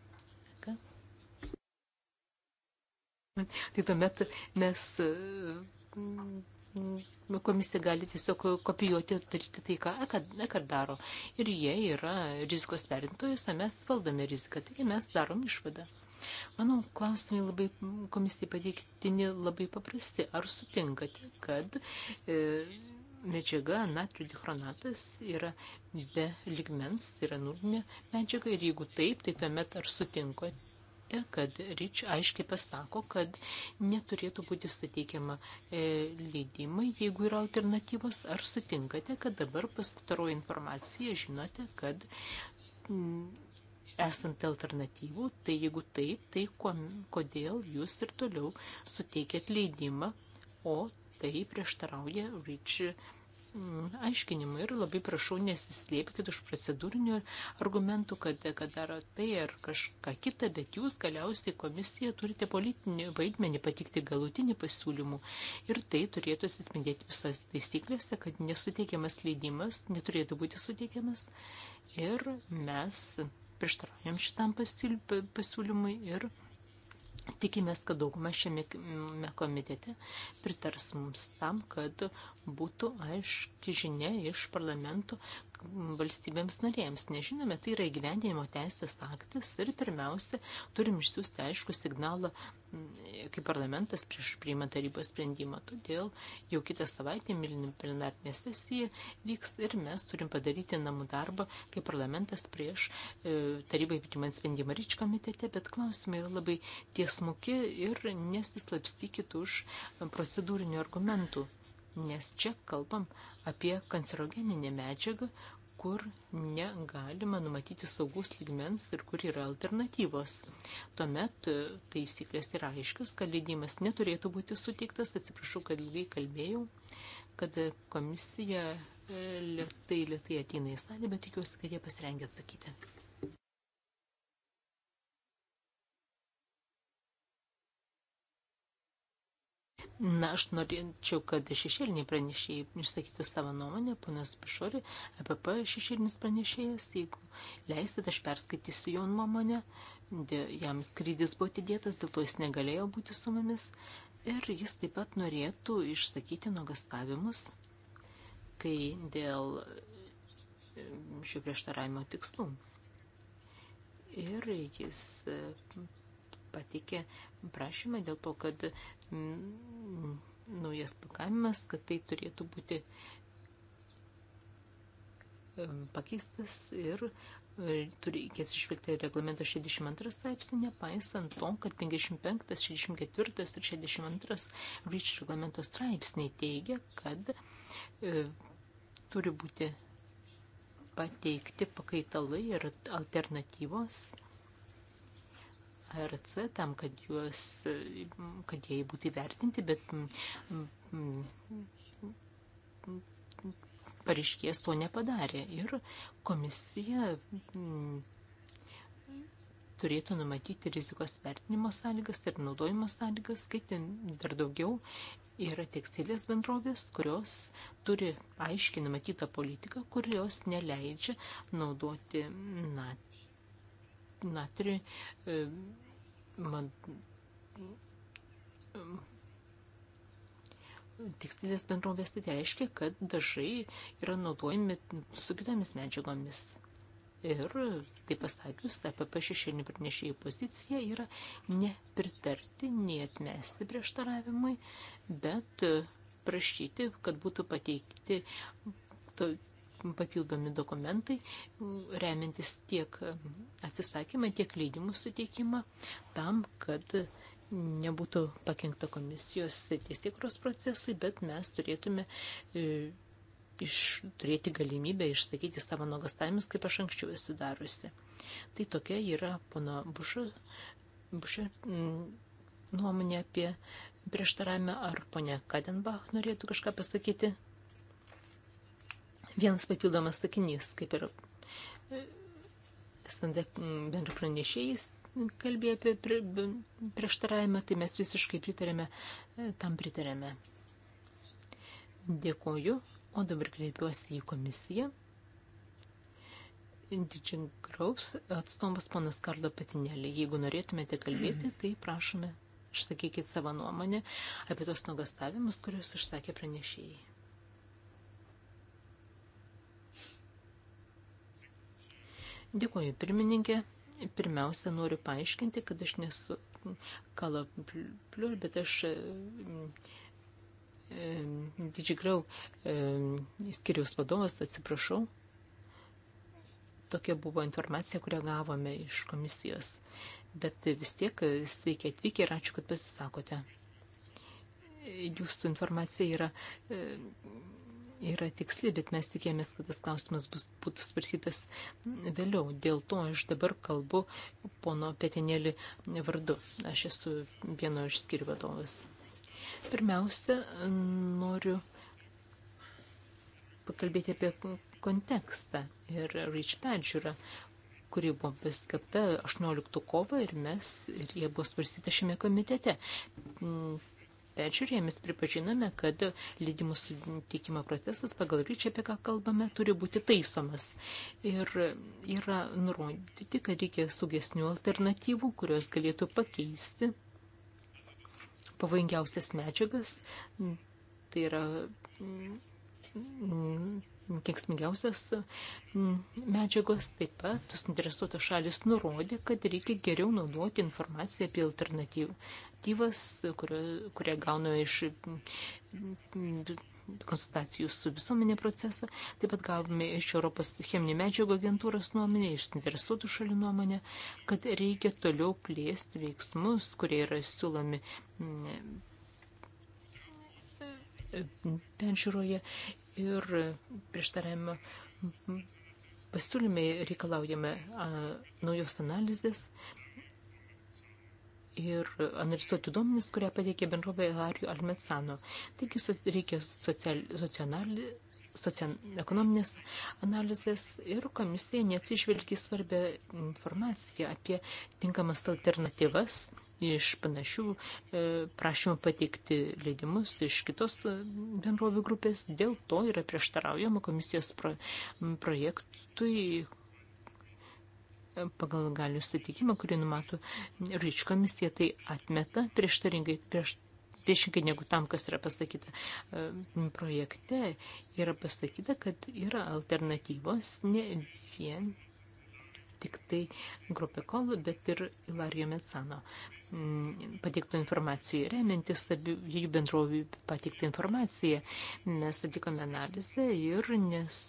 Tai tuomet mes e, komisija gali tiesiog kopijuoti, daryti tai, ką Ekar daro. Ir jie yra rizikos perintojus, o mes valdome riziką, taigi mes darom išvadą. Manau, klausimai labai komisijai pateiktini labai paprasti. Ar sutinkate, kad e, medžiaga natrio dichronatas yra be ligmens, tai yra nulinė medžiaga ir jeigu taip, tai tuomet ar sutinkate? matote, kad Rič aiškiai pasako, kad neturėtų būti suteikiama e, leidimai, jeigu yra alternatyvos. Ar sutinkate, kad dabar pastaroji informacija žinote, kad m, esant alternatyvų, tai jeigu taip, tai kodėl jūs ir toliau suteikėt leidimą, o tai prieštarauja Rič. E, Mm, aiškinimų ir labai prašau nesislėpkit už procedūrinių argumentų, kad, kad daro tai ar kažką kitą, bet jūs galiausiai komisija turite politinį vaidmenį patikti galutinį pasiūlymų ir tai turėtų atsispindėti visose taisyklėse, kad nesuteikiamas leidimas neturėtų būti suteikiamas ir mes prieštaraujam šitam pasiūlymui ir Tikimės, kad dauguma šiame komitete pritars mums tam, kad būtų aiški žinia iš parlamento valstybėms narėms. Nežinome, tai yra įgyvendinimo teisės aktas ir pirmiausia, turim išsiųsti aišku signalą kaip parlamentas prieš priimant tarybos sprendimą. Todėl jau kitą savaitę milinim plenarinė sesija vyks ir mes turim padaryti namų darbą kaip parlamentas prieš e, tarybai priimant sprendimą ryč komitete, bet klausimai yra labai tiesmuki ir nesislapstykit už procedūrinių argumentų. Nes čia kalbam apie kancerogeninę medžiagą, kur negalima numatyti saugus ligmens ir kur yra alternatyvos. Tuomet e, taisyklės yra aiškios, kad leidimas neturėtų būti suteiktas, atsiprašau, kad ilgai kalbėjau, kad komisija e, lietai, lietai ateina į salę, bet tikiuosi, kad jie pasirengė atsakyti. Na, aš norėčiau, kad šešėliniai pranešėjai išsakytų savo nuomonę, ponas Pišori, APP e šešėlinis pranešėjas, jeigu leisit, aš perskaitysiu jo nuomonę, jam skrydis buvo atidėtas, dėl to jis negalėjo būti su mumis ir jis taip pat norėtų išsakyti nuogastavimus, kai dėl šio prieštaravimo tikslų. Ir jis pateikė prašymą dėl to, kad m, mm, naujas pakavimas, kad tai turėtų būti pakeistas ir e, reikės išvelgti reglamento 62 straipsnį, nepaisant to, kad 55, 64 ir 62 REACH reglamento straipsniai teigia, kad e, turi būti pateikti pakaitalai ir alternatyvos RC tam, kad, juos, kad jie būtų įvertinti, bet mm, pareiškės to nepadarė. Ir komisija mm, turėtų numatyti rizikos vertinimo sąlygas ir naudojimo sąlygas, kaip ten dar daugiau yra tekstilės bendrovės, kurios turi aiškiai numatytą politiką, kurios neleidžia naudoti natį natrį, e, man, tekstilės bendrovės tai reiškia, kad dažai yra naudojami su kitomis medžiagomis. Ir tai pasakius, apie šešėlinį pranešėjų poziciją yra nepritarti, nei atmesti prieštaravimui, bet prašyti, kad būtų pateikti papildomi dokumentai, remiantis tiek atsisakymą, tiek leidimų suteikimą, tam, kad nebūtų pakengta komisijos teisėkros procesui, bet mes turėtume e, iš, turėti galimybę išsakyti savo nuogastavimus, kaip aš anksčiau esu darusi. Tai tokia yra pono Bušo, Bušo mm, nuomonė apie prieštaravimą, ar ponia Kadenbach norėtų kažką pasakyti. Vienas papildomas sakinys, kaip ir e, standa bendra pranešėjais kalbėjo apie prieštaravimą, tai mes visiškai pritarėme, e, tam pritarėme. Dėkoju, o dabar kreipiuosi į komisiją. Didžiai Graus atstovas panas Karlo Patinėlį. Jeigu norėtumėte kalbėti, tai prašome, išsakykit savo nuomonę apie tos nuogastavimus, kuriuos išsakė pranešėjai. Dėkuoju, pirmininkė. Pirmiausia, noriu paaiškinti, kad aš nesu kalapliur, bet aš didžigliau skiriaus vadovas, atsiprašau. Tokia buvo informacija, kurią gavome iš komisijos. Bet vis tiek sveiki atvykę ir ačiū, kad pasisakote. Jūsų informacija yra yra tiksli, bet mes tikėjomės, kad tas klausimas bus, būtų svarsytas vėliau. Dėl to aš dabar kalbu pono Petinėlį vardu. Aš esu vieno iš skirių vadovas. Pirmiausia, noriu pakalbėti apie kontekstą ir REACH peržiūrą, kuri buvo paskapta 18 kovo ir mes, ir jie buvo svarstyta šiame komitete peržiūrėję mes pripažiname, kad leidimų sutikimo procesas pagal ryčią, apie ką kalbame, turi būti taisomas. Ir yra nurodyti, kad reikia sugesnių alternatyvų, kurios galėtų pakeisti pavojingiausias medžiagas, tai yra mm, kenksmingiausias mm, medžiagos. Taip pat suinteresuotos šalis nurodė, kad reikia geriau naudoti informaciją apie alternatyvų iniciatyvas, kurią gauna iš konsultacijų su visuomenė procesą. Taip pat gavome iš Europos cheminių medžiagų agentūros nuomonę, iš interesuotų šalių nuomonę, kad reikia toliau plėsti veiksmus, kurie yra siūlomi mm, penžiūroje ir prieštaravimo pasiūlymai reikalaujame a, naujos analizės, ir analizuoti duomenis, kurie pateikė bendrovė Arijų Almetsano. Taigi reikia social, sociali, socioekonominės analizės ir komisija neatsižvelgia svarbę informaciją apie tinkamas alternatyvas iš panašių e, prašymų pateikti leidimus iš kitos e, bendrovių grupės. Dėl to yra prieštaraujama komisijos pro, projektui, pagal galių sutikimą, kurį numato ryč komisija, tai atmeta prieštaringai, prieš, priešingai negu tam, kas yra pasakyta e, projekte, yra pasakyta, kad yra alternatyvos ne vien tik tai grupė kol, bet ir Ilarijo Metsano mm, pateiktų informacijų. Remiantis abiejų bendrovių pateiktą informaciją, mes atlikome analizę ir nes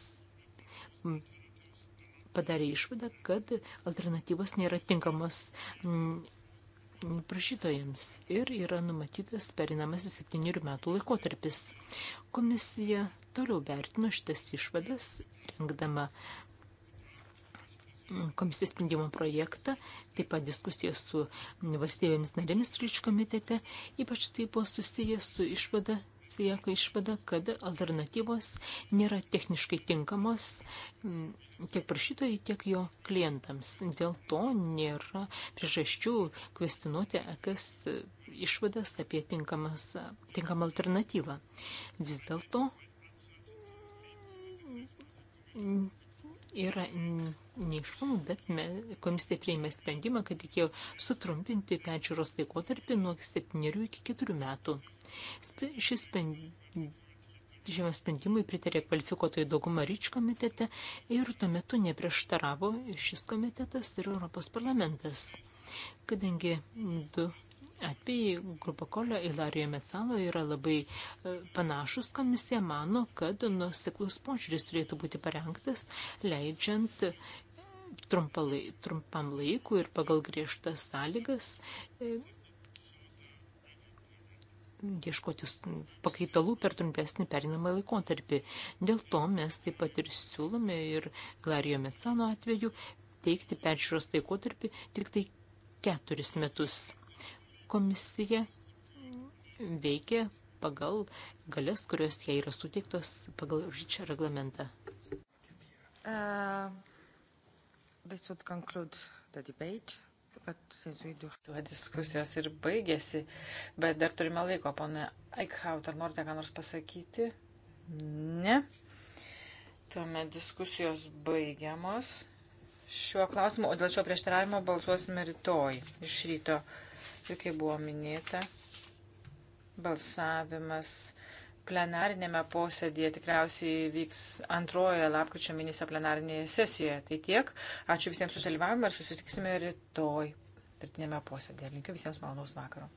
padarė išvadą, kad alternatyvos nėra tinkamos mm, prašytojams ir yra numatytas perinamasis septynių metų laikotarpis. Komisija toliau vertino šitas išvadas, rengdama komisijos sprendimo projektą, taip pat diskusiją su valstybėmis narėmis ryčių komitete, ypač tai buvo susiję su išvada atsieka išvada, kad alternatyvos nėra techniškai tinkamos tiek prašytojai, tiek jo klientams. Dėl to nėra priežasčių kvestinuoti EKS išvadas apie tinkamas, tinkamą alternatyvą. Vis dėlto yra neiškumų, bet me, komisija prieimė sprendimą, kad reikėjo sutrumpinti peržiūros laikotarpį nuo 7 iki 4 metų. Šis sprendimas žemės sprendimui pritarė kvalifikuotojų dauguma ryč komitete ir tuo metu neprieštaravo šis komitetas ir Europos parlamentas. Kadangi du atvejai grupakolio Ilarijoje Metsalo yra labai e, panašus, komisija mano, kad nusiklus požiūris turėtų būti parengtas, leidžiant e, trumpam laikui ir pagal griežtas sąlygas e, ieškoti pakaitalų per trumpesnį perinamą laikotarpį. Dėl to mes taip pat ir siūlome ir Glarijo Metsano atveju teikti peržiūros laikotarpį tik tai keturis metus. Komisija veikia pagal galės, kurios jai yra suteiktos pagal ryčio reglamentą. Uh, Tuo diskusijos ir baigėsi, bet dar turime laiko, pana Aikhaut, ar norite ką nors pasakyti? Ne. Tuomet diskusijos baigiamos. Šiuo klausimu, o dėl šio prieštaravimo balsuosime rytoj iš ryto. Ir kaip buvo minėta, balsavimas plenarinėme posėdėje tikriausiai vyks antrojoje lapkričio mėnesio plenarinėje sesijoje. Tai tiek. Ačiū visiems už dalyvavimą ir susitiksime rytoj tretinėme posėdėje. Linkiu visiems malonaus vakaro.